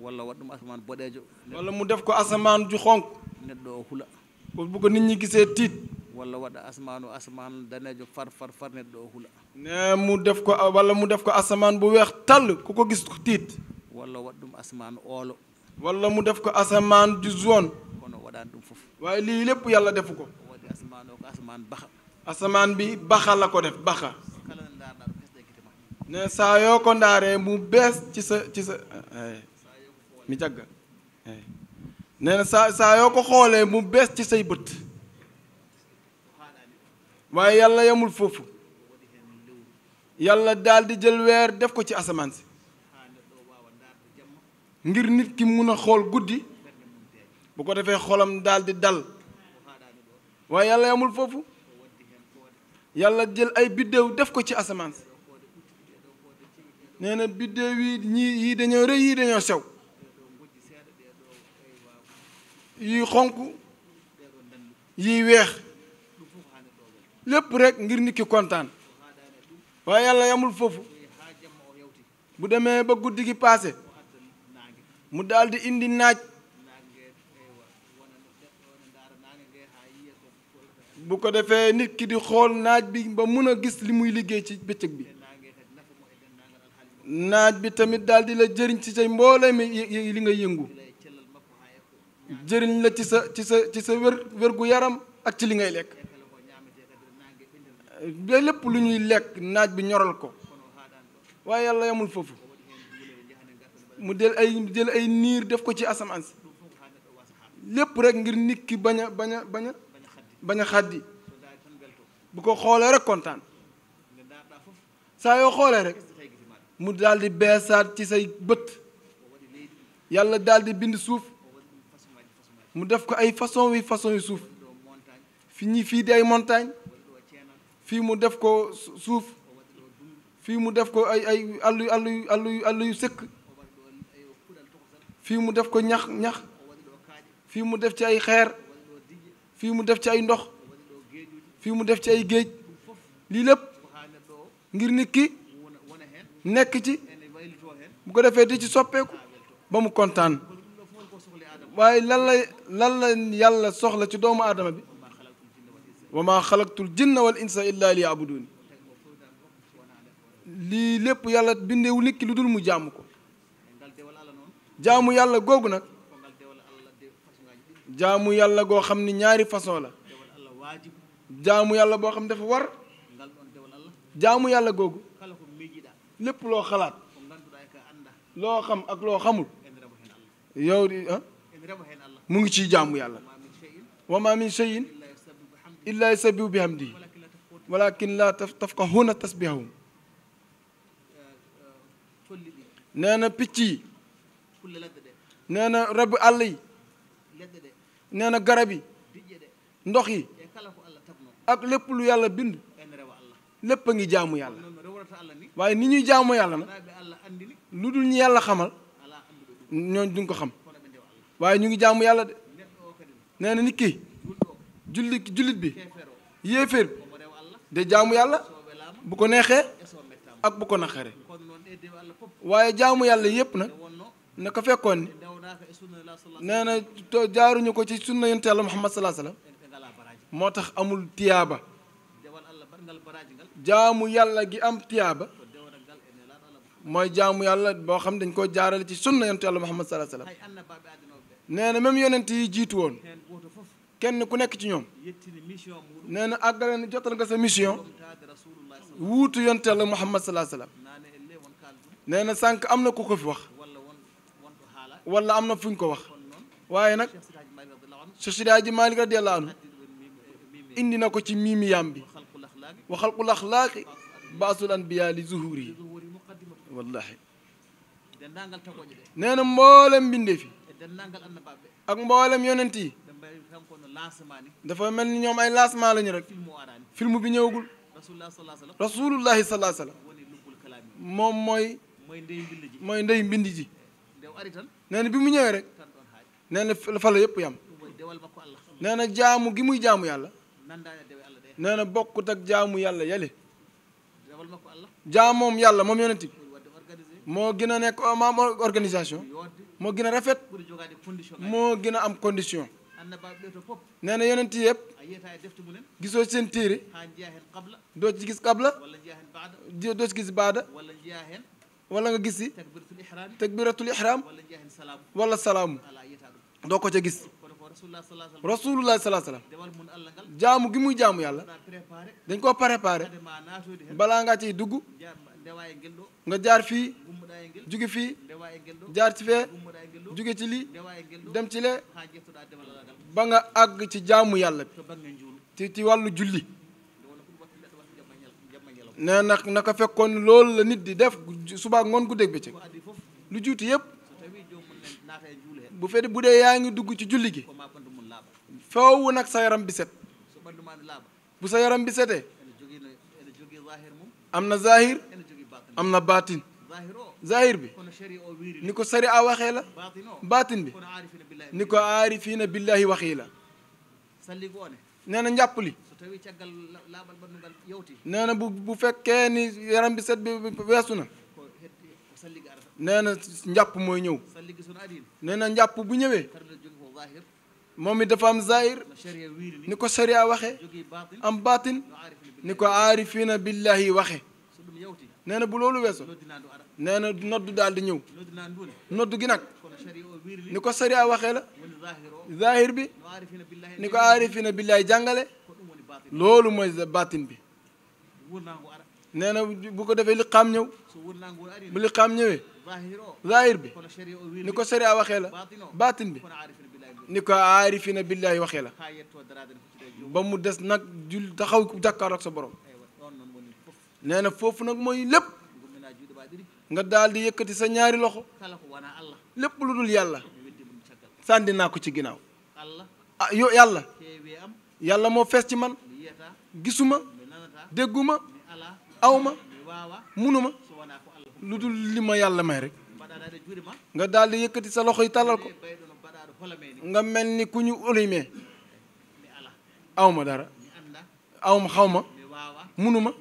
Speaker 8: walla wadum ɗum asmaan boɗeejo walla mu def ko
Speaker 3: asamaan ju xonk neɗɗo o hula bu ko nit ñi gisee tiit
Speaker 8: walla waɗa asmaan asmaan daneejo far far far neɗɗo o hula
Speaker 3: ne mu def ko walla mu def ko asman bu weex tàll ku ko gis tiit
Speaker 8: walla waɗ asmaan oolo
Speaker 3: walla mu def ko asamaan ju zone
Speaker 8: kono waɗaani ɗum fof
Speaker 3: waaye lii lépp yàlla defu ko
Speaker 8: waɗi asmaan o asmaan baxa
Speaker 3: asamaan bi baxa la ko def baxa ne saa yoo ko ndaaree mu bees ci sa ci sa eh, mi jagga eh. nee saa saa yoo ko xoolee mu bees ci say bët waaye yàlla yemul foofu yàlla daal di jël weer def ko ci asamaan si ngir nit ki mun a xool guddi bu ko defee xolam daal di dal waaye yàlla yemul foofu yàlla jël ay biddéew def ko ci asamaan si nee na biddéew yi ñii yii dañoo rëy yii dañoo sew yii xonq yii weex lépp rek ngir nit ki kontaan waaye yàlla yamul foofu bu demee ba guddi gi paase mu daldi indi naaj bu ko defee nit ki di xool naaj bi ba mun a gis li muy liggéey ci bëccëg bi naaj bi tamit daal di la jëriñ ci say mbooleem li nga yëngu jëriñ la ci sa ci sa ci sa wér wér gu yaram ak ci li ngay lekk lépp lu ñuy lekk naaj bi ñoral ko waaye yàlla yamul foofu mu del ay jël ay niir def ko ci asamaan si lépp rek ngir nit ki bañ a bañ bañ a xaddi bu ko xoolee rek kontaan saa yoo xoolee rek mu daal di beesaat ci say bët yàlla daal di bind suuf mu def ko ay façon wi façon yu suuf fi ñi fii di ay montagne fii mu def ko suuf fii mu def ko ay ay àllu àllu àllu àllu yu sëkk fii mu def ko ñax ñax fii mu def ci ay xeer في مدافع أي نخ في مدافع أي جيج ليلب غير نكي نكتي مقدر في تيجي صوبك بامو كونتان واي لالا لالا يالا سخلة تدوم آدم أبي وما خلقت الجن والإنس إلا ليعبدون ليلب يالا بندو نكي لدول مجامكو جامو يالا جوجنا jaamu yàlla go xamni ñaari façon la jaamu yàlla bo xam dafa war jaamu yàlla gogu lépp lo xalat lo xam ak lo xamul yow di ha mu ngi ci jaamu yàlla wa ma min shay'in illa yasbihu bihamdi walakin la tafqahuna tasbihahum nee na picc rabbi nee yi nee na garab yi ndox yi ak lépp lu yàlla bind lépp a ngi jaamu yàlla waaye ni ñuy jaamu yàlla nag lu dul ñu yàlla xamal ñooñ duñ ko xam waaye ñu ngi jaamu yàlla de nee na nit ki julli jullit bi yéeféer bi de jaamu yàlla bu ko neexee ak bu ko naqaree waaye jaamu yàlla yépp na ko fekkoon ni nee na jaaruñu ko ci sunna yonent yàlla Muhammad salaa salaam moo tax amul tiyaaba jaamu yàlla gi am tiyaaba e mooy jaamu yàlla boo xam dañ koo jaarale ci sunna yonent yàlla Muhammad salaa salaam nee na même yonent yi jiitu woon kenn ku nekk ci ñoom nee na àggale na jotal nga sa mission wuutu yonent yàlla Muhammad salaa salaam e nee na sànq am na ku ko fi wax. wala am na fu ñu ko wax waaye nag Cheikh Sidi Hadji Malick radiyallahu anhu indi na ko ci miimiyaam bi wa xalqul axlaaqi baasul anbiya li zuhuri wallahi nee na mboolem mbinde fi
Speaker 8: ak mboolem yonent yi
Speaker 3: dafa mel ni ñoom ay lancement lañu rek film bi ñëwagul rasulullahi salaa sallam moom mooy mooy ndey mbind ji nee bi mu ñëwee rek nee na fa la yëpp yam nee na jaamu gi muy jaamu yàlla nee na bokkut ak jaamu yàlla yale jaamoom yàlla moom yonent bi moo gën a nekk maam organisation moo gën a rafet moo gën a am condition
Speaker 8: nee na yonent yëpp gisoo seen téere doo ci gis qabla
Speaker 3: doo ci gis baada wala nga gis si takbiratul ihram wala salaamu
Speaker 8: doo ko ca gis rasulullah salaa salaam
Speaker 3: jaamu gi muy jaamu yàlla dañ koo préparé bala ngaa ciy dugg nga jaar fii jóge fii jaar ci fee jóge ci lii dem ci lee ba nga àgg ci jaamu yàlla bi ci ci wàllu julli nee nag naka fekkoon loolu la nit di def subaa ngoon guddeeg bëccëg lu juuti yëpp bu fede bu dee yaa ngi dugg ci julli gi foofu nag sa yaram bi set bu sa yaram bi setee am na zahir am na baatin zahir bi ni ko sari a waxee la baatin bi ni ko aarifina billahi waxee la nee na njàpp li nee na bu bu fekkee ni yaram bi set bi weesu na nee na njàpp mooy ñëw nee na njàpp bu ñëwee moom i dafa am zahir
Speaker 8: ni ko sharia waxe am
Speaker 3: baatin ni ko aarifina billahi waxe nee na bu loolu weesu nee na noddu daal di ñëw noddu gi nag ni ko sharia waxee la zahir bi ni ko aarifina billahi jàngale loolu mooy baatin bi nee na bu ko defee liqaam ñëw bu liqaam ñëwee zahir bi ni ko sariya waxee la baatin bi ni ko aarifina billahi waxee la ba mu des nag jul taxaw jàkkaar ak sa borom nee na foofu nag mooy lépp nga daal di yëkkati sa ñaari loxo lépp lu dul yàlla sànni naa ko ci ginnaaw ah yo yàlla yàlla moo fees ci man gisuma dégguma awma munuma lu dul li ma yàlla may rek nga daal di yëkkati sa loxo yi tàllal ko nga mel ni ku ñu olimee awma dara awma xawma munuma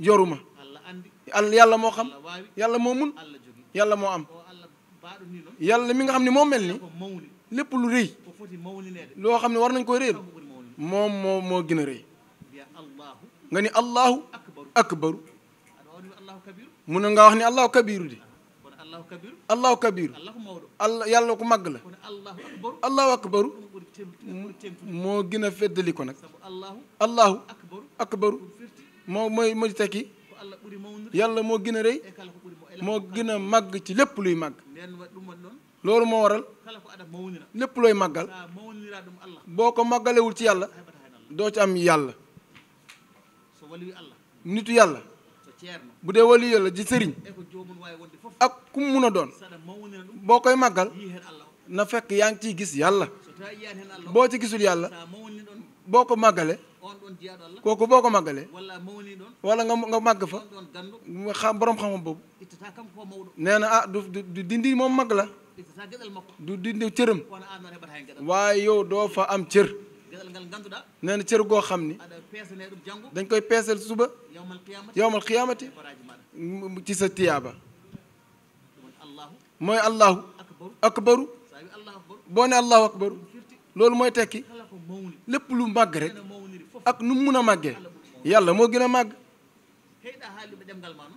Speaker 3: yoruma al yàlla moo xam yàlla moo mun yàlla moo am yàlla mi nga xam ne moo mel ni lépp lu rëy loo xam ne war nañ koy réer moom moo moo gën a rëy nga ni allahu akbaru mun na nga wax ni allahu kabiru di allahu kabiru allah yàlla ku màgg la allahu akbaru moo gën a feddali ko nag allahu akbaru moo mooy moo di tekki yàlla moo gën a rëy moo gën a màgg ci lépp luy màgg loolu moo waral lépp looy màggal ah, boo ko màggalewul ci yàlla doo ci am yàlla nitu yàlla bu dee wali yàlla ji sëriñ ak kum mun a doon boo koy màggal na fekk yaa ngi ciy gis yàlla boo ci gisul yàlla boo ko màggale kooku boo ko màggalee wala nga nga màgg fa xam borom xam-xam
Speaker 8: boobu
Speaker 3: nee na ah du du dindi moom màgg la du dindi cëram waaye yow doo fa am cër nee na cër goo xam ni dañ koy peesal suba yowmal qiyaamati ci sa tiyaaba mooy allahu akbaru boo ne allahu akbaru loolu mooy tekki lépp lu màgg rek ak nu mun a màggee yàlla moo gën a màgg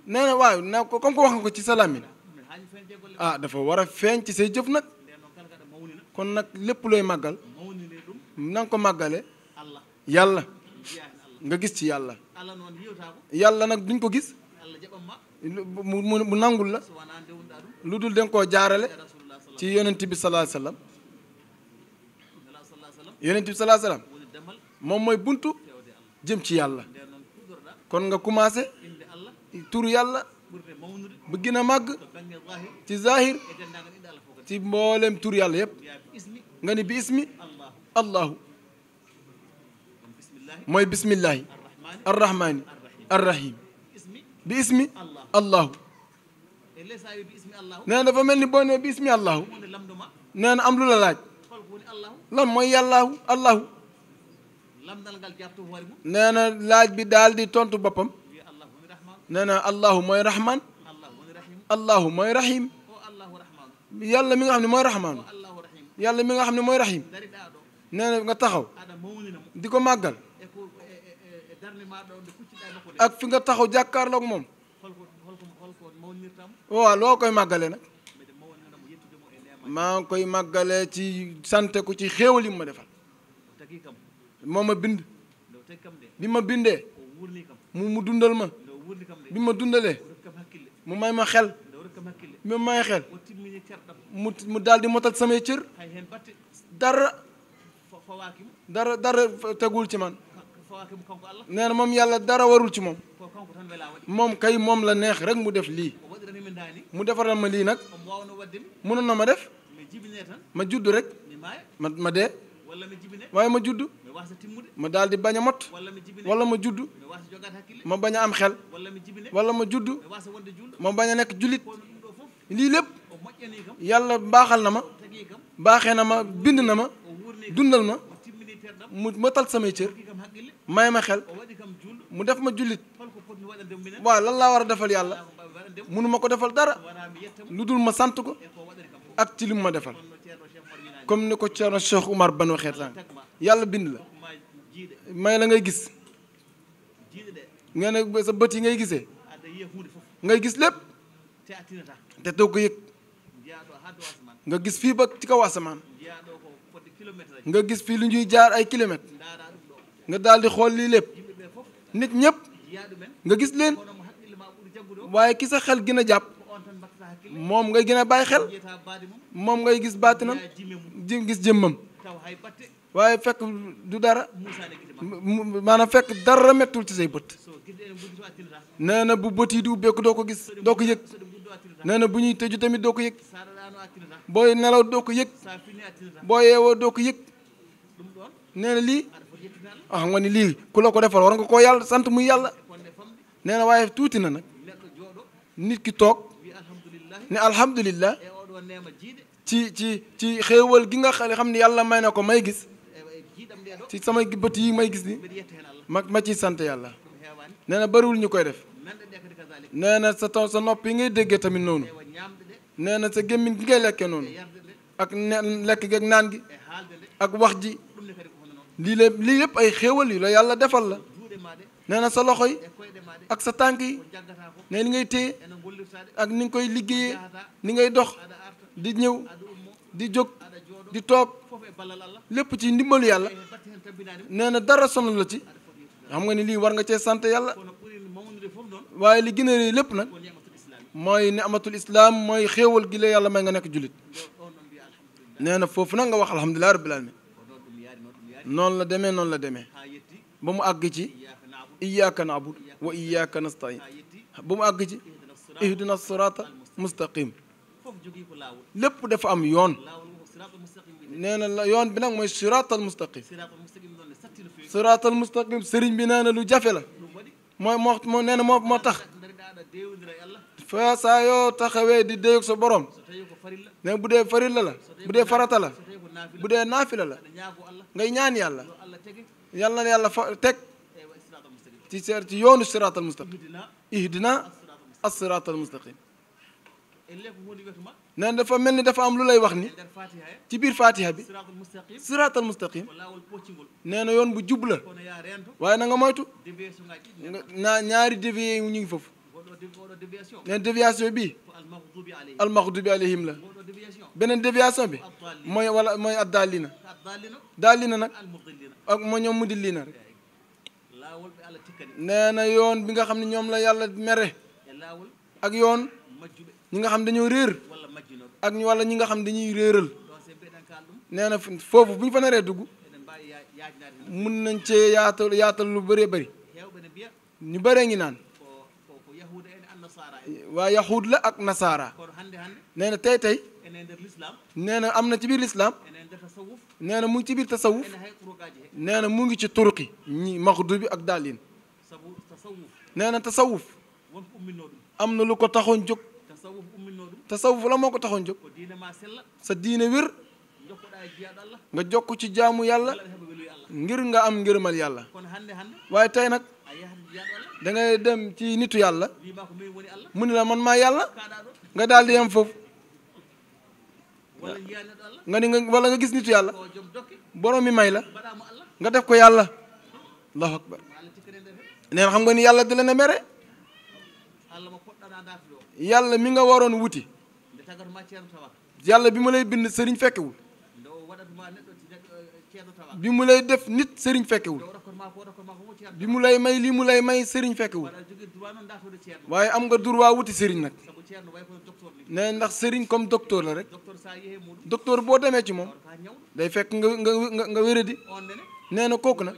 Speaker 3: nee na waaw na ko comme ko wax nga ko ci sa làmmiñ ah dafa war a feeñ ci say jëf nag kon nag lépp looy màggal na nga ko màggale yàlla nga gis ci yàlla yàlla nag duñ ko gis mu nangul la lu dul danga koo jaarale ci yonent bi salaa sallam yonent bi salaa sallam moom mooy buntu jëm ci yàlla kon nga commencé turu yàlla بغينا ماغ تي ظاهر تي مولم تور يالا ييب غاني باسمي الله موي بسم الله الرحمن الرحيم باسمي الله نانا فملني بوني باسمي الله نانا ام لولا لاج لام موي يالله الله نانا لاج بي دالدي تونتو بوبام nee na allahu mooy rahman allahu mooy rahim yàlla mi nga xam ne mooy rahman yàlla mi nga xam ne mooy rahim nee na nga taxaw di ko màggal
Speaker 8: ak fi nga taxaw jàkkaarloog
Speaker 3: moom waaw loo koy màggale nag maa ngi koy màggale ci sant ko ci xéewal yi ma defal moo ma bind bi ma bindee mu mu dundal ma bima dundale mu may ma xel mu may xel mu mu di motal samay cieur dara dara dara tegul ci man neena na yalla dara warul ci mom mom kay mom la neex rek mu def li
Speaker 8: mu defaral ma li nak munu na ma def ma juddu rek ma ma ma juddu ma di bañ mot wala ma
Speaker 3: juddu ma bañ a am xel wala ma judd ma bañ a nekk jullit lii lépp oh, yàlla baaxal na ma baaxee na ma bind na ma oh, dundal ma oh, mu ma matal samay cër may ma xel mu def ma jullit waa lan laa war a defal yàlla mënu ma ko defal dara lu dul ma sant ko eh, ak ci lim ma defal comme ni ko Thierno Cheikh Oumar Ban waxee tànk yàlla bind la may la ngay gis nga ne sa bët yi ngay gisee ah, ngay gis lépp te doo ko yëg ah, nga gis fii ba ci kaw asamaan nga gis fii lu ñuy jaar ay kilomètres nga daal di xool lii lépp nit ñëpp nga gis leen waaye ki sa xel gën a jàpp moom ngay gën a bàyyi xel moom ngay gis baatinam ji gis jëmmam waaye fekk du dara maanaam fekk dara mettul ci say bët nee na bu bët yi di ubbeeku doo ko gis doo ko yëg nee na bu ñuy tëju tamit doo ko yëg booy nelaw doo ko yëg boo yeewoo doo ko yëg nee na lii ah nga ni lii ku la ko defal war nga koo yàlla sant muy yàlla nee na waaye tuuti na nag nit ki toog ne alhamdulillah ci ci ci xéewal gi nga xam ne yàlla may na ko may gis ci samay bët yi may gis ni ma ma ciy sant yàlla nee na bëriwul ñu koy def nee na sa taw sa nopp yi ngay déggee tamit noonu nee na sa gémmiñ gi ngay lekkee noonu ak ne lekk gi ak naan gi ak wax ji lii la lii yëpp ay xéewal yi la yàlla defal la nee na sa loxo yi ak sa tànk yi nee li ngay téye ak ni nga koy liggéeyee ni ngay dox di ñëw di jóg di toog lépp ci ndimbalu yàlla نانا دارا لتي هم غني لي وارنغا تي سانت يالا واي لي غينا لي لب نك موي نعمه الاسلام موي خيوول غي لي يالا ما نك جوليت نانا فوف نغا واخ الحمد لله رب العالمين نون لا ديمي نون لا ديمي بوم اغتي اياك نعبد واياك نستعين بوم اغتي اهدنا الصراط المستقيم لب دا فا ام يون نانا لا يون بنان مي صراط المستقيم صراط المستقيم سيرين بنا نانا لو جافلا مو مو نانا مو مو تخ فا سا يو تخوي دي ديوك سو بروم نان بودي فريل لا بودي فراتا لا بودي نافلا لا غي نان يالا يالا يالا تك تي سير تي يون صراط المستقيم اهدنا الصراط المستقيم اللي مو ديوك nee dafa mel ni dafa am lu lay wax ni ci biir faatiha bi siraatal mustaqim nee na yoon bu jub la waaye na nga moytu naa ñaari dévié yu ñu ngi foofu nee déviation bi almaxdubi alayhim la beneen déviation bi mooy wala mooy ad daalina daalina nag ak moo ñoom mudillina rek nee na yoon bi nga xam ne ñoom la yàlla mere ak yoon ñi nga xam dañoo réer ak ñu wala ñi nga xam dañuy réeral nee na foofu bu ñu fa naree dugg mun nañ cee yaatal yaatal lu bëree bëri ñu bëree ngi naan waa yahuud la ak nasaara
Speaker 8: nee na tey tey
Speaker 3: nee na am na ci biir lislaam nee na mu ngi ci biir tasawuf nee na mu ngi ci turqi ñi maxdu bi ak daalin nee na tasawuf am na lu ko taxoon jóg tasawuf la moko taxon jog sa diine wir nga jokk ci jaamu yalla ngir nga am ngërëmal yalla waye tay nak da ngay dem ci nitu yalla Muni la man ma yalla nga daal di yem nga ni wala nga gis nitu yalla borom mi may la nga def ko yalla allahu akbar neen xam nga ni yalla dila ne mere yalla mi nga waron wuti yàlla bi ma lay bind sëriñ fekkewul euh, bi mu lay def nit sëriñ fekkewul bi mu lay may lii mu lay may sëriñ fekkewul waaye am nga droit wuti sëriñ nag ne ndax sëriñ comme docteur la rek docteur boo demee ci moom day fekk nga nga nga wéradi nee na kooku na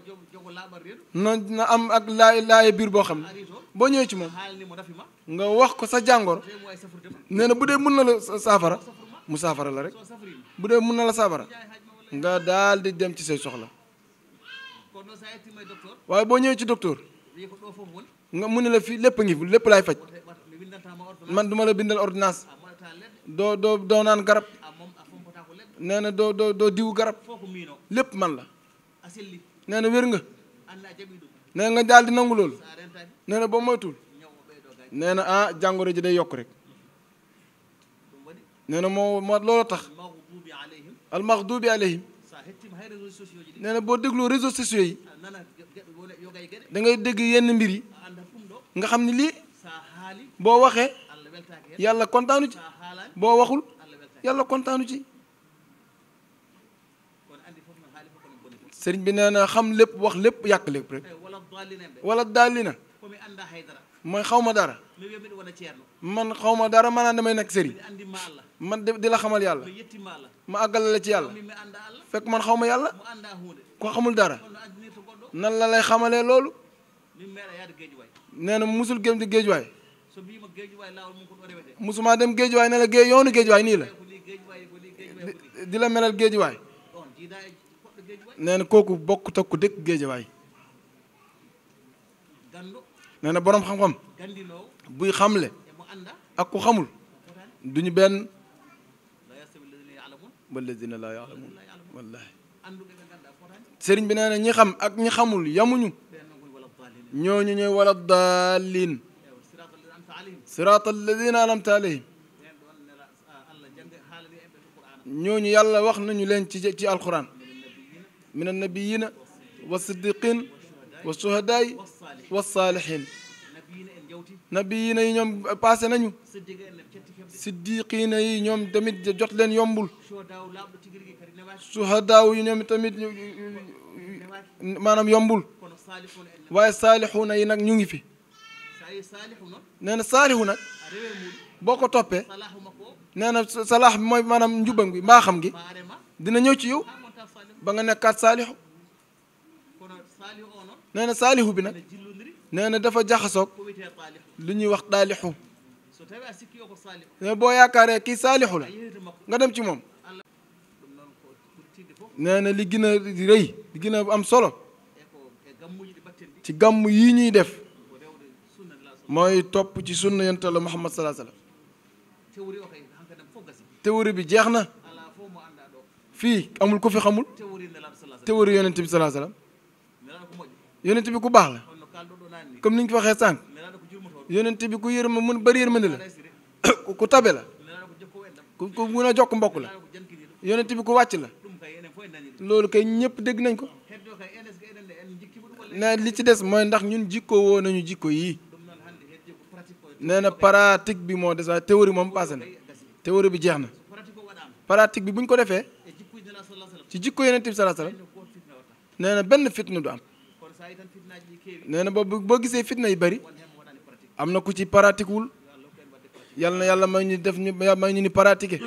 Speaker 3: na am ak laay laaye biir boo xam ne bo ñëwee ci mom nga wax ko sa jangor nee na bu dee mun na la safara mu saafara la rek bu dee na la safara nga dal di dem ci say soxla waaye bo ñëwee ci docteur nga mën la fi lepp ngi lepp lay fajj man duma la bindal ordonnance do do do nan garab ah, ah, nee do do do diw garab lepp man
Speaker 8: la
Speaker 3: nee wër nga nga dal di nangulol nee boo ba moytul ah jàngoro ji day yokk rek nee na moo moo loolu tax almaxdubi alayhim nee boo dégloo réseaux sociaux yi da dégg yenn mbir yi nga xam ni lii boo waxee yàlla kontaanu ci boo waxul yàlla kontaanu ci sëriñ bi nee xam lépp wax lépp yàq lépp rek ولا دالينا من خاوما دارا من خاوما دارا ما عندما ينك سري من دي لا خمال يالا ما أقل لك يالا فك من خاوما يالا كو خمال دارا نلا لا خمال يالولو نانا موسول جيم دي جيجواي موسو ما دم جيجواي نلا جيوني جيجواي نيلا دي لا ملال جيجواي نانا كوكو بوكو تكو ديك جيجواي nee na borom xam-xam buy xamle ak ku xamul duñu benn walladina laa yaalamun wallahi sëriñ bi nee na ñi xam ak ñi xamul yamuñu ñooñu ñooy wala daalin siraat alladina anamta alayhim ñooñu yàlla wax nañu leen ci ci alquran min annabiyina wa siddiqin wa suhadaay wasaalihin nabiyina yi ñoom passé nañu siddiqina yi ñoom tamit jot leen yombul suhadaaw yi ñoom tamit maanaam yombul waaye saalixuuna yi nag ñu ngi fi nee na saalixu nag boo ko toppee nee na salaax bi mooy maanaam njubam gi mbaaxam gi dina ñëw ci yow ba nga nekkaat saalixu nee nee na dafa jaxasoog lu ñuy wax daalixu ne boo yaakaaree kii saalixu la nga dem ci moom nee na li gën a rëy li gën a am solo ci gàmm yi ñuy def mooy topp ci sunna yonent la Muhammad salaa sallam théorie bi jeex na fii amul ku fi xamul théorie yonent bi salaa sallam yonent bi ku baax la comme ni ñu ko waxee sànq yonent bi ku yërma mun bëri yërmande la ku tabe la ku ku mun a jokk mbokk la yonent bi ku wàcc la loolu kay ñëpp dégg nañ ko nee li ci des mooy ndax ñun jikko woo nañu jikko yi nee na pratique bi moo des waaye théorie moom passé na théorie bi jeex na pratique bi bu ñu ko defee ci jikko yonent bi salaa salaam nee na benn fitna du am nee na boo gisee fitna yi bëri am na ku ci pratique wul yal na yàlla may ñu def ñu may ñu ni pratiquer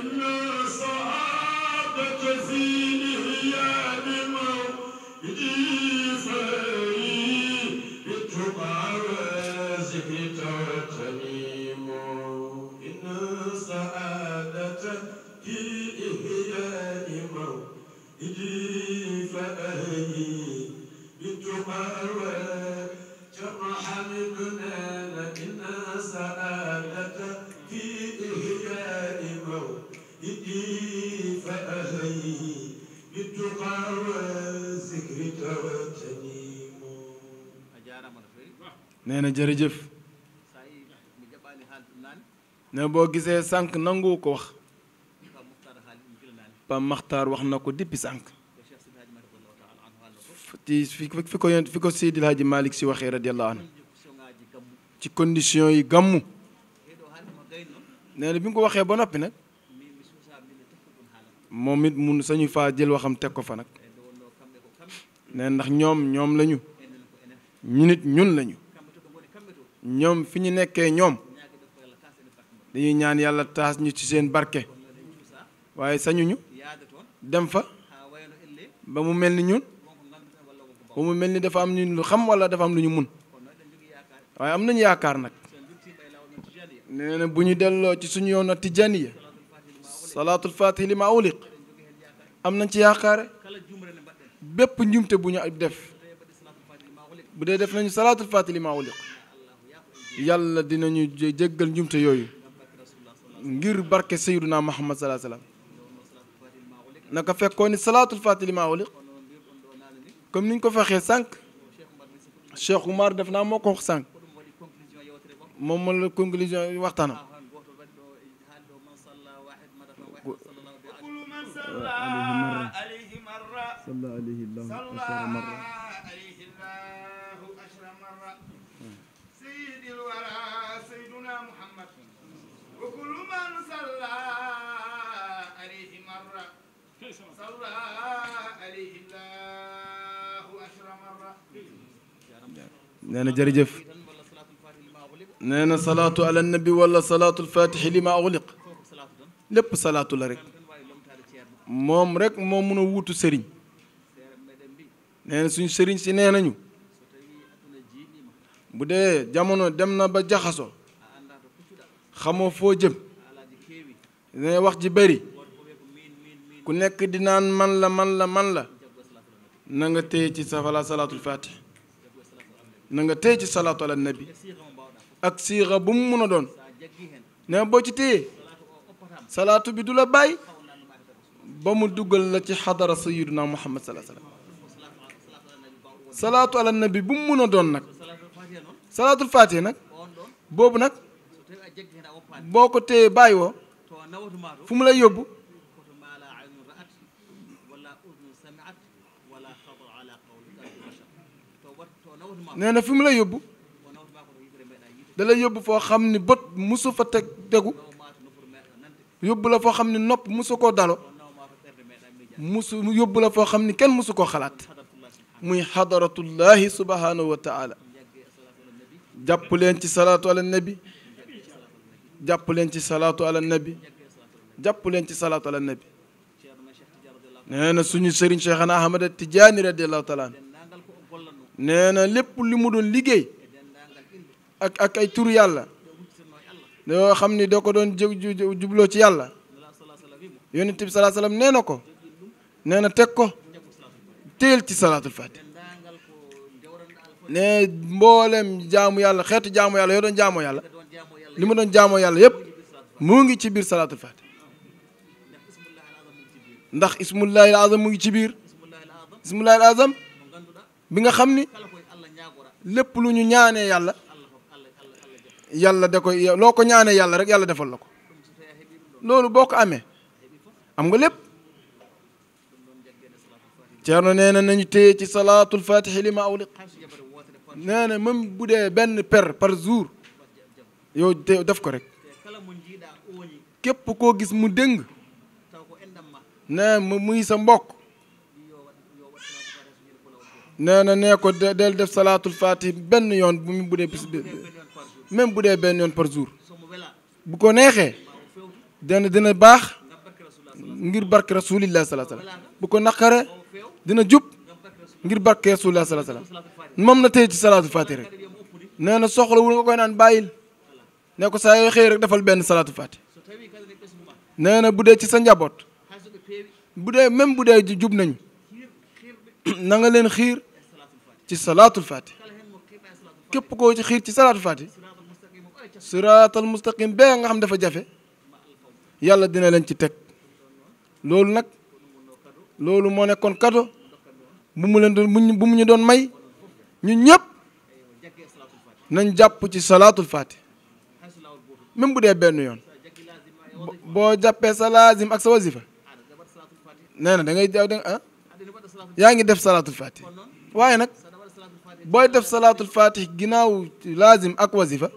Speaker 3: nee na jërëjëf ne boo gisee sànq nangu ko wax Pape Makhtar wax na ko depuis sànq ci fi fi ko fi ko Seydil Hadji Malick si waxee radiallahu anhu ci condition yi gàmmu nee na bi nga ko waxee ba noppi nag moom it mun sañu faa jël waxam teg ko fa nag nee ndax ñoom ñoom lañu ñu nit ñun lañu ñoom fi ñu nekkee ñoom dañuy ñaan yàlla taas ñu ci seen barke waaye sañuñu dem fa ba mu mel ni ñun ba mu mel ni dafa am ñu lu xam wala dafa am lu ñu mun waaye am nañu yaakaar nag nee bu ñu delloo ci suñu yoon a tijaaniya salaatul fatih li ma uliq am nañ ci yaakaare bépp njumte bu ñu def bu dee def nañu salaatul fatih li ma uliq yàlla dinañu jéggal njumte yooyu ngir barke sayyiduna muhammad salaa sallam naka fekkoon ni salaatul fatili ma uliq comme niñ ko fexee sànq Cheikh Oumar def naa moo ko wax sànq moom ma la conclusion waxtaanam
Speaker 2: alayhi marra صلى عليه الله
Speaker 3: عشر مرات نانا جرجف نانا صلاة على النبي ولا صلاة الفاتح لما أغلق لب صلاة لرك موم رك موم منو ووتو سرين نانا سن سرين سي نانا نيو بودي جامونو دمنا با جاخاسو خمو فو جيم نانا وقت جي بري ku nekk di naan man la man la man la na nga téye ci safala salaatul fatih na nga téye ci salaatu ala nabi ak siixa bu mu mun a doon ne boo ci téye salaatu bi du la bàyyi ba mu dugal la ci xadara sayiduna muhammad salaa sallam salaatu ala nabi bu mu mun a doon nag salaatul fatih nag boobu nag boo ko téye bàyyi woo fu mu lay yóbbu nee na fi mu la yóbbu da la yóbbu foo xam ni bët musu fa teg tegu yóbbu la foo xam ni nopp musu koo dalo musu yóbbu la foo xam ni kenn musu koo xalaat muy xadaratullahi subhanahu wa taala jàpp leen ci salaatu ala nabi jàpp leen ci salaatu ala nabi jàpp leen ci salaatu ala nabi nee na suñu sëriñ Cheikhana Ahmad Tijaani radiallahu taala an nee na lépp li mu doon liggéey ak ak ay turu yàlla yoo xam ni da ko doon jubloo ci yàlla yonent bi salaa salaam nee na ko nee na teg ko téel ci salaatul faati ne mboolem jaamu yàlla xeetu jaamu yàlla yoo doon jaamoo yàlla li ma doon jaamoo yàlla yépp mu ngi ci biir salaatul faati ndax ismullahi al azam mu ngi ci biir ismullahi al azam bi nga xam ni lépp lu ñu ñaanee yàlla yàlla da koy loo ko ñaanee yàlla rek yàlla defal la ko loolu boo ko amee am nga lépp Ceerno nee na nañu téye ci salaatul fatihi li ma awliq nee na même bu dee benn per par jour yow te def ko rek képp koo gis mu dëng nee ma muy sa mbokk nee na nee ko del def salaatul fatih benn yoon bu mu bu dee bis même bu dee benn yoon par jour bu ko neexee dana dina baax ngir barke rasulillah salaa sallam bu ko naqare dina jub ngir barke rasulillah salaa sallam moom na tey ci salaatul fatih rek nee na soxlawul nga koy naan bàyyil nee ko saa xëy rek defal benn salaatul fatih nee na bu dee ci sa njaboot bu dee même bu dee jub nañu na nga leen ci salatul fatiha kep ko ci khir ci salatul fatiha siratal mustaqim be nga xam dafa jafe yalla dina len ci tek lolou nak lolou mo nekkon kado bu mu len bu mu ñu don may ñun ñep nañ japp ci salatul fatiha même bu dé benn yoon bo jappé sa ak sa wazifa nee da ngay da ah? yaa ngi def salaatul fatih waaye nag booy def salaatul fatih ginnaaw laazim ak wazifa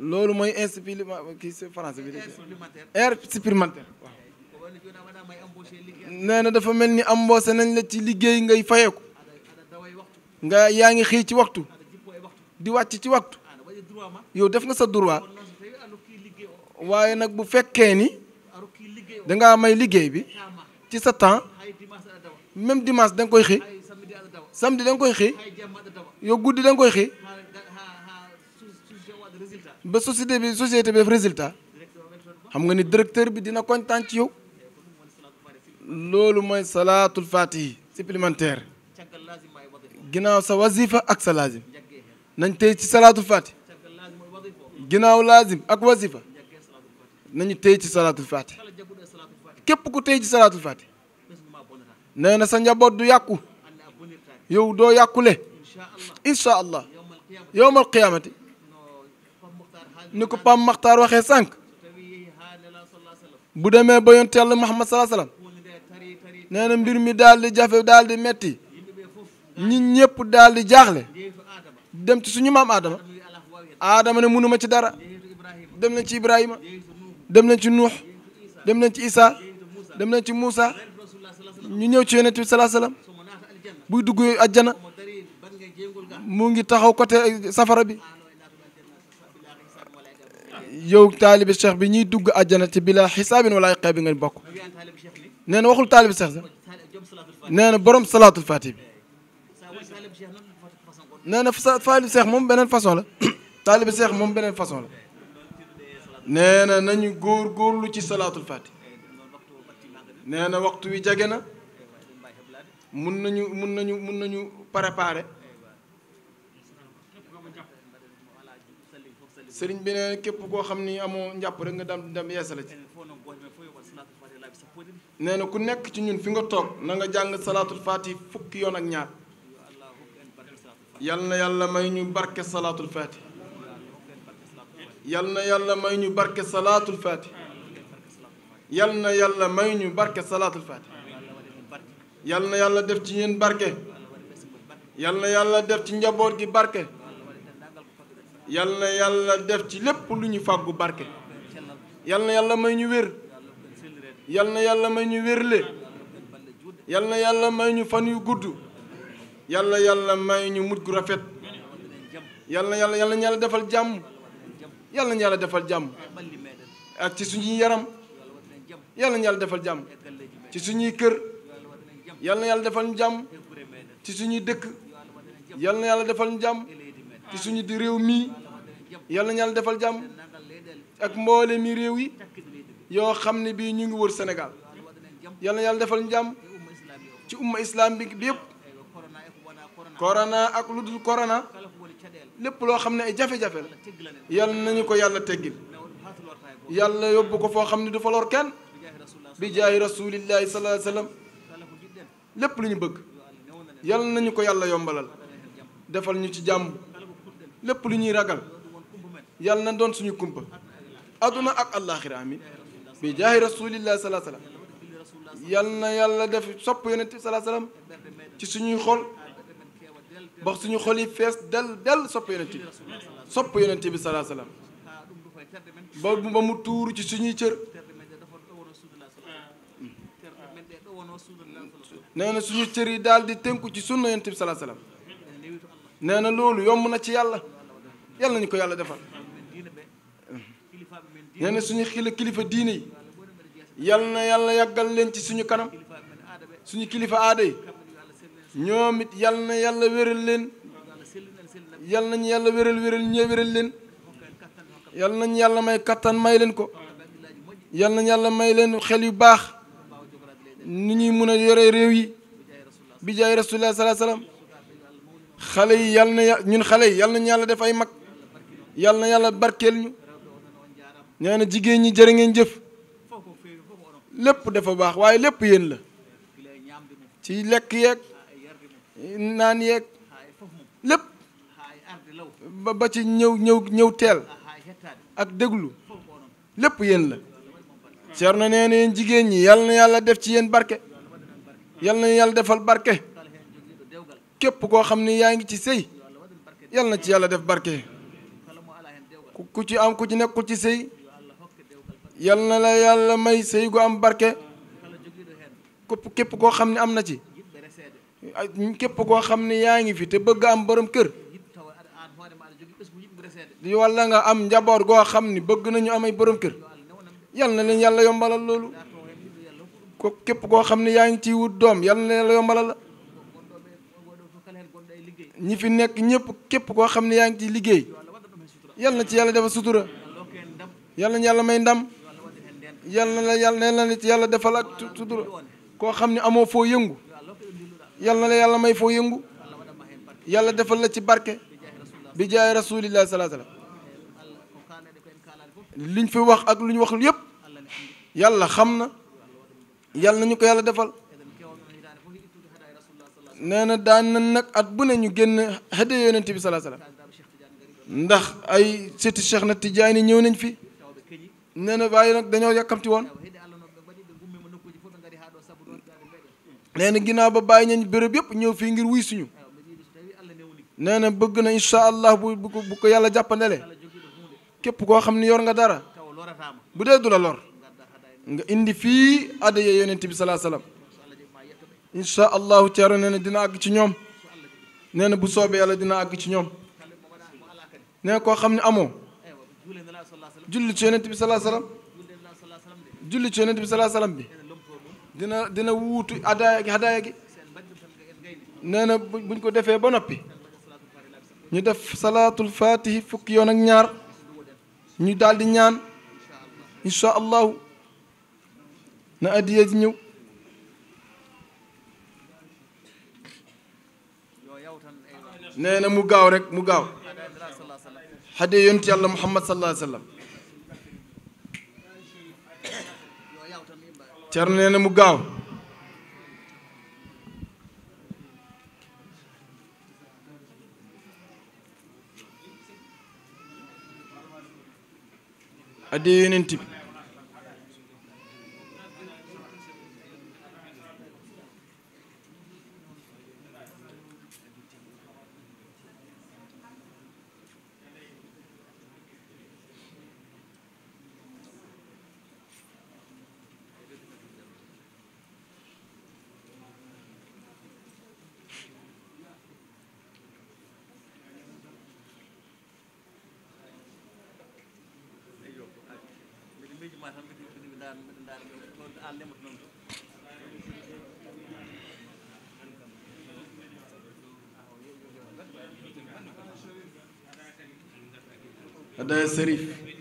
Speaker 3: loolu mooy air supplémentaire kii c'est français bi air supplémentaire waaw nee na dafa mel ni embauché nañ la ci liggéey ngay fayeeku nga yaa ngi xëy ci waxtu di wàcc ci waxtu yow def nga sa droit waaye nag bu fekkee ni dangaa may liggéey bi ci sa temps même dimanche da nga koy xëy samedi da nga koy xëy yow guddi da nga koy xëy ba société bi société résultat xam nga ni directeur bi dina kontaan ci yow loolu mooy salaatul fatihi supplémentaire ginnaaw sa wazifa ak sa laazim nañ tey ci salaatul fatihi ginnaaw laazim ak wazifa nañu tey ci salaatul fatihi képp ku tey ci salaatul fatihi nee na sa njaboot du yàqu yow doo yàqule incha allah yowmal qiyaamati ni ko Pam waxee sànq bu demee ba yonent Yàlla Muhammad salaa salaam nee na mbir mi daal di jafe daal metti ñun ñëpp daal di jaaxle dem ci suñu maam Adama Adama ne mënuma ci dara dem nañ ci Ibrahima dem nañ ci Nuux dem nañ ci Isaa dem nañ ci Muusa ñu ñëw ci yonent bi salaa salaam buy dugg ajjana mu ngi taxaw côté safara bi yow taalibi cheikh bi ñuy dugg ajjana ci bila xisaabin wala iqaab bi nga bokk nee na waxul taalibi cheikh sax nee na borom salaatul fatih bi nee na taalibi cheikh moom beneen façon la taalibi cheikh moom beneen façon la nee na nañu góor góorlu ci salaatul fatih nee na waxtu wi jage na mun nañu mun nañu mun nañu préparer sëriñ bi nee képp koo xam ni amoo njàpp rek nga dam dem yeesala ci nee na ku nekk ci ñun fi nga toog na nga jàng salaatul faat faati fukk yoon ak ñaar yal na yàlla may ñu barke salaatul faati yal na yàlla may ñu barke salaatul faati yal na yàlla may ñu barke salaatul faatiha yal na yàlla def ci yéen barke yal na yàlla def ci njaboot gi barke yal na yàlla def ci lépp lu ñu fàggu barke yal na yàlla may ñu wér yal na yàlla may ñu wérle yal na yàlla may ñu fan yu gudd yal na yàlla may ñu mujj gu rafet yal na yàlla yal defal jàmm yal na yàlla defal jàmm ak ci suñuy yaram yàlla na yàlla defal jàmm ci suñuy kër yàlla na yàlla defal ñu jàmm ci suñuy dëkk yàlla na yàlla defal ñu jàmm ci suñu di réew mii yàlla na yàlla defal jàmm ak mboole mi réew yi yoo xam ne bii ñu ngi wër Sénégal yàlla na yàlla defal ñu jàmm ci umma islam bi bi yëpp korona ak lu dul korona lépp loo xam ne ay jafe-jafe la yàlla nañu ko yàlla teggil yàlla yóbbu ko foo xam ne du fa kenn bi jaayi rasulillahi sallallahu alayhi wasallam lépp lu ñu bëgg yàlla nañu ko yàlla yombalal defal ñu ci jàmm lépp lu ñuy ragal yàlla na doon suñu kumpa adduna ak àllaaxira amin bi jaayi rasulillahi sallallahu alayhi na yàlla def sopp yonente sallallahu alayhi wasallam ci suñuy xol ba suñu xol yi fees del del sopp yonente bi sopp yonente bi sallallahu
Speaker 8: ba mu tuuru ci suñuy cër nee
Speaker 3: na suñu cër yi daal di tënku ci sunna yonent bi salaa salaam na loolu yomb na ci yàlla yàlla nañu ko yàlla defal nee na suñu xila kilifa diine yi yàlla na yàlla yàggal leen ci suñu kanam suñu kilifa aada yi ñoom it na yàlla wéral leen yàlla nañu yàlla wéral wéral ñee wéral leen yàlla nañu yàlla may kattan may leen ko yàlla nañu yàlla may leen xel yu baax ni ñuy mun a yore réew yi bi jaay rasulullah salaa salaam xale yi yal na ñun xale yi yal nañu yàlla def ay mag yal na yàlla barkeel ñu ñaa na jigéen ñi jërë ngeen jëf lépp dafa baax waaye lépp yéen la ci lekk yeeg naan yeeg lépp ba ci ñëw ñëw ñëw teel ak déglu lépp yéen la Cerno na na yéen jigéen ñi yal na yàlla def ci yéen barke yal na yàlla defal barke képp koo xam ne yaa ngi ci sëy yal na ci yàlla def barke ku ci am ku ci nekkul ci sëy yal na la yàlla may sëy gu am barke képp képp koo xam ne am na ci képp koo xam ne yaa ngi fi te bëgg am borom kër walla nga am njaboot goo xam ne bëgg nañu amay borom kër yal na leen yàlla yombalal loolu ko képp koo xam ne yaa ngi ciy wut doom yal na yàlla yombalal la ñi fi nekk ñëpp képp koo xam ne yaa ngi ciy liggéey yal na ci yàlla defal sutura yal nañ yàlla may ndam yal na la yal na ci yàlla defal ak sutura koo xam ne amoo foo yëngu yal na la yàlla may foo yëngu yàlla defal la ci barke bi jaay rasulillahi salaa sallam liñ fi wax ak luñ ñu waxul yépp yàlla xam na yàlla nañu ko yàlla defal nee na daan na nag at bu ne ñu génn xëdde yonent bi salaa salaam ndax ay sëti Cheikh na Tijaani ñëw nañ fi nee na waaye nag dañoo yàkkamti woon nee na ginnaaw ba bàyyi nañ béréb yépp ñëw fii ngir wuy suñu nee na bëgg na insha allah bu bu ko yàlla jàppandele képp koo xam ni yor nga dara bu dee du la lor nga indi fii adaya yonent bi salaa salaam incha allahu teero nee na dina àgg ci ñoom nee na bu soobee yàlla dina àgg ci ñoom nee na koo xam ne amoo julli ci yonent bi salaa salaam julli ci yonent bi salaa salaam bi dina dina wuutu adaaya gi adaaya gi nee na buñ ko defee ba noppi ñu def salaatul faatihi fukki yoon ak ñaar ñu daal ñaan incha allahu na addiya ji ñëw
Speaker 8: nee na mu gaaw rek mu gaaw
Speaker 3: xadee yonti yàlla muhammad sallallahu alayhi wa sallam cer mu gaaw addi yonent
Speaker 7: bi
Speaker 4: ده يا سريف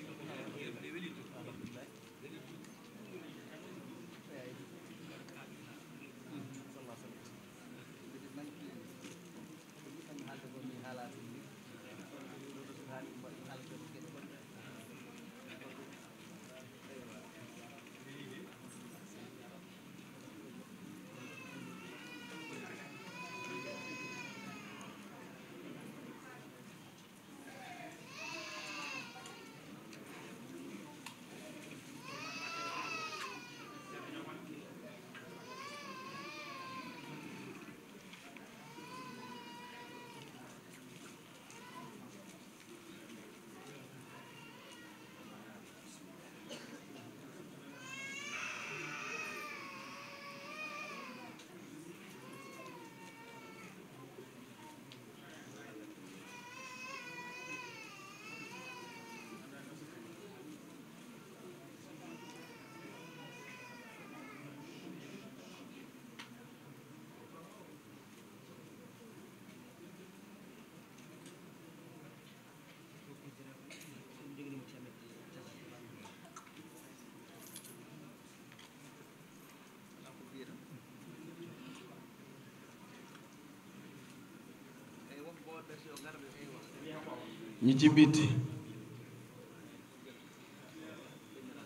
Speaker 3: ñi ci biti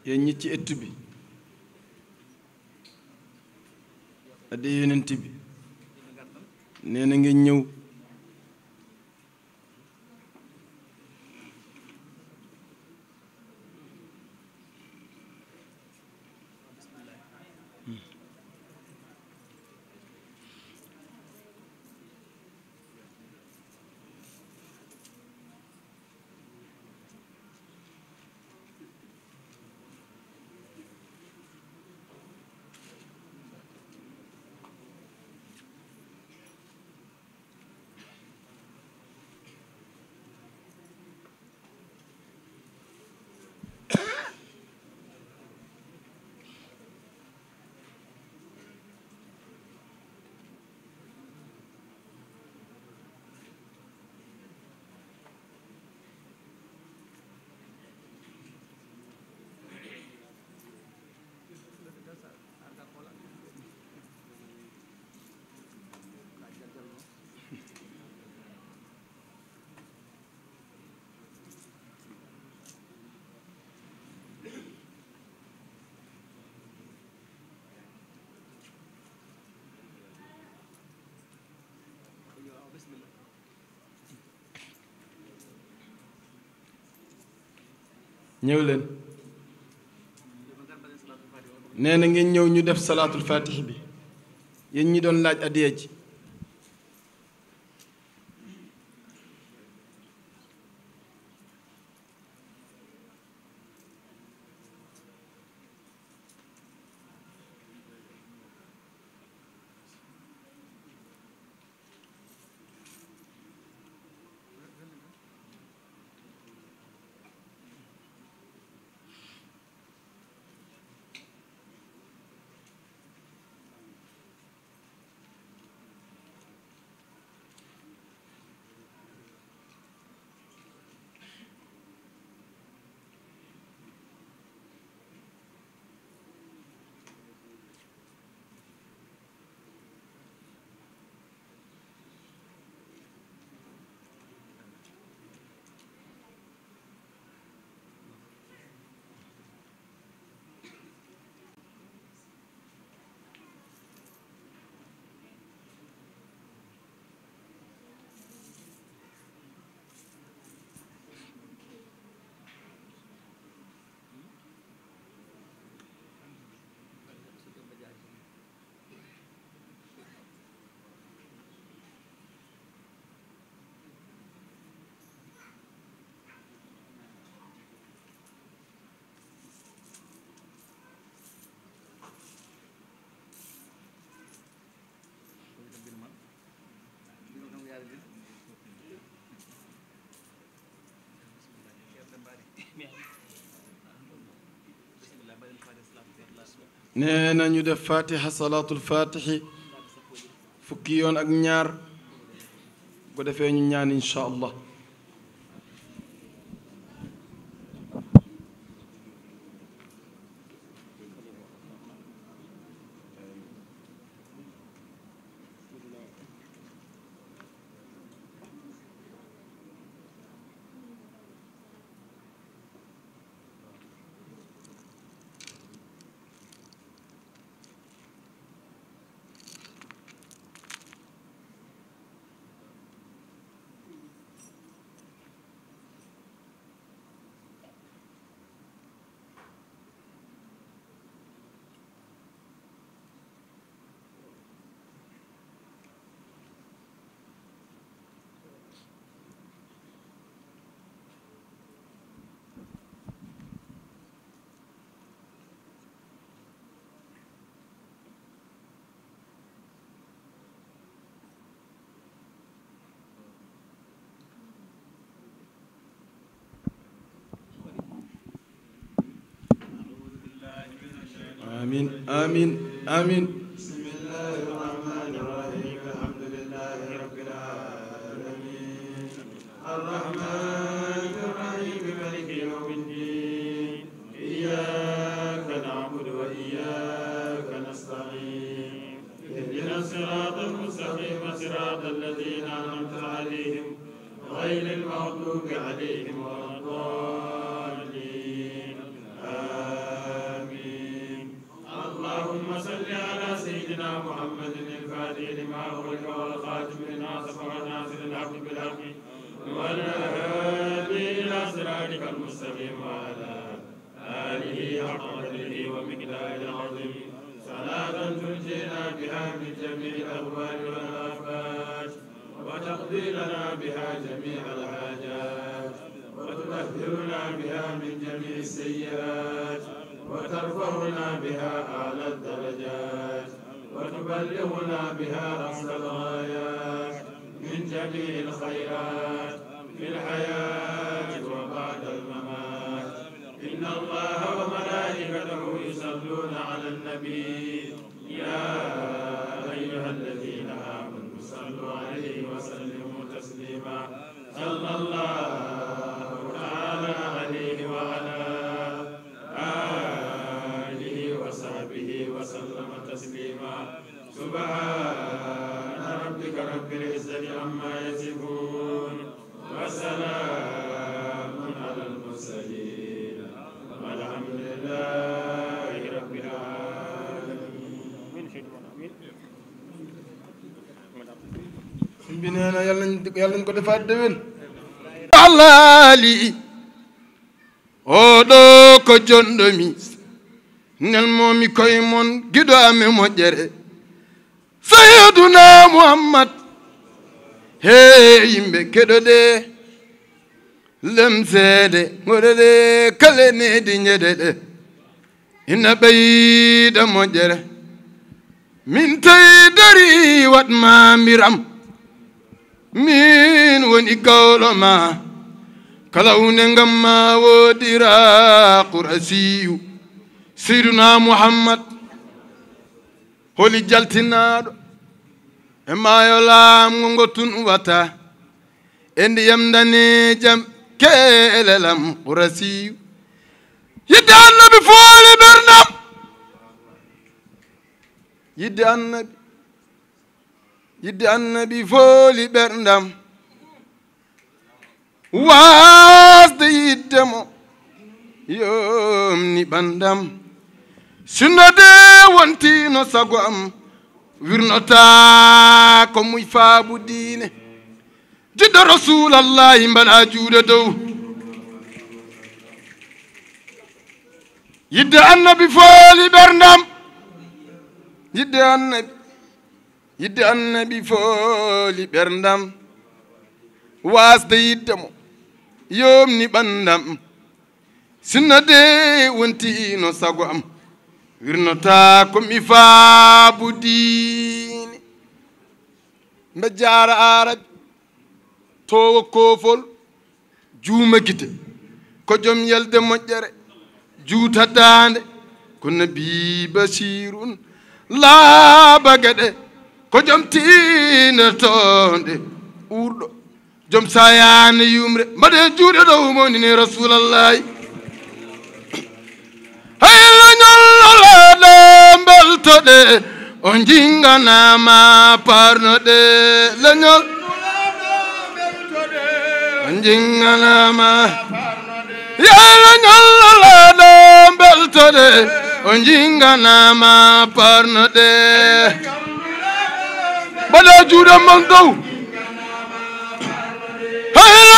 Speaker 3: yéen ñi ci ëtt bi addi yonent bi nee na ngeen ñëw ñëw leen nee na ngeen ñëw ñu def salaatul fatih bi yéen ñi doon laaj addiya ji nee na def fatiha salaatu fatihi fukki yoon ak ñaar bu ko defee ñu ñaan incha allah آمين آمين آمين بسم الله
Speaker 7: الرحمن الرحيم الحمد لله رب العالمين الرحمن بها من جميع الأهوال والآفات وتقضي لنا بها جميع الحاجات وتنفرنا بها من جميع السيئات وترفعنا بها أعلى الدرجات وتبلغنا بها أقصى الغايات من جميع الخيرات في الحياة وبعد الممات إن الله وملائكته يصلون على النبي sallallahu
Speaker 1: yàlla nañu ko defaat déwén alaali oɗo ko jonɗomi nel momi koye moon giɗo ame muhammad he yimɓe keɗoɗe lemseede goɗoɗe kala needi ñeɗe ɗe ina ɓeyida moƴƴere min tawi dari watma mbiram min woni gawlo kala hunde ngam ma woodira qurasiyu seyduna mouhammad holi jaltinaɗo e maayo laamgo ngo tunwata e ndiyam dane jam keelelam qurasiyu yidde annabi fooli bernam yidde yidde annabi fooli ɓerndam wasde yidde mo yomni ɓandam sunnode wontino sago am wirnota muy faabu diine jiɗɗo rasulallahi mbaɗa juuɗe dow yidde annabi fooli ɓerndam yidde annabi fooli ɓerdam wasde yidde mo yomni ɓandam sinnade wontino sago am wirnota komi faabu diine mbe jaara arabi towo koofol juuma gite ko joom yelde moƴƴere juutadaande ko nabi basirun laaba geɗe ko jom tiina toonde uurɗo jom sayane yumre mbaɗen juuɗe ɗo umonini rasulallahi hayno ñollolaɗo beltoɗe o jinganama parnoɗe leñol o jinganama yayno ñollolaɗo beltoɗe o jinganama parnoɗe bada juuɗe man dow hayra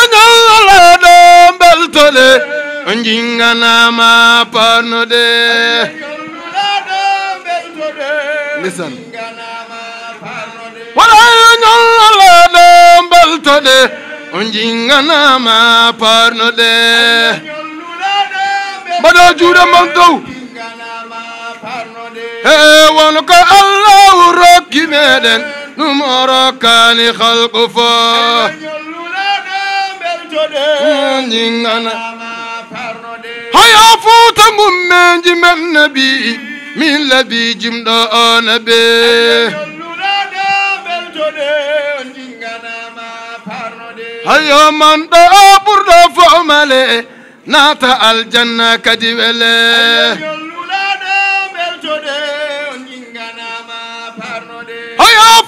Speaker 1: ñallalaɗo allahu rokki meɗen numoro kaani xalku fo
Speaker 2: jingana haya fuuta ngummeji
Speaker 1: men nabi min labi jimɗo ona be hayo man ɗo ɓurɗo fo male naata aljanna kadi wele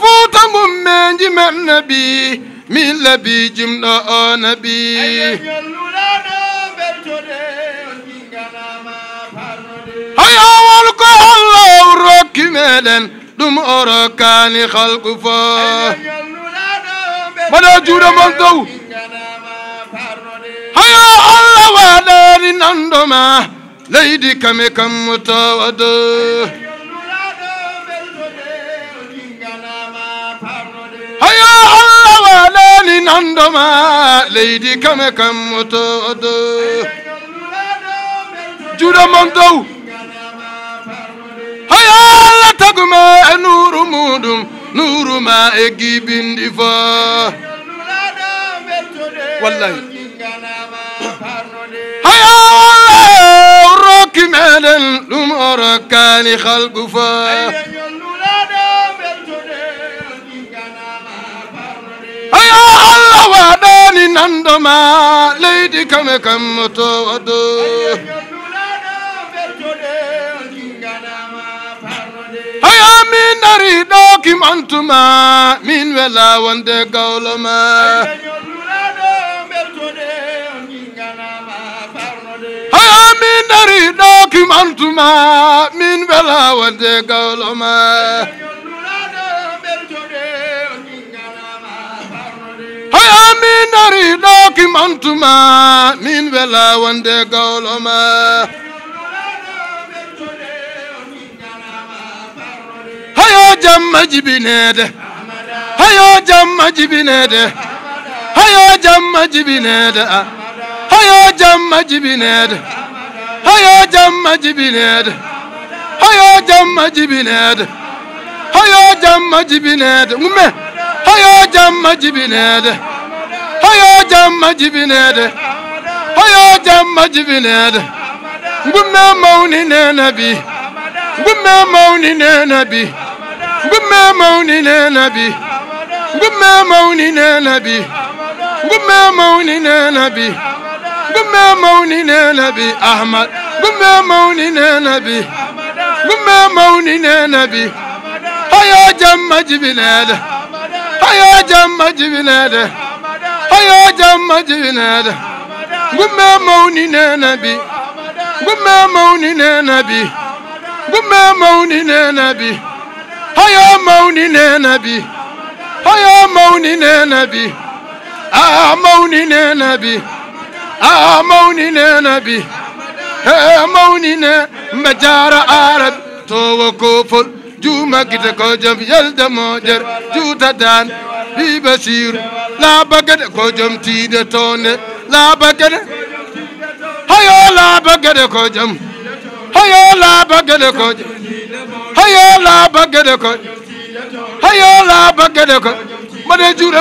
Speaker 1: fuuta ngummeeji men nabi min labi jimɗo o nabi hayawol ko allah rokki meɗen ɗum o rokkani halku fo
Speaker 2: mbaɗa juuɗe mon dow
Speaker 1: hayo allah waɗani nandoma leydi kame kammo tawa dow haya Allah wala ni nando ma leydi kame kam motoɗo juuɗo mon dow haya Allah taguma e nuru muɗum nuru ma e gibindi fo wallahi haya Allah rokki meɗen ɗum ya allah waɗani nandoma leydi kame kam to waɗo haya min dariɗo kim antuma min min dariɗo kim gawlo ma hay amin ari ɗaki mantuma min wela wonde gawloma hayo jamma jibinede hayo jamma jibinede hayo jamma jibinede hayo jamma jibinede hayo jamma jibinede hayo jamma jibinede hayo jamma jibinede umme Hayo camma cibine de. Hayo camma cibine de. Hayo camma cibine de. Gumme mavnine nebi. Gumme mavnine nebi. Gumme mavnine nebi. Gumme mavnine nebi. Gumme mavnine nebi. Gumme mavnine nebi. Ahmet. Gumme mavnine nebi. Gumme mavnine nebi. Hayo camma cibine de. hayo jamma jibinede hayo jamma jibinede gumme mawnine nabi gumme nabi gumme mawnine nabi hayo mawnine nabi hayo mawnine nabi a ah, mawnine nabi a ah, mawnine nabi he eh, mawnine mbe jara arab to wo juuma gite ko jom yelde moo der juuta daan bii basiiru laaba gede ko jom tiide toonde laaba gede hayo laaba gede ko jom hayo laaba gede ko jom hayo laaba gede ko hayo laaba gede ko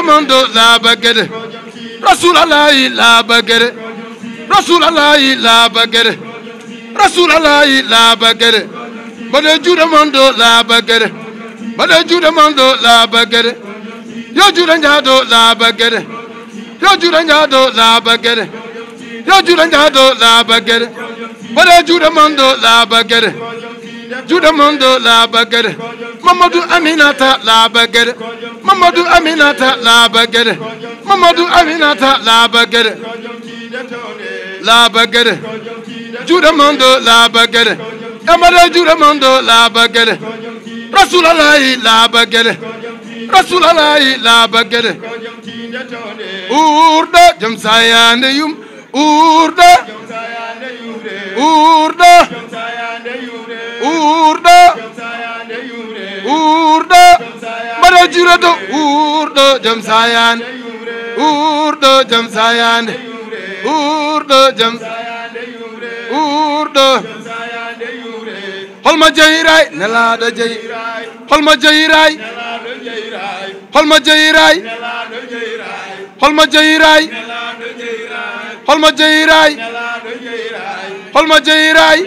Speaker 1: mon do laaba gede rasulalayi laaba gede rasulalayi laaba gede mbaɗo juuɗe mon ɗo laabagere mbaɗo juuɗe mon ɗo laabagere yo juuɗe njaha dow laabagere yo juuɗe njaha dow laabagere yo juuɗe njaha dow laabagere mbaɗo juuɗe mon ɗo laabagere juuɗe mon ɗo laabagere mamadou aminata laabagere mamadou aminata laabagere mamadou aminata laabagere laabagere juuɗe mon ɗo laabagere Amada Juramando la bagere Rasulalahi la bagere Rasulalahi la bagere Urda jamsayane yum Urda Urda Urda Urda Mada Jurado Urda jamsayan Urda jamsayan Urda jam Urda jamsayan holma jeeyiray nelaaɗo jeeyi holma jeeyiray holma jeeyiray holma jeeyiray holma jeeyiray holma jeeyiray